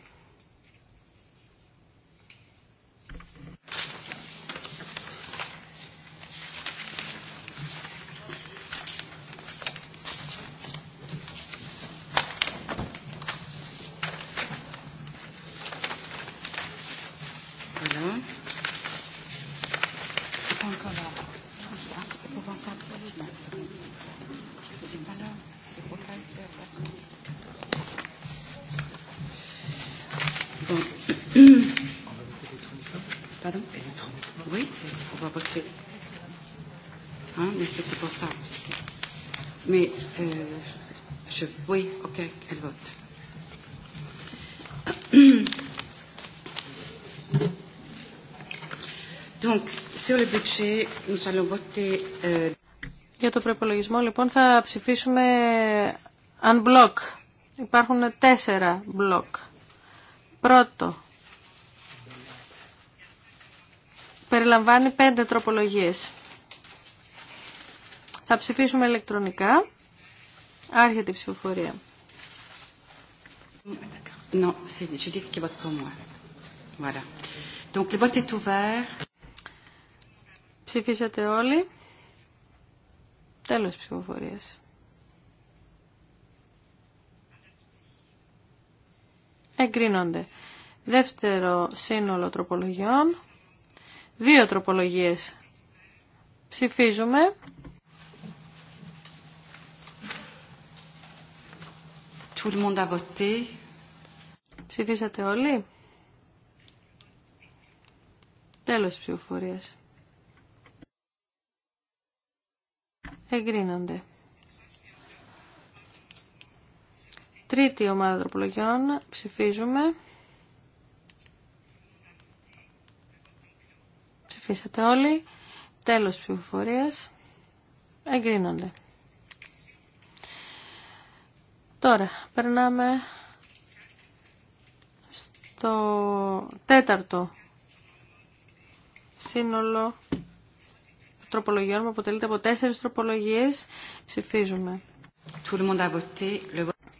Euh, Για το προπολογισμό λοιπόν θα ψηφίσουμε unblock. Υπάρχουν τέσσερα μπλοκ. Πρώτο. Περιλαμβάνει πέντε τροπολογίες. Θα ψηφίσουμε ηλεκτρονικά. Άρχεται η ψηφοφορία. Non, c'est, vote pour moi. Voilà. Donc le vote est ouvert. Ψηφίσατε όλοι. Τέλος ψηφοφορίας. Εγκρίνονται. Δεύτερο σύνολο τροπολογιών. Δύο τροπολογίες. Ψηφίζουμε. Tout le monde a voté. Ψηφίσατε όλοι. Τέλος ψηφοφορίας. εγκρίνονται. Τρίτη ομάδα τροπολογιών, ψηφίζουμε. Ψηφίσατε όλοι. Τέλος ψηφοφορίας. Εγκρίνονται. Τώρα, περνάμε στο τέταρτο σύνολο τροπολογιών που αποτελείται από τέσσερις τροπολογίες. Ψηφίζουμε.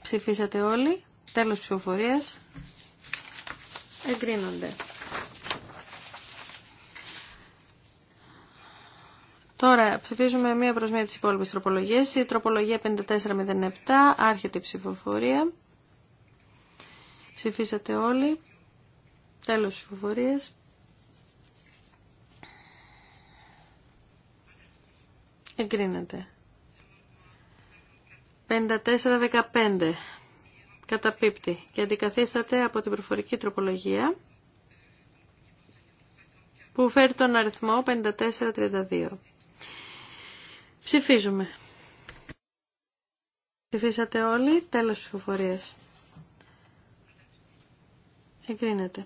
Ψηφίσατε όλοι. Τέλος ψηφοφορίας. Εγκρίνονται. Τώρα ψηφίζουμε μία προς μία τις υπόλοιπες τροπολογίες. Η τροπολογία 5407, άρχεται η ψηφοφορία. Ψηφίσατε όλοι. Τέλος ψηφοφορίας. εγκρίνεται. 54-15 καταπίπτει και αντικαθίσταται από την προφορική τροπολογία που φέρει τον αριθμό 54-32. Ψηφίζουμε. Ψηφίσατε όλοι, τέλος ψηφοφορίας. Εγκρίνεται.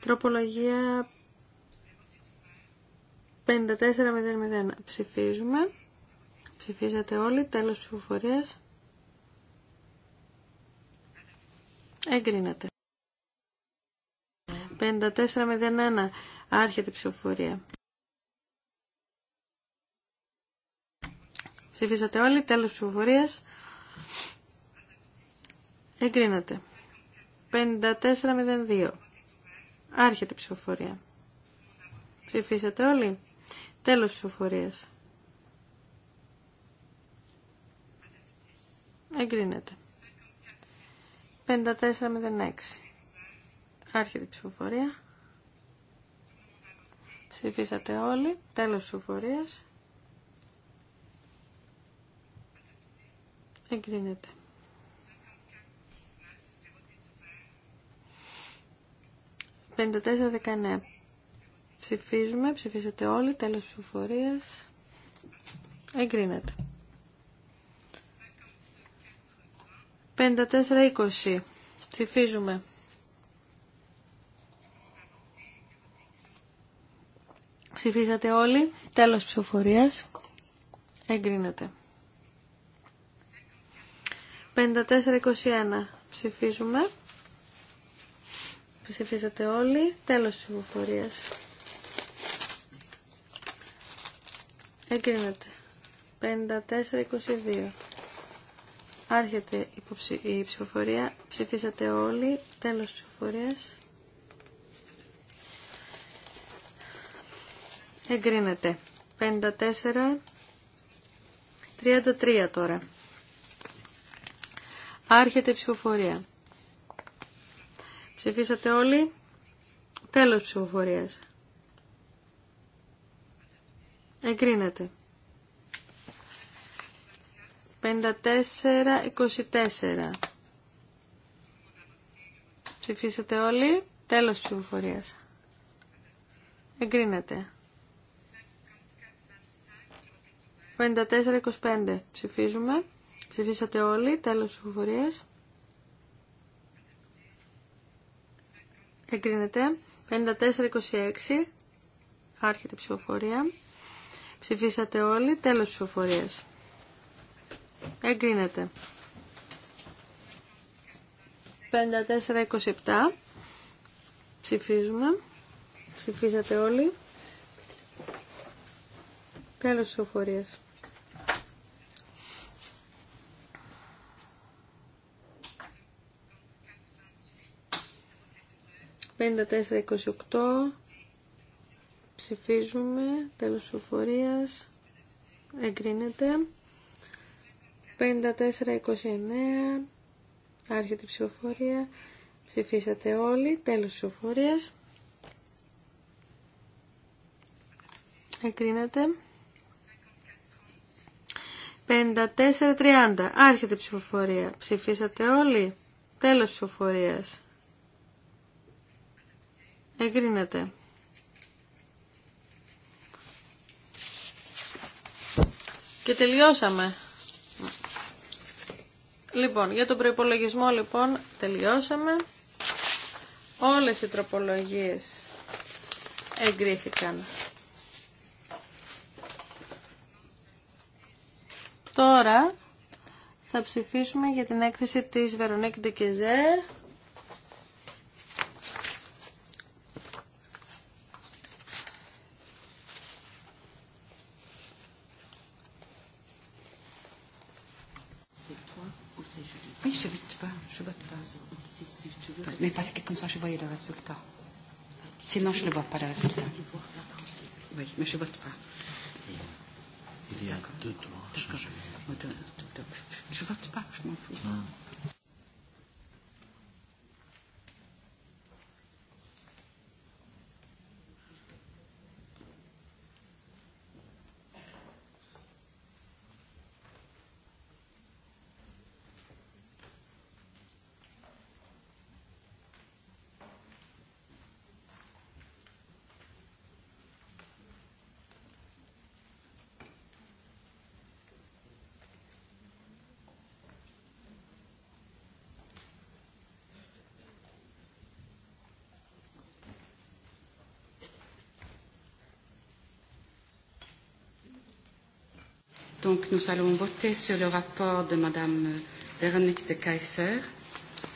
Τροπολογία 54-0. Ψηφίζουμε. Ψηφίζατε όλοι. Τέλος ψηφοφορίας. Εγκρίνεται. 54.01. Άρχεται η ψηφοφορία. Ψηφίσατε όλοι. Τέλος ψηφοφορίας. Εγκρίνεται. 02 Άρχεται η ψηφοφορία. Ψηφίσατε όλοι. Τέλος ψηφοφορίας. Εγκρίνεται. 5406. Άρχεται η ψηφοφορία. Ψηφίσατε όλοι. Τέλος ψηφοφορίας. Εγκρίνεται. 54-19. Ψηφίζουμε, ψηφίσατε όλοι, τέλος ψηφοφορίας. Εγκρίνεται. 54-20. Ψηφίζουμε. Ψηφίσατε όλοι. Τέλος ψηφοφορίας. Εγκρίνεται. 54-21. Ψηφίζουμε. Ψηφίσατε όλοι. Τέλος ψηφοφορίας. Εγκρίνεται. 54-22. Άρχεται η ψηφοφορία. Ψηφίσατε όλοι. Τέλος της ψηφοφορίας. Εγκρίνεται. 54-33 τώρα. Άρχεται η ψηφοφορία. Ψηφίσατε όλοι. Τέλος ψηφοφορίας. Εγκρίνεται. 54-24. Ψηφίσατε όλοι. Τέλος ψηφοφορίας. Εγκρίνεται. 54-25. Ψηφίζουμε. Ψηφίσατε όλοι. Τέλος ψηφοφορίας. Εγκρίνεται. 54-26. Άρχεται ψηφοφορία. Ψηφίσατε όλοι. Τέλος ψηφοφορίας. Εγκρίνεται. 54-27. Ψηφίζουμε. Ψηφίσατε όλοι. Τέλος ψηφοφορίας. Πέντε Ψηφίζουμε. Τέλος ψηφοφορίας. Εγκρίνεται. 54-29. Άρχεται η ψηφοφορία. Ψηφίσατε όλοι. Τέλος ψηφοφορίας. 5,430 54-30. Άρχεται η ψηφοφορία. Ψηφίσατε όλοι. Τέλος ψηφοφορίας. Εγκρίνεται. Και τελειώσαμε. Λοιπόν, για τον προϋπολογισμό λοιπόν τελειώσαμε. Όλες οι τροπολογίες εγκρίθηκαν. Τώρα θα ψηφίσουμε για την έκθεση της Βερονίκη Ντεκεζέρ. je voyais le résultat. Sinon, je ne vois pas le résultat. Oui, mais je ne vote pas. Il y a deux, trois. D'accord. Je ne vote pas, je m'en fous.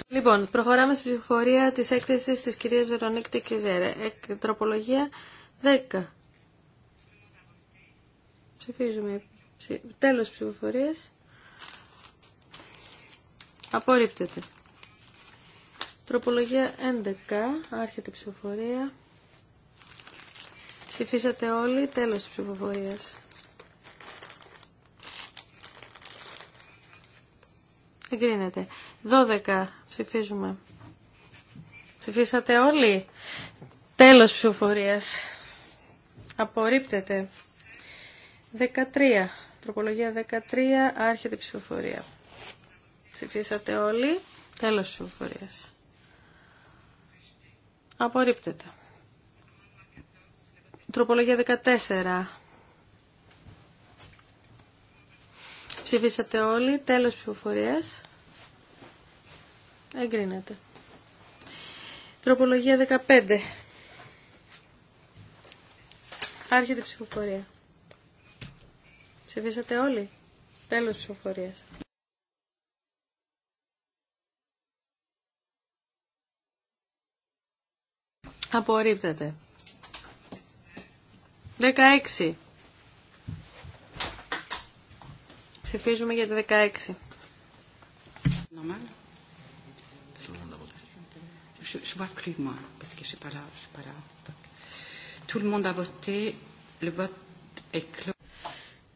Λοιπόν, προχωράμε στη ψηφοφορία τη έκθεση τη κυρία Βερονίκτη Τικιζέρε. τροπολογία 10. Ψηφίζουμε. Τέλο τέλος ψηφοφορίας. Απορρίπτεται. Τροπολογία 11. Άρχεται η ψηφοφορία. Ψηφίσατε όλοι. Τέλο ψηφοφορία. ψηφοφορίας. Εγκρίνεται. 12. Ψηφίζουμε. Ψηφίσατε όλοι. Τέλος ψηφοφορίας. Απορρίπτεται. 13. Τροπολογία 13. Άρχεται η ψηφοφορία. Ψηφίσατε όλοι. Τέλος ψηφοφορίας. Απορρίπτεται. Τροπολογία 14. Ψηφίσατε όλοι. Τέλος ψηφοφορίας. Εγκρίνεται. Τροπολογία 15. Άρχεται η ψηφοφορία. Ψηφίσατε όλοι. Τέλος ψηφοφορίας. Απορρίπτεται. 16. Ψηφίζουμε για το 16.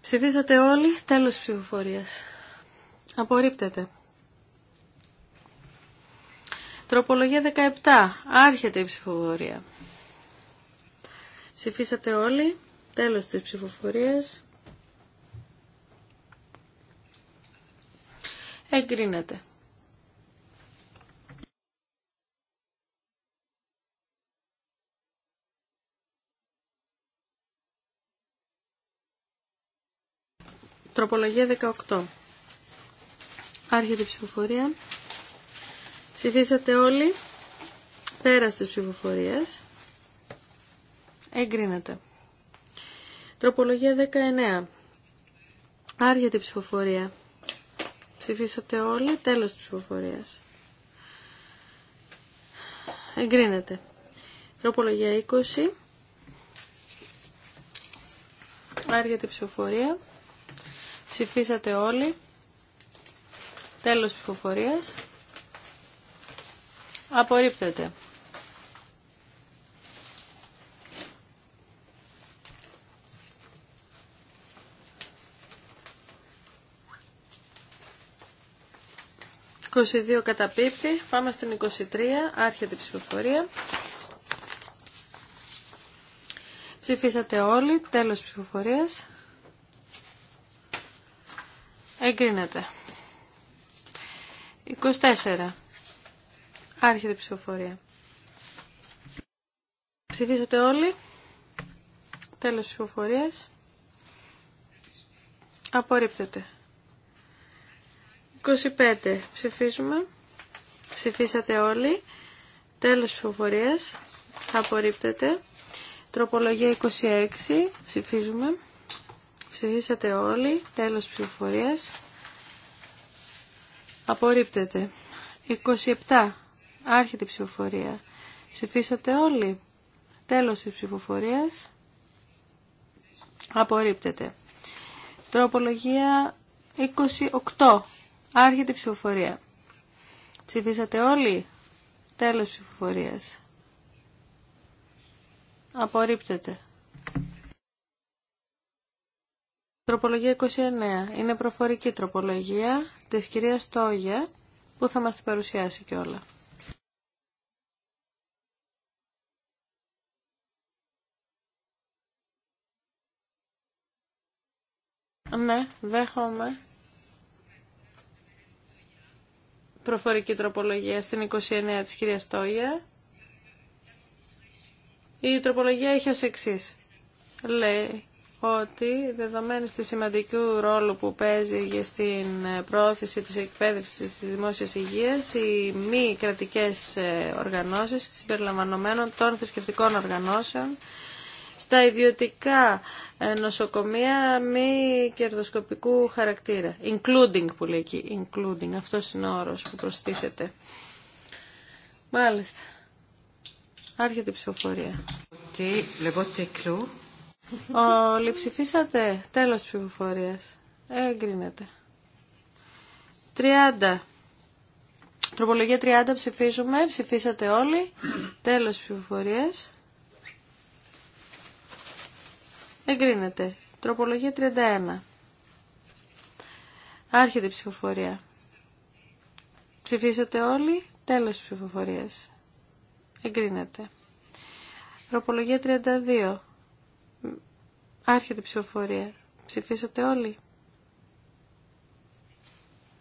Ψηφίσατε όλοι, τέλος ψηφοφορίας. Απορρίπτεται. Τροπολογία 17. Άρχεται η ψηφοφορία. Ψηφίσατε όλοι. Τέλος της ψηφοφορίας. Εγκρίνεται. Τροπολογία 18. Άρχεται η ψηφοφορία. Ψηφίσατε όλοι. πέρα τη ψηφοφορίας. Εγκρίνεται. Τροπολογία 19. Άρχεται η ψηφοφορία. Ψηφίσατε όλοι. Τέλος της ψηφοφορίας. Εγκρίνεται. Τροπολογία 20. Άργεται η ψηφοφορία. Ψηφίσατε όλοι. Τέλος ψηφοφορίας. Απορρίπτεται. 22 καταπίπτει. Πάμε στην 23. Άρχεται η ψηφοφορία. Ψηφίσατε όλοι. Τέλος ψηφοφορίας. Εγκρίνεται. 24. Άρχεται η ψηφοφορία. Ψηφίσατε όλοι. Τέλος ψηφοφορίας. Απορρίπτεται. 25. Ψηφίζουμε. Ψηφίσατε όλοι. Τέλος ψηφοφορίας. Απορρίπτεται. Τροπολογία 26. Ψηφίζουμε. Ψηφίσατε όλοι. Τέλος ψηφοφορίας. Απορρίπτεται. 27. Άρχεται ψηφοφορία. Ψηφίσατε όλοι. Τέλος της ψηφοφορίας. Απορρίπτεται. Τροπολογία 28. Άρχεται η ψηφοφορία. Ψηφίσατε όλοι. Τέλος ψηφοφορίας. Απορρίπτεται. Τροπολογία 29. Είναι προφορική τροπολογία της κυρίας Στόγια, που θα μας την παρουσιάσει κιόλα. Ναι, δέχομαι. προφορική τροπολογία στην 29 της κυρίας Τόγια. Η τροπολογία έχει ως εξή. Λέει ότι δεδομένου στη σημαντικού ρόλου που παίζει για στην πρόθεση της εκπαίδευσης της δημόσιας υγείας, οι μη κρατικές ε, οργανώσεις συμπεριλαμβανομένων των θρησκευτικών οργανώσεων στα ιδιωτικά ε, νοσοκομεία μη κερδοσκοπικού χαρακτήρα. Including που λέει εκεί. Including. Αυτός είναι ο όρος που προστίθεται. Μάλιστα. Άρχεται η ψηφοφορία. Ο ψηφίσατε. Τέλος της ψηφοφορίας. Εγκρίνεται. 30. Τροπολογία 30 ψηφίζουμε. Ψηφίσατε όλοι. Τέλος ψηφοφορίας. Εγκρίνεται. Τροπολογία 31. Άρχεται η ψηφοφορία. Ψηφίσατε όλοι. Τέλος της ψηφοφορίας. Εγκρίνεται. Τροπολογία 32. Άρχεται η ψηφοφορία. Ψηφίσατε όλοι.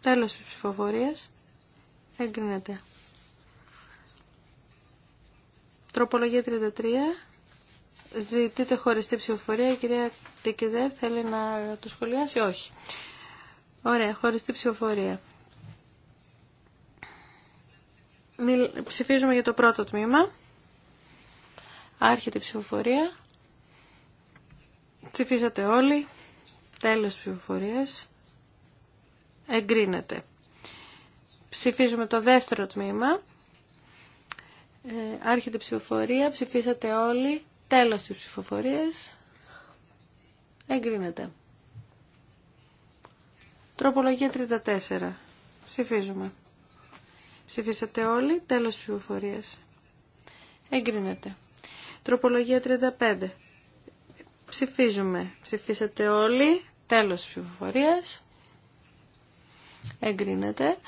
Τέλος της ψηφοφορίας. Εγκρίνεται. Τροπολογία 33. Ζητείτε χωριστή ψηφοφορία. Η κυρία Τικεζέρ θέλει να το σχολιάσει. Όχι. Ωραία, χωριστή ψηφοφορία. Ψηφίζουμε για το πρώτο τμήμα. Άρχεται η ψηφοφορία. Ψηφίζατε όλοι. Τέλος ψηφοφορίας. Εγκρίνεται. Ψηφίζουμε το δεύτερο τμήμα. Ε, άρχεται η ψηφοφορία. Ψηφίσατε όλοι. Τέλος της ψηφοφορίας. Εγκρίνεται. Τροπολογία 34. Ψηφίζουμε. Ψηφίσατε όλοι. Τέλος της ψηφοφορίας. Εγκρίνεται. Τροπολογία 35. Ψηφίζουμε. Ψηφίσατε όλοι. Τέλος της ψηφοφορίας. Εγκρίνεται.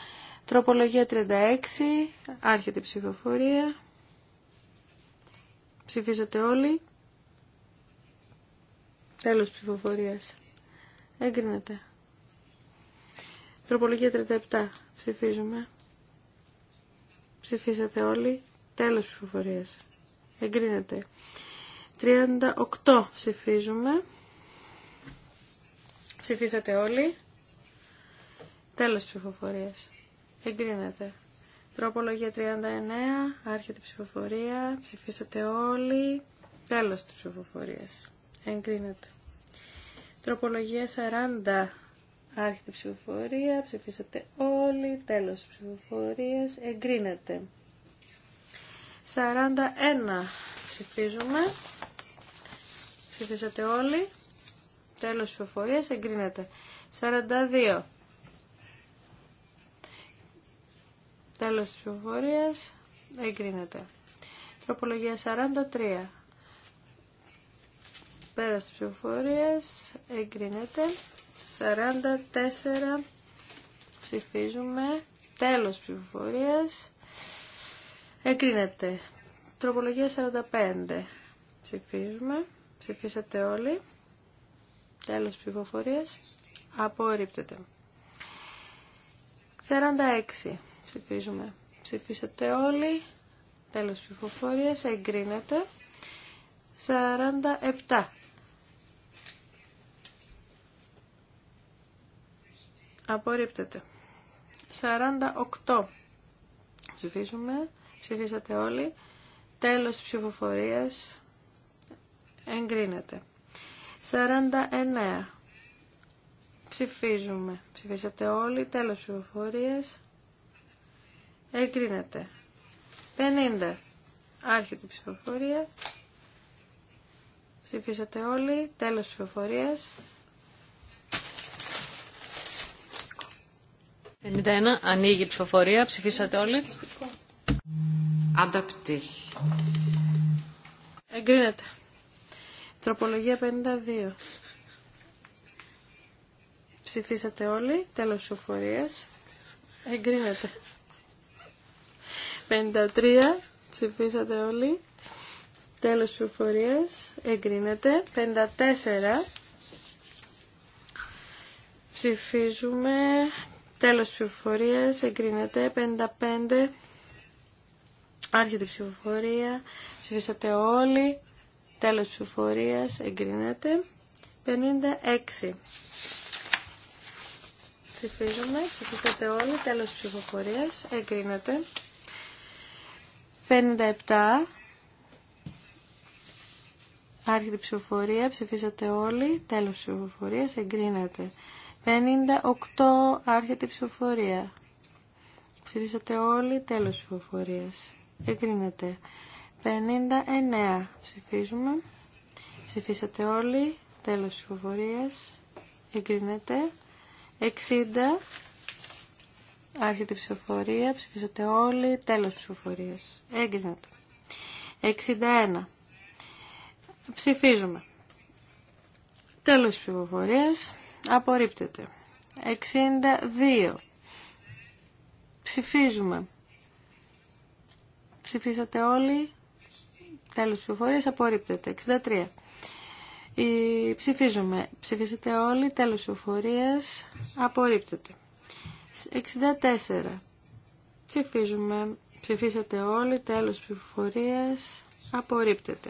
Τροπολογία 36. Άρχεται η ψηφοφορία. Ψηφίσατε όλοι. Τέλος ψηφοφορίας. Έγκρινεται. Τροπολογία 37. Ψηφίζουμε. Ψηφίσατε όλοι. Τέλος ψηφοφορίας. Εγκρίνεται. 38. Ψηφίζουμε. Ψηφίσατε όλοι. Τέλος ψηφοφορίας. Εγκρίνεται. Τροπολογία 39, άρχεται ψηφοφορία, ψηφίσατε όλοι, τέλος της ψηφοφορίας, εγκρίνεται. Τροπολογία 40, άρχεται ψηφοφορία, ψηφίσατε όλοι, τέλος της ψηφοφορίας, εγκρίνεται. 41, ψηφίζουμε, ψηφίσατε όλοι, τέλος της ψηφοφορίας, εγκρίνεται. 42, Τέλος της ψηφοφορίας. Εγκρίνεται. Τροπολογία 43. Πέρας της ψηφοφορίας. Εγκρίνεται. 44. Ψηφίζουμε. Τέλος ψηφοφορίας. Εγκρίνεται. Τροπολογία 45. Ψηφίζουμε. Ψηφίσατε όλοι. Τέλος ψηφοφορίας. Απορρίπτεται. 46. Ψηφίζουμε. Ψηφίσατε όλοι. Τέλος ψηφοφορίας. Εγκρίνεται. 47. Απορρίπτεται. 48. Ψηφίζουμε. Ψηφίσατε όλοι. Τέλος ψηφοφορίας. Εγκρίνεται. 49. Ψηφίζουμε. Ψηφίσατε όλοι. Τέλος ψηφοφορίας. Εγκρίνεται. 50. Άρχεται την ψηφοφορία. Ψηφίσατε όλοι. Τέλος ψηφοφορίας. 51. Ανοίγει η ψηφοφορία. Ψηφίσατε όλοι. Ανταπτή. Εγκρίνεται. Τροπολογία 52. Ψηφίσατε όλοι. Τέλος ψηφοφορίας. Εγκρίνεται. 53 ψηφίσατε όλοι. Τέλος ψηφοφορίας. Εγκρίνεται. 54 ψηφίζουμε. Τέλος ψηφοφορίας. Εγκρίνεται. 55 άρχεται ψηφοφορία. Ψηφίσατε όλοι. Τέλος ψηφοφορίας. Εγκρίνεται. 56 ψηφίζουμε, ψηφίσατε όλοι, τέλος ψηφοφορία. ψηφοφορίας, εγκρίνεται. 57. Άρχεται η ψηφοφορία, ψηφίσατε όλοι. Τέλος ψηφοφορία. εγκρίνεται. 58. Άρχεται η ψηφοφορία. Ψηφίσατε όλοι, τέλος ψηφοφορία. Εγκρίνεται. 59. Ψηφίζουμε. Ψηφίσατε όλοι, τέλος ψηφοφορία. Εγκρίνεται. 60. Άρχεται η ψηφοφορία. Ψηφίσατε όλοι. Τέλος ψηφοφορίας. το. 61. Ψηφίζουμε. Τέλος ψηφοφορίας. Απορρίπτεται. 62. Ψηφίζουμε. Ψηφίσατε όλοι. Τέλος ψηφοφορίας. Απορρίπτεται. 63. Ψηφίζουμε. Ψηφίσατε όλοι. Τέλος ψηφοφορίας. Απορρίπτεται. 64. Ψηφίζουμε. Ψηφίσατε όλοι. Τέλος ψηφοφορίας. Απορρίπτεται.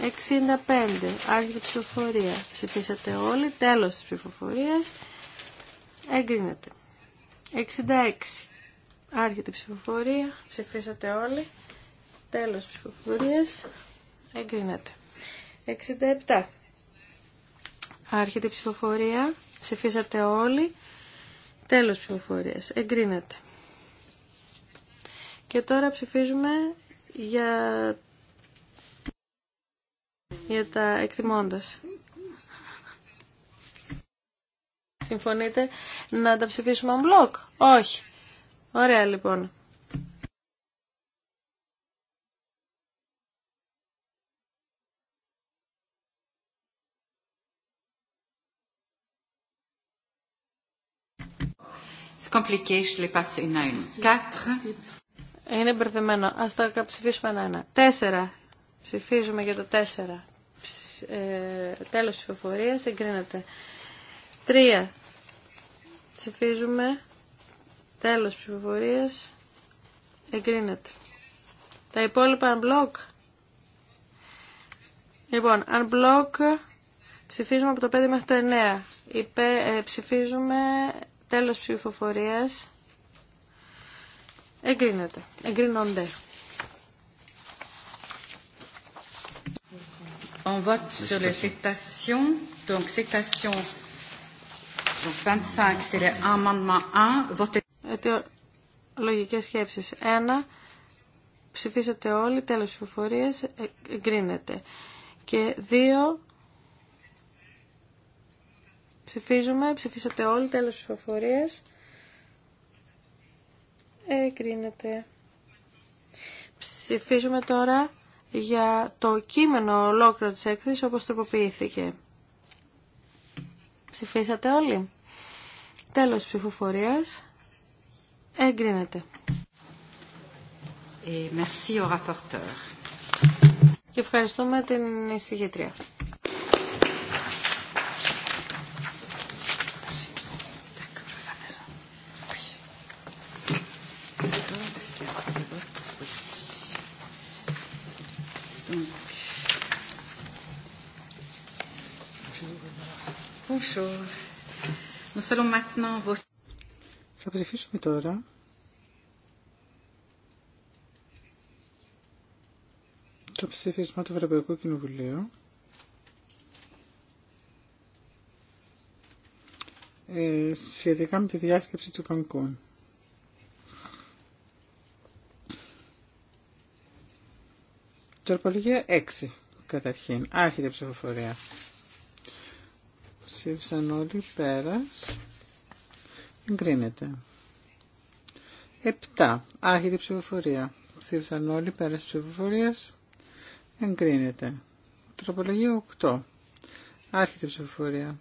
65. Άρχιτε ψηφοφορία. Ψηφίσατε όλοι. Τέλος της ψηφοφορίας. Εγκρίνεται. 66. Άρχιτε ψηφοφορία. Ψηφίσατε όλοι. Τέλος ψηφοφορίας. Εγκρίνεται. 67. Άρχεται ψηφοφορία. Ψηφίσατε όλοι. Τέλος ψηφοφορίας. Εγκρίνεται. Και τώρα ψηφίζουμε για, για τα εκτιμώντας. Συμφωνείτε να τα ψηφίσουμε on Όχι. Ωραία λοιπόν. Είναι μπερδεμένο. Α τα ψηφίσουμε ένα-ένα. Τέσσερα. Ψηφίζουμε για το τέσσερα. Τέλο ε, τέλος ψηφοφορίας. Εγκρίνεται. Τρία. Ψηφίζουμε. Τέλος ψηφοφορία. Εγκρίνεται. Τα υπόλοιπα unblock. Λοιπόν, unblock ψηφίζουμε από το 5 μέχρι το 9. Υπέ, ε, ψηφίζουμε Τέλος ψηφοφορίας. Εγκρίνεται. Εγκρίνονται. On vote sur les Λογικές σκέψεις. 1. Ψηφίσατε όλοι. Τέλος ψηφοφορία ε- Εγκρίνεται. Και 2. Ψηφίζουμε, ψηφίσατε όλοι, τέλος της ψηφοφορίας. Ψηφίζουμε τώρα για το κείμενο ολόκληρο της έκθεσης όπως τροποποιήθηκε. Ψηφίσατε όλοι. Τέλος της ψηφοφορίας. Εγκρίνεται. Και ευχαριστούμε την εισηγήτρια. Θα ψηφίσουμε τώρα. Το ψήφισμα του Ευρωπαϊκού Κοινοβουλίου. Ε, σχετικά με τη διάσκεψη του Κανκούν. Τροπολογία 6 καταρχήν. Άρχεται ψηφοφορία. Ψήφισαν όλοι πέρας. Εγκρίνεται. 7. Άρχεται ψηφοφορία. Ψήφισαν όλοι πέρας ψηφοφορίας. Εγκρίνεται. Τροπολογία 8. Άρχιτη ψηφοφορία.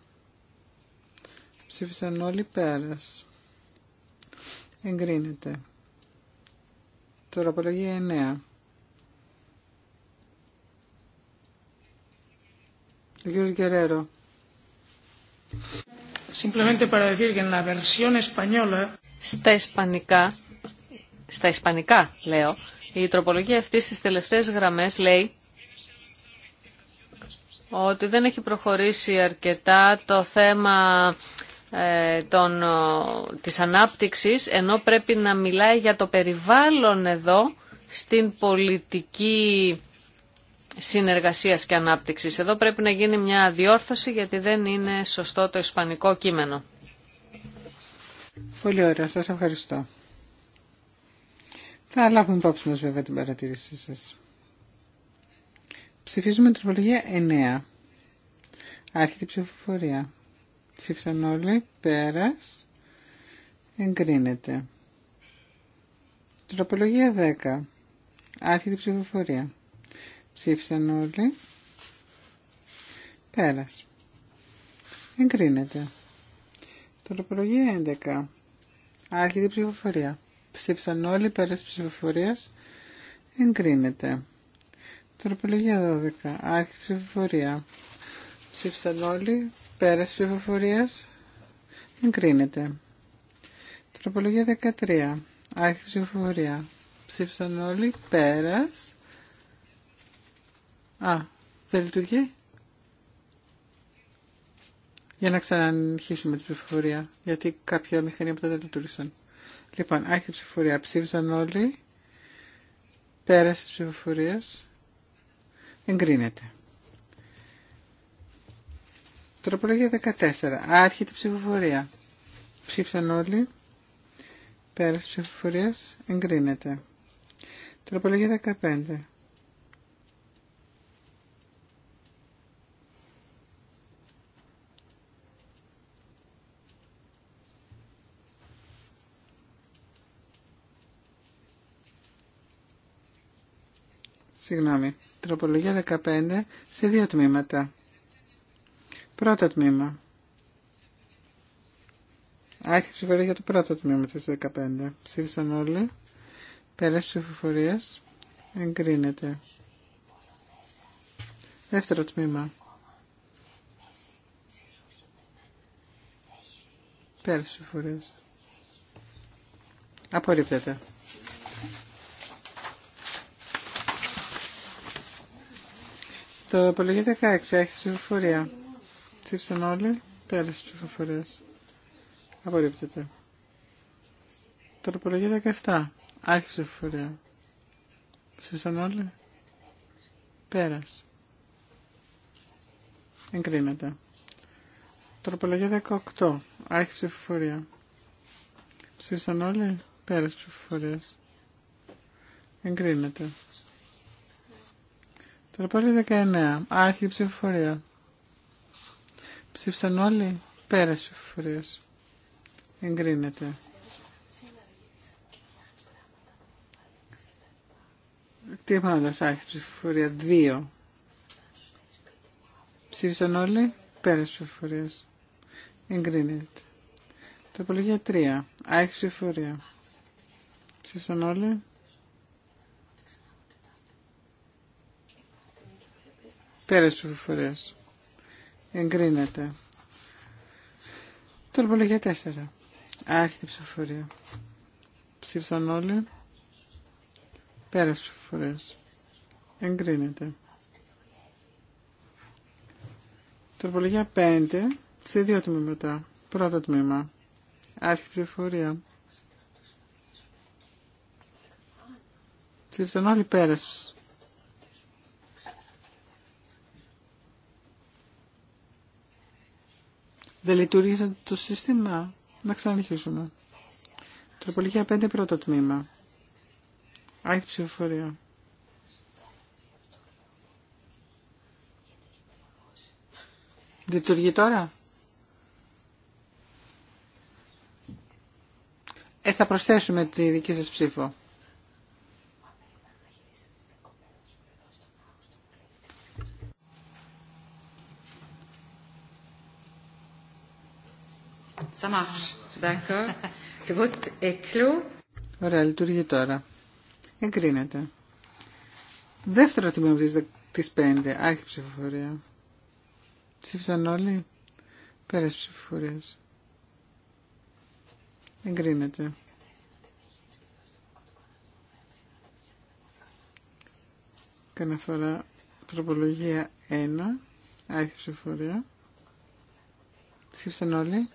Ψήφισαν όλοι πέρας. Εγκρίνεται. Τροπολογία 9. Ο κύριος Γκερέρο. Στα ισπανικά, στα ισπανικά λέω, η τροπολογία αυτή στις τελευταίες γραμμές λέει ότι δεν έχει προχωρήσει αρκετά το θέμα ε, των, της ανάπτυξης, ενώ πρέπει να μιλάει για το περιβάλλον εδώ στην πολιτική συνεργασίας και ανάπτυξης. Εδώ πρέπει να γίνει μια διόρθωση γιατί δεν είναι σωστό το ισπανικό κείμενο. Πολύ ωραία, σας ευχαριστώ. Θα λάβουμε υπόψη μας βέβαια την παρατήρησή σας. Ψηφίζουμε τροπολογία 9. Άρχεται η ψηφοφορία. Ψήφισαν όλοι, πέρας, εγκρίνεται. Τροπολογία 10. Άρχεται η ψηφοφορία. Ψήφισαν όλοι. Πέρας. Εγκρίνεται. Τροπολογία 11. Άρχιδη ψηφοφορία. Ψήφισαν όλοι πέρας ψηφοφορίας. Εγκρίνεται. Τροπολογία 12. Άρχιδη ψηφοφορία. Ψήφισαν όλοι πέρας ψηφοφορίας. Εγκρίνεται. Τροπολογία 13. Άρχιδη ψηφοφορία. Ψήφισαν όλοι πέρας. Α, δεν λειτουργεί. Για να ξαναρχίσουμε την ψηφοφορία, γιατί κάποια μηχανήματα δεν λειτουργήσαν. Λοιπόν, άρχισε η ψηφοφορία. Ψήφισαν όλοι. Πέρασε τη ψηφοφορία. Εγκρίνεται. Τροπολογία 14. Άρχισε η ψηφοφορία. Ψήφισαν όλοι. Πέρασε τη ψηφοφορία. Εγκρίνεται. Τροπολογία 15. Συγγνώμη. Τροπολογία 15 σε δύο τμήματα. Πρώτο τμήμα. Άρχισε ψηφορία για το πρώτο τμήμα της 15. Ψήφισαν όλοι. Πέρας ψηφοφορίας. Εγκρίνεται. Δεύτερο τμήμα. Πέρας ψηφοφορίας. Απορρίπτεται. Τροπολογία 16. Έχει ψηφοφορία. Ψήφισαν όλοι. Πέρασε ψηφοφορία. Απορρίπτεται. Τροπολογία 17. έχει ψηφοφορία. Ψήφισαν όλοι. Πέρασε. Εγκρίνεται. Τροπολογία 18. έχει ψηφοφορία. Ψήφισαν όλοι. Πέρασε ψηφοφορία. Εγκρίνεται. Τροπόλη 19. Άρχη ψηφοφορία. Ψήφισαν όλοι. Πέρας ψηφοφορία. Εγκρίνεται. Τι έχουμε άρχη ψηφοφορία. 2. Ψήφισαν όλοι. Πέρας ψηφοφορία. Εγκρίνεται. Τροπολογία 3. Άρχη ψηφοφορία. Ψήφισαν όλοι. Πέρας ψηφοφορίας. Εγκρίνεται. Τροπολογία 4. Άρχιτη ψηφοφορία. Ψήφισαν όλοι. Πέρας ψηφοφορίας. Εγκρίνεται. Τροπολογία 5. Σε δύο τμήματα. Πρώτο τμήμα. Άρχιτε ψηφοφορία. Ψήφισαν όλοι πέρας Δεν λειτουργήσε το σύστημα. Να ξαναρχίσουμε. Τροπολογία 5 πρώτο τμήμα. Άχι ψηφοφορία. Λειτουργεί τώρα. Ε, θα προσθέσουμε τη δική σας ψήφο. Ça marche. D'accord. [LAUGHS] Le vote est clos. Ωραία, λειτουργεί τώρα. Εγκρίνεται. Δεύτερο τμήμα τη 5. Άρχη ψηφοφορία. Ψήφισαν όλοι. Πέρασε ψηφοφορία. Εγκρίνεται. Καναφορά φορά τροπολογία 1. Άρχη ψηφοφορία. Ψήφισαν όλοι.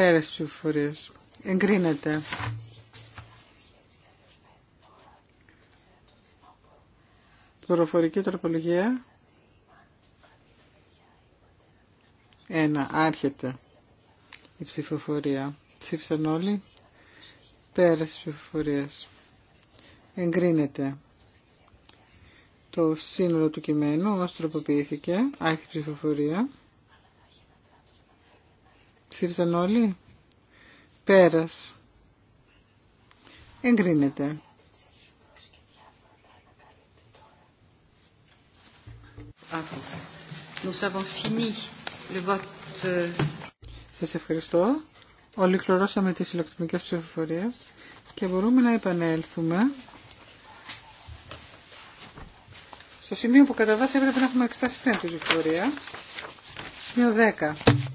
Πέρας πληροφορίες. Εγκρίνεται. Προφορική τροπολογία. Ένα. Άρχεται η ψηφοφορία. Ψήφισαν όλοι. Εγκρίνεται το σύνολο του κειμένου ως τροποποιήθηκε. η ψηφοφορία. Ψήφισαν όλοι. Πέρας. Εγκρίνεται. Nous Σας ευχαριστώ. Ολοκληρώσαμε τις ηλεκτρονικές ψηφοφορίες και μπορούμε να επανέλθουμε στο σημείο που κατά βάση έπρεπε να έχουμε εξετάσει πριν την ψηφοφορία. Σημείο 10.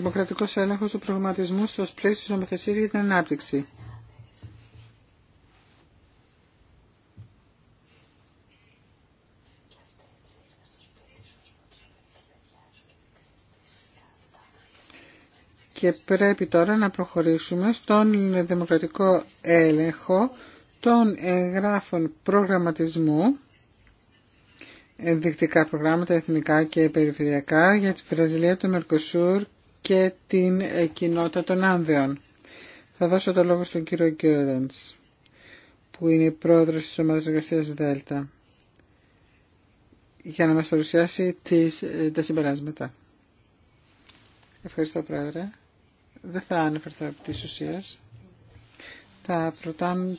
δημοκρατικό έλεγχο του προγραμματισμού στο πλαίσιο τη νομοθεσία για την ανάπτυξη. Και πρέπει τώρα να προχωρήσουμε στον δημοκρατικό έλεγχο των εγγράφων προγραμματισμού, ενδεικτικά προγράμματα εθνικά και περιφερειακά για τη Βραζιλία, το Μερκοσούρ και την ε, κοινότητα των Άνδεων. Θα δώσω το λόγο στον κύριο Γκέρενς, που είναι πρόεδρος της ομάδας εργασίας ΔΕΛΤΑ, για να μας παρουσιάσει τις, ε, τα συμπεράσματα. Ευχαριστώ, πρόεδρε. Δεν θα αναφερθώ από τις ουσίες. Θα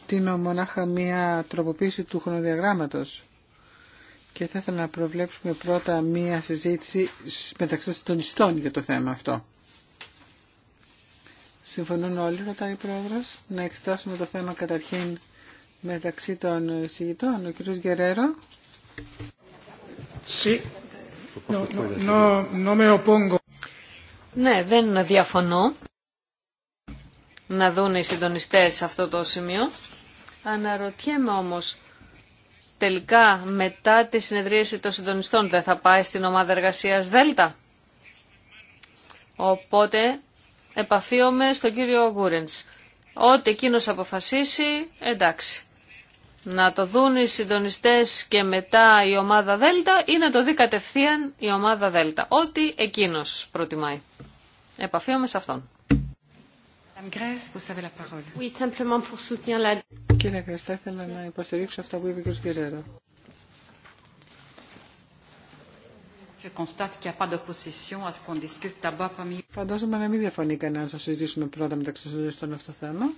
την μονάχα μία τροποποίηση του χρονοδιαγράμματος και θα ήθελα να προβλέψουμε πρώτα μία συζήτηση μεταξύ των συντονιστών για το θέμα αυτό. Συμφωνούν όλοι, ρωτάει η Πρόεδρος, να εξετάσουμε το θέμα καταρχήν μεταξύ των συγητών. Ο κ. Γκερέρο. Ναι, δεν διαφωνώ να δουν οι συντονιστές αυτό το σημείο. Αναρωτιέμαι όμως τελικά μετά τη συνεδρίαση των συντονιστών δεν θα πάει στην ομάδα εργασίας Δέλτα. Οπότε επαφίομαι στον κύριο Γκούρενς. Ό,τι εκείνος αποφασίσει, εντάξει. Να το δουν οι συντονιστές και μετά η ομάδα Δέλτα ή να το δει κατευθείαν η ομάδα Δέλτα. Ό,τι εκείνος προτιμάει. Επαφίομαι σε αυτόν. Κύριε Γκρέσ, θα ήθελα να υποστηρίξω αυτά που είπε ο κ. Γκερέρο. Φαντάζομαι να μην διαφωνεί κανένα να συζητήσουμε πρώτα μεταξύ των αυτό το θέμα.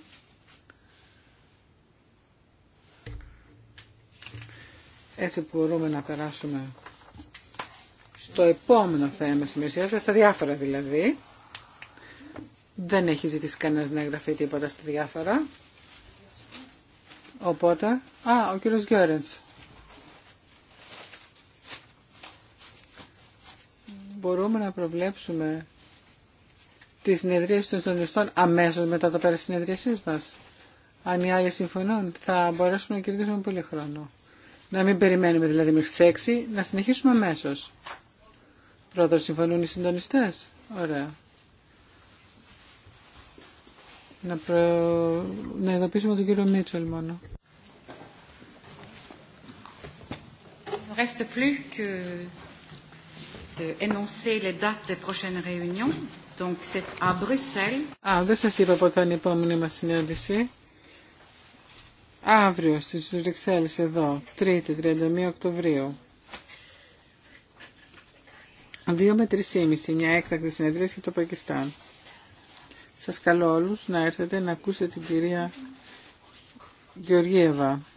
Έτσι μπορούμε να περάσουμε στο επόμενο θέμα σημασία, στα διάφορα δηλαδή. Δεν έχει ζητήσει κανένα να εγγραφεί τίποτα στη διάφορα. Οπότε, α, ο κύριος Γκέρεντς. Μπορούμε να προβλέψουμε τις συνεδρίες των συντονιστών αμέσως μετά το πέρα της μας. Αν οι άλλοι συμφωνούν, θα μπορέσουμε να κερδίσουμε πολύ χρόνο. Να μην περιμένουμε δηλαδή μέχρι έξι 6, να συνεχίσουμε αμέσως. Πρώτα συμφωνούν οι συντονιστές. Ωραία. Να, προ... να ειδοποιήσουμε τον κύριο Μίτσελ μόνο. reste plus que les dates des prochaines réunions. Donc c'est à Bruxelles. δεν σας είπα πότε θα είναι η επόμενη μας συνέντευξη. Αύριο στις Βρυξέλλες εδώ, 3η, 31 Οκτωβρίου. 2 με 3,5, μια έκτακτη συνέντευξη για το Πακιστάν. Σας καλώ όλους να έρθετε να ακούσετε την κυρία Γεωργίευα.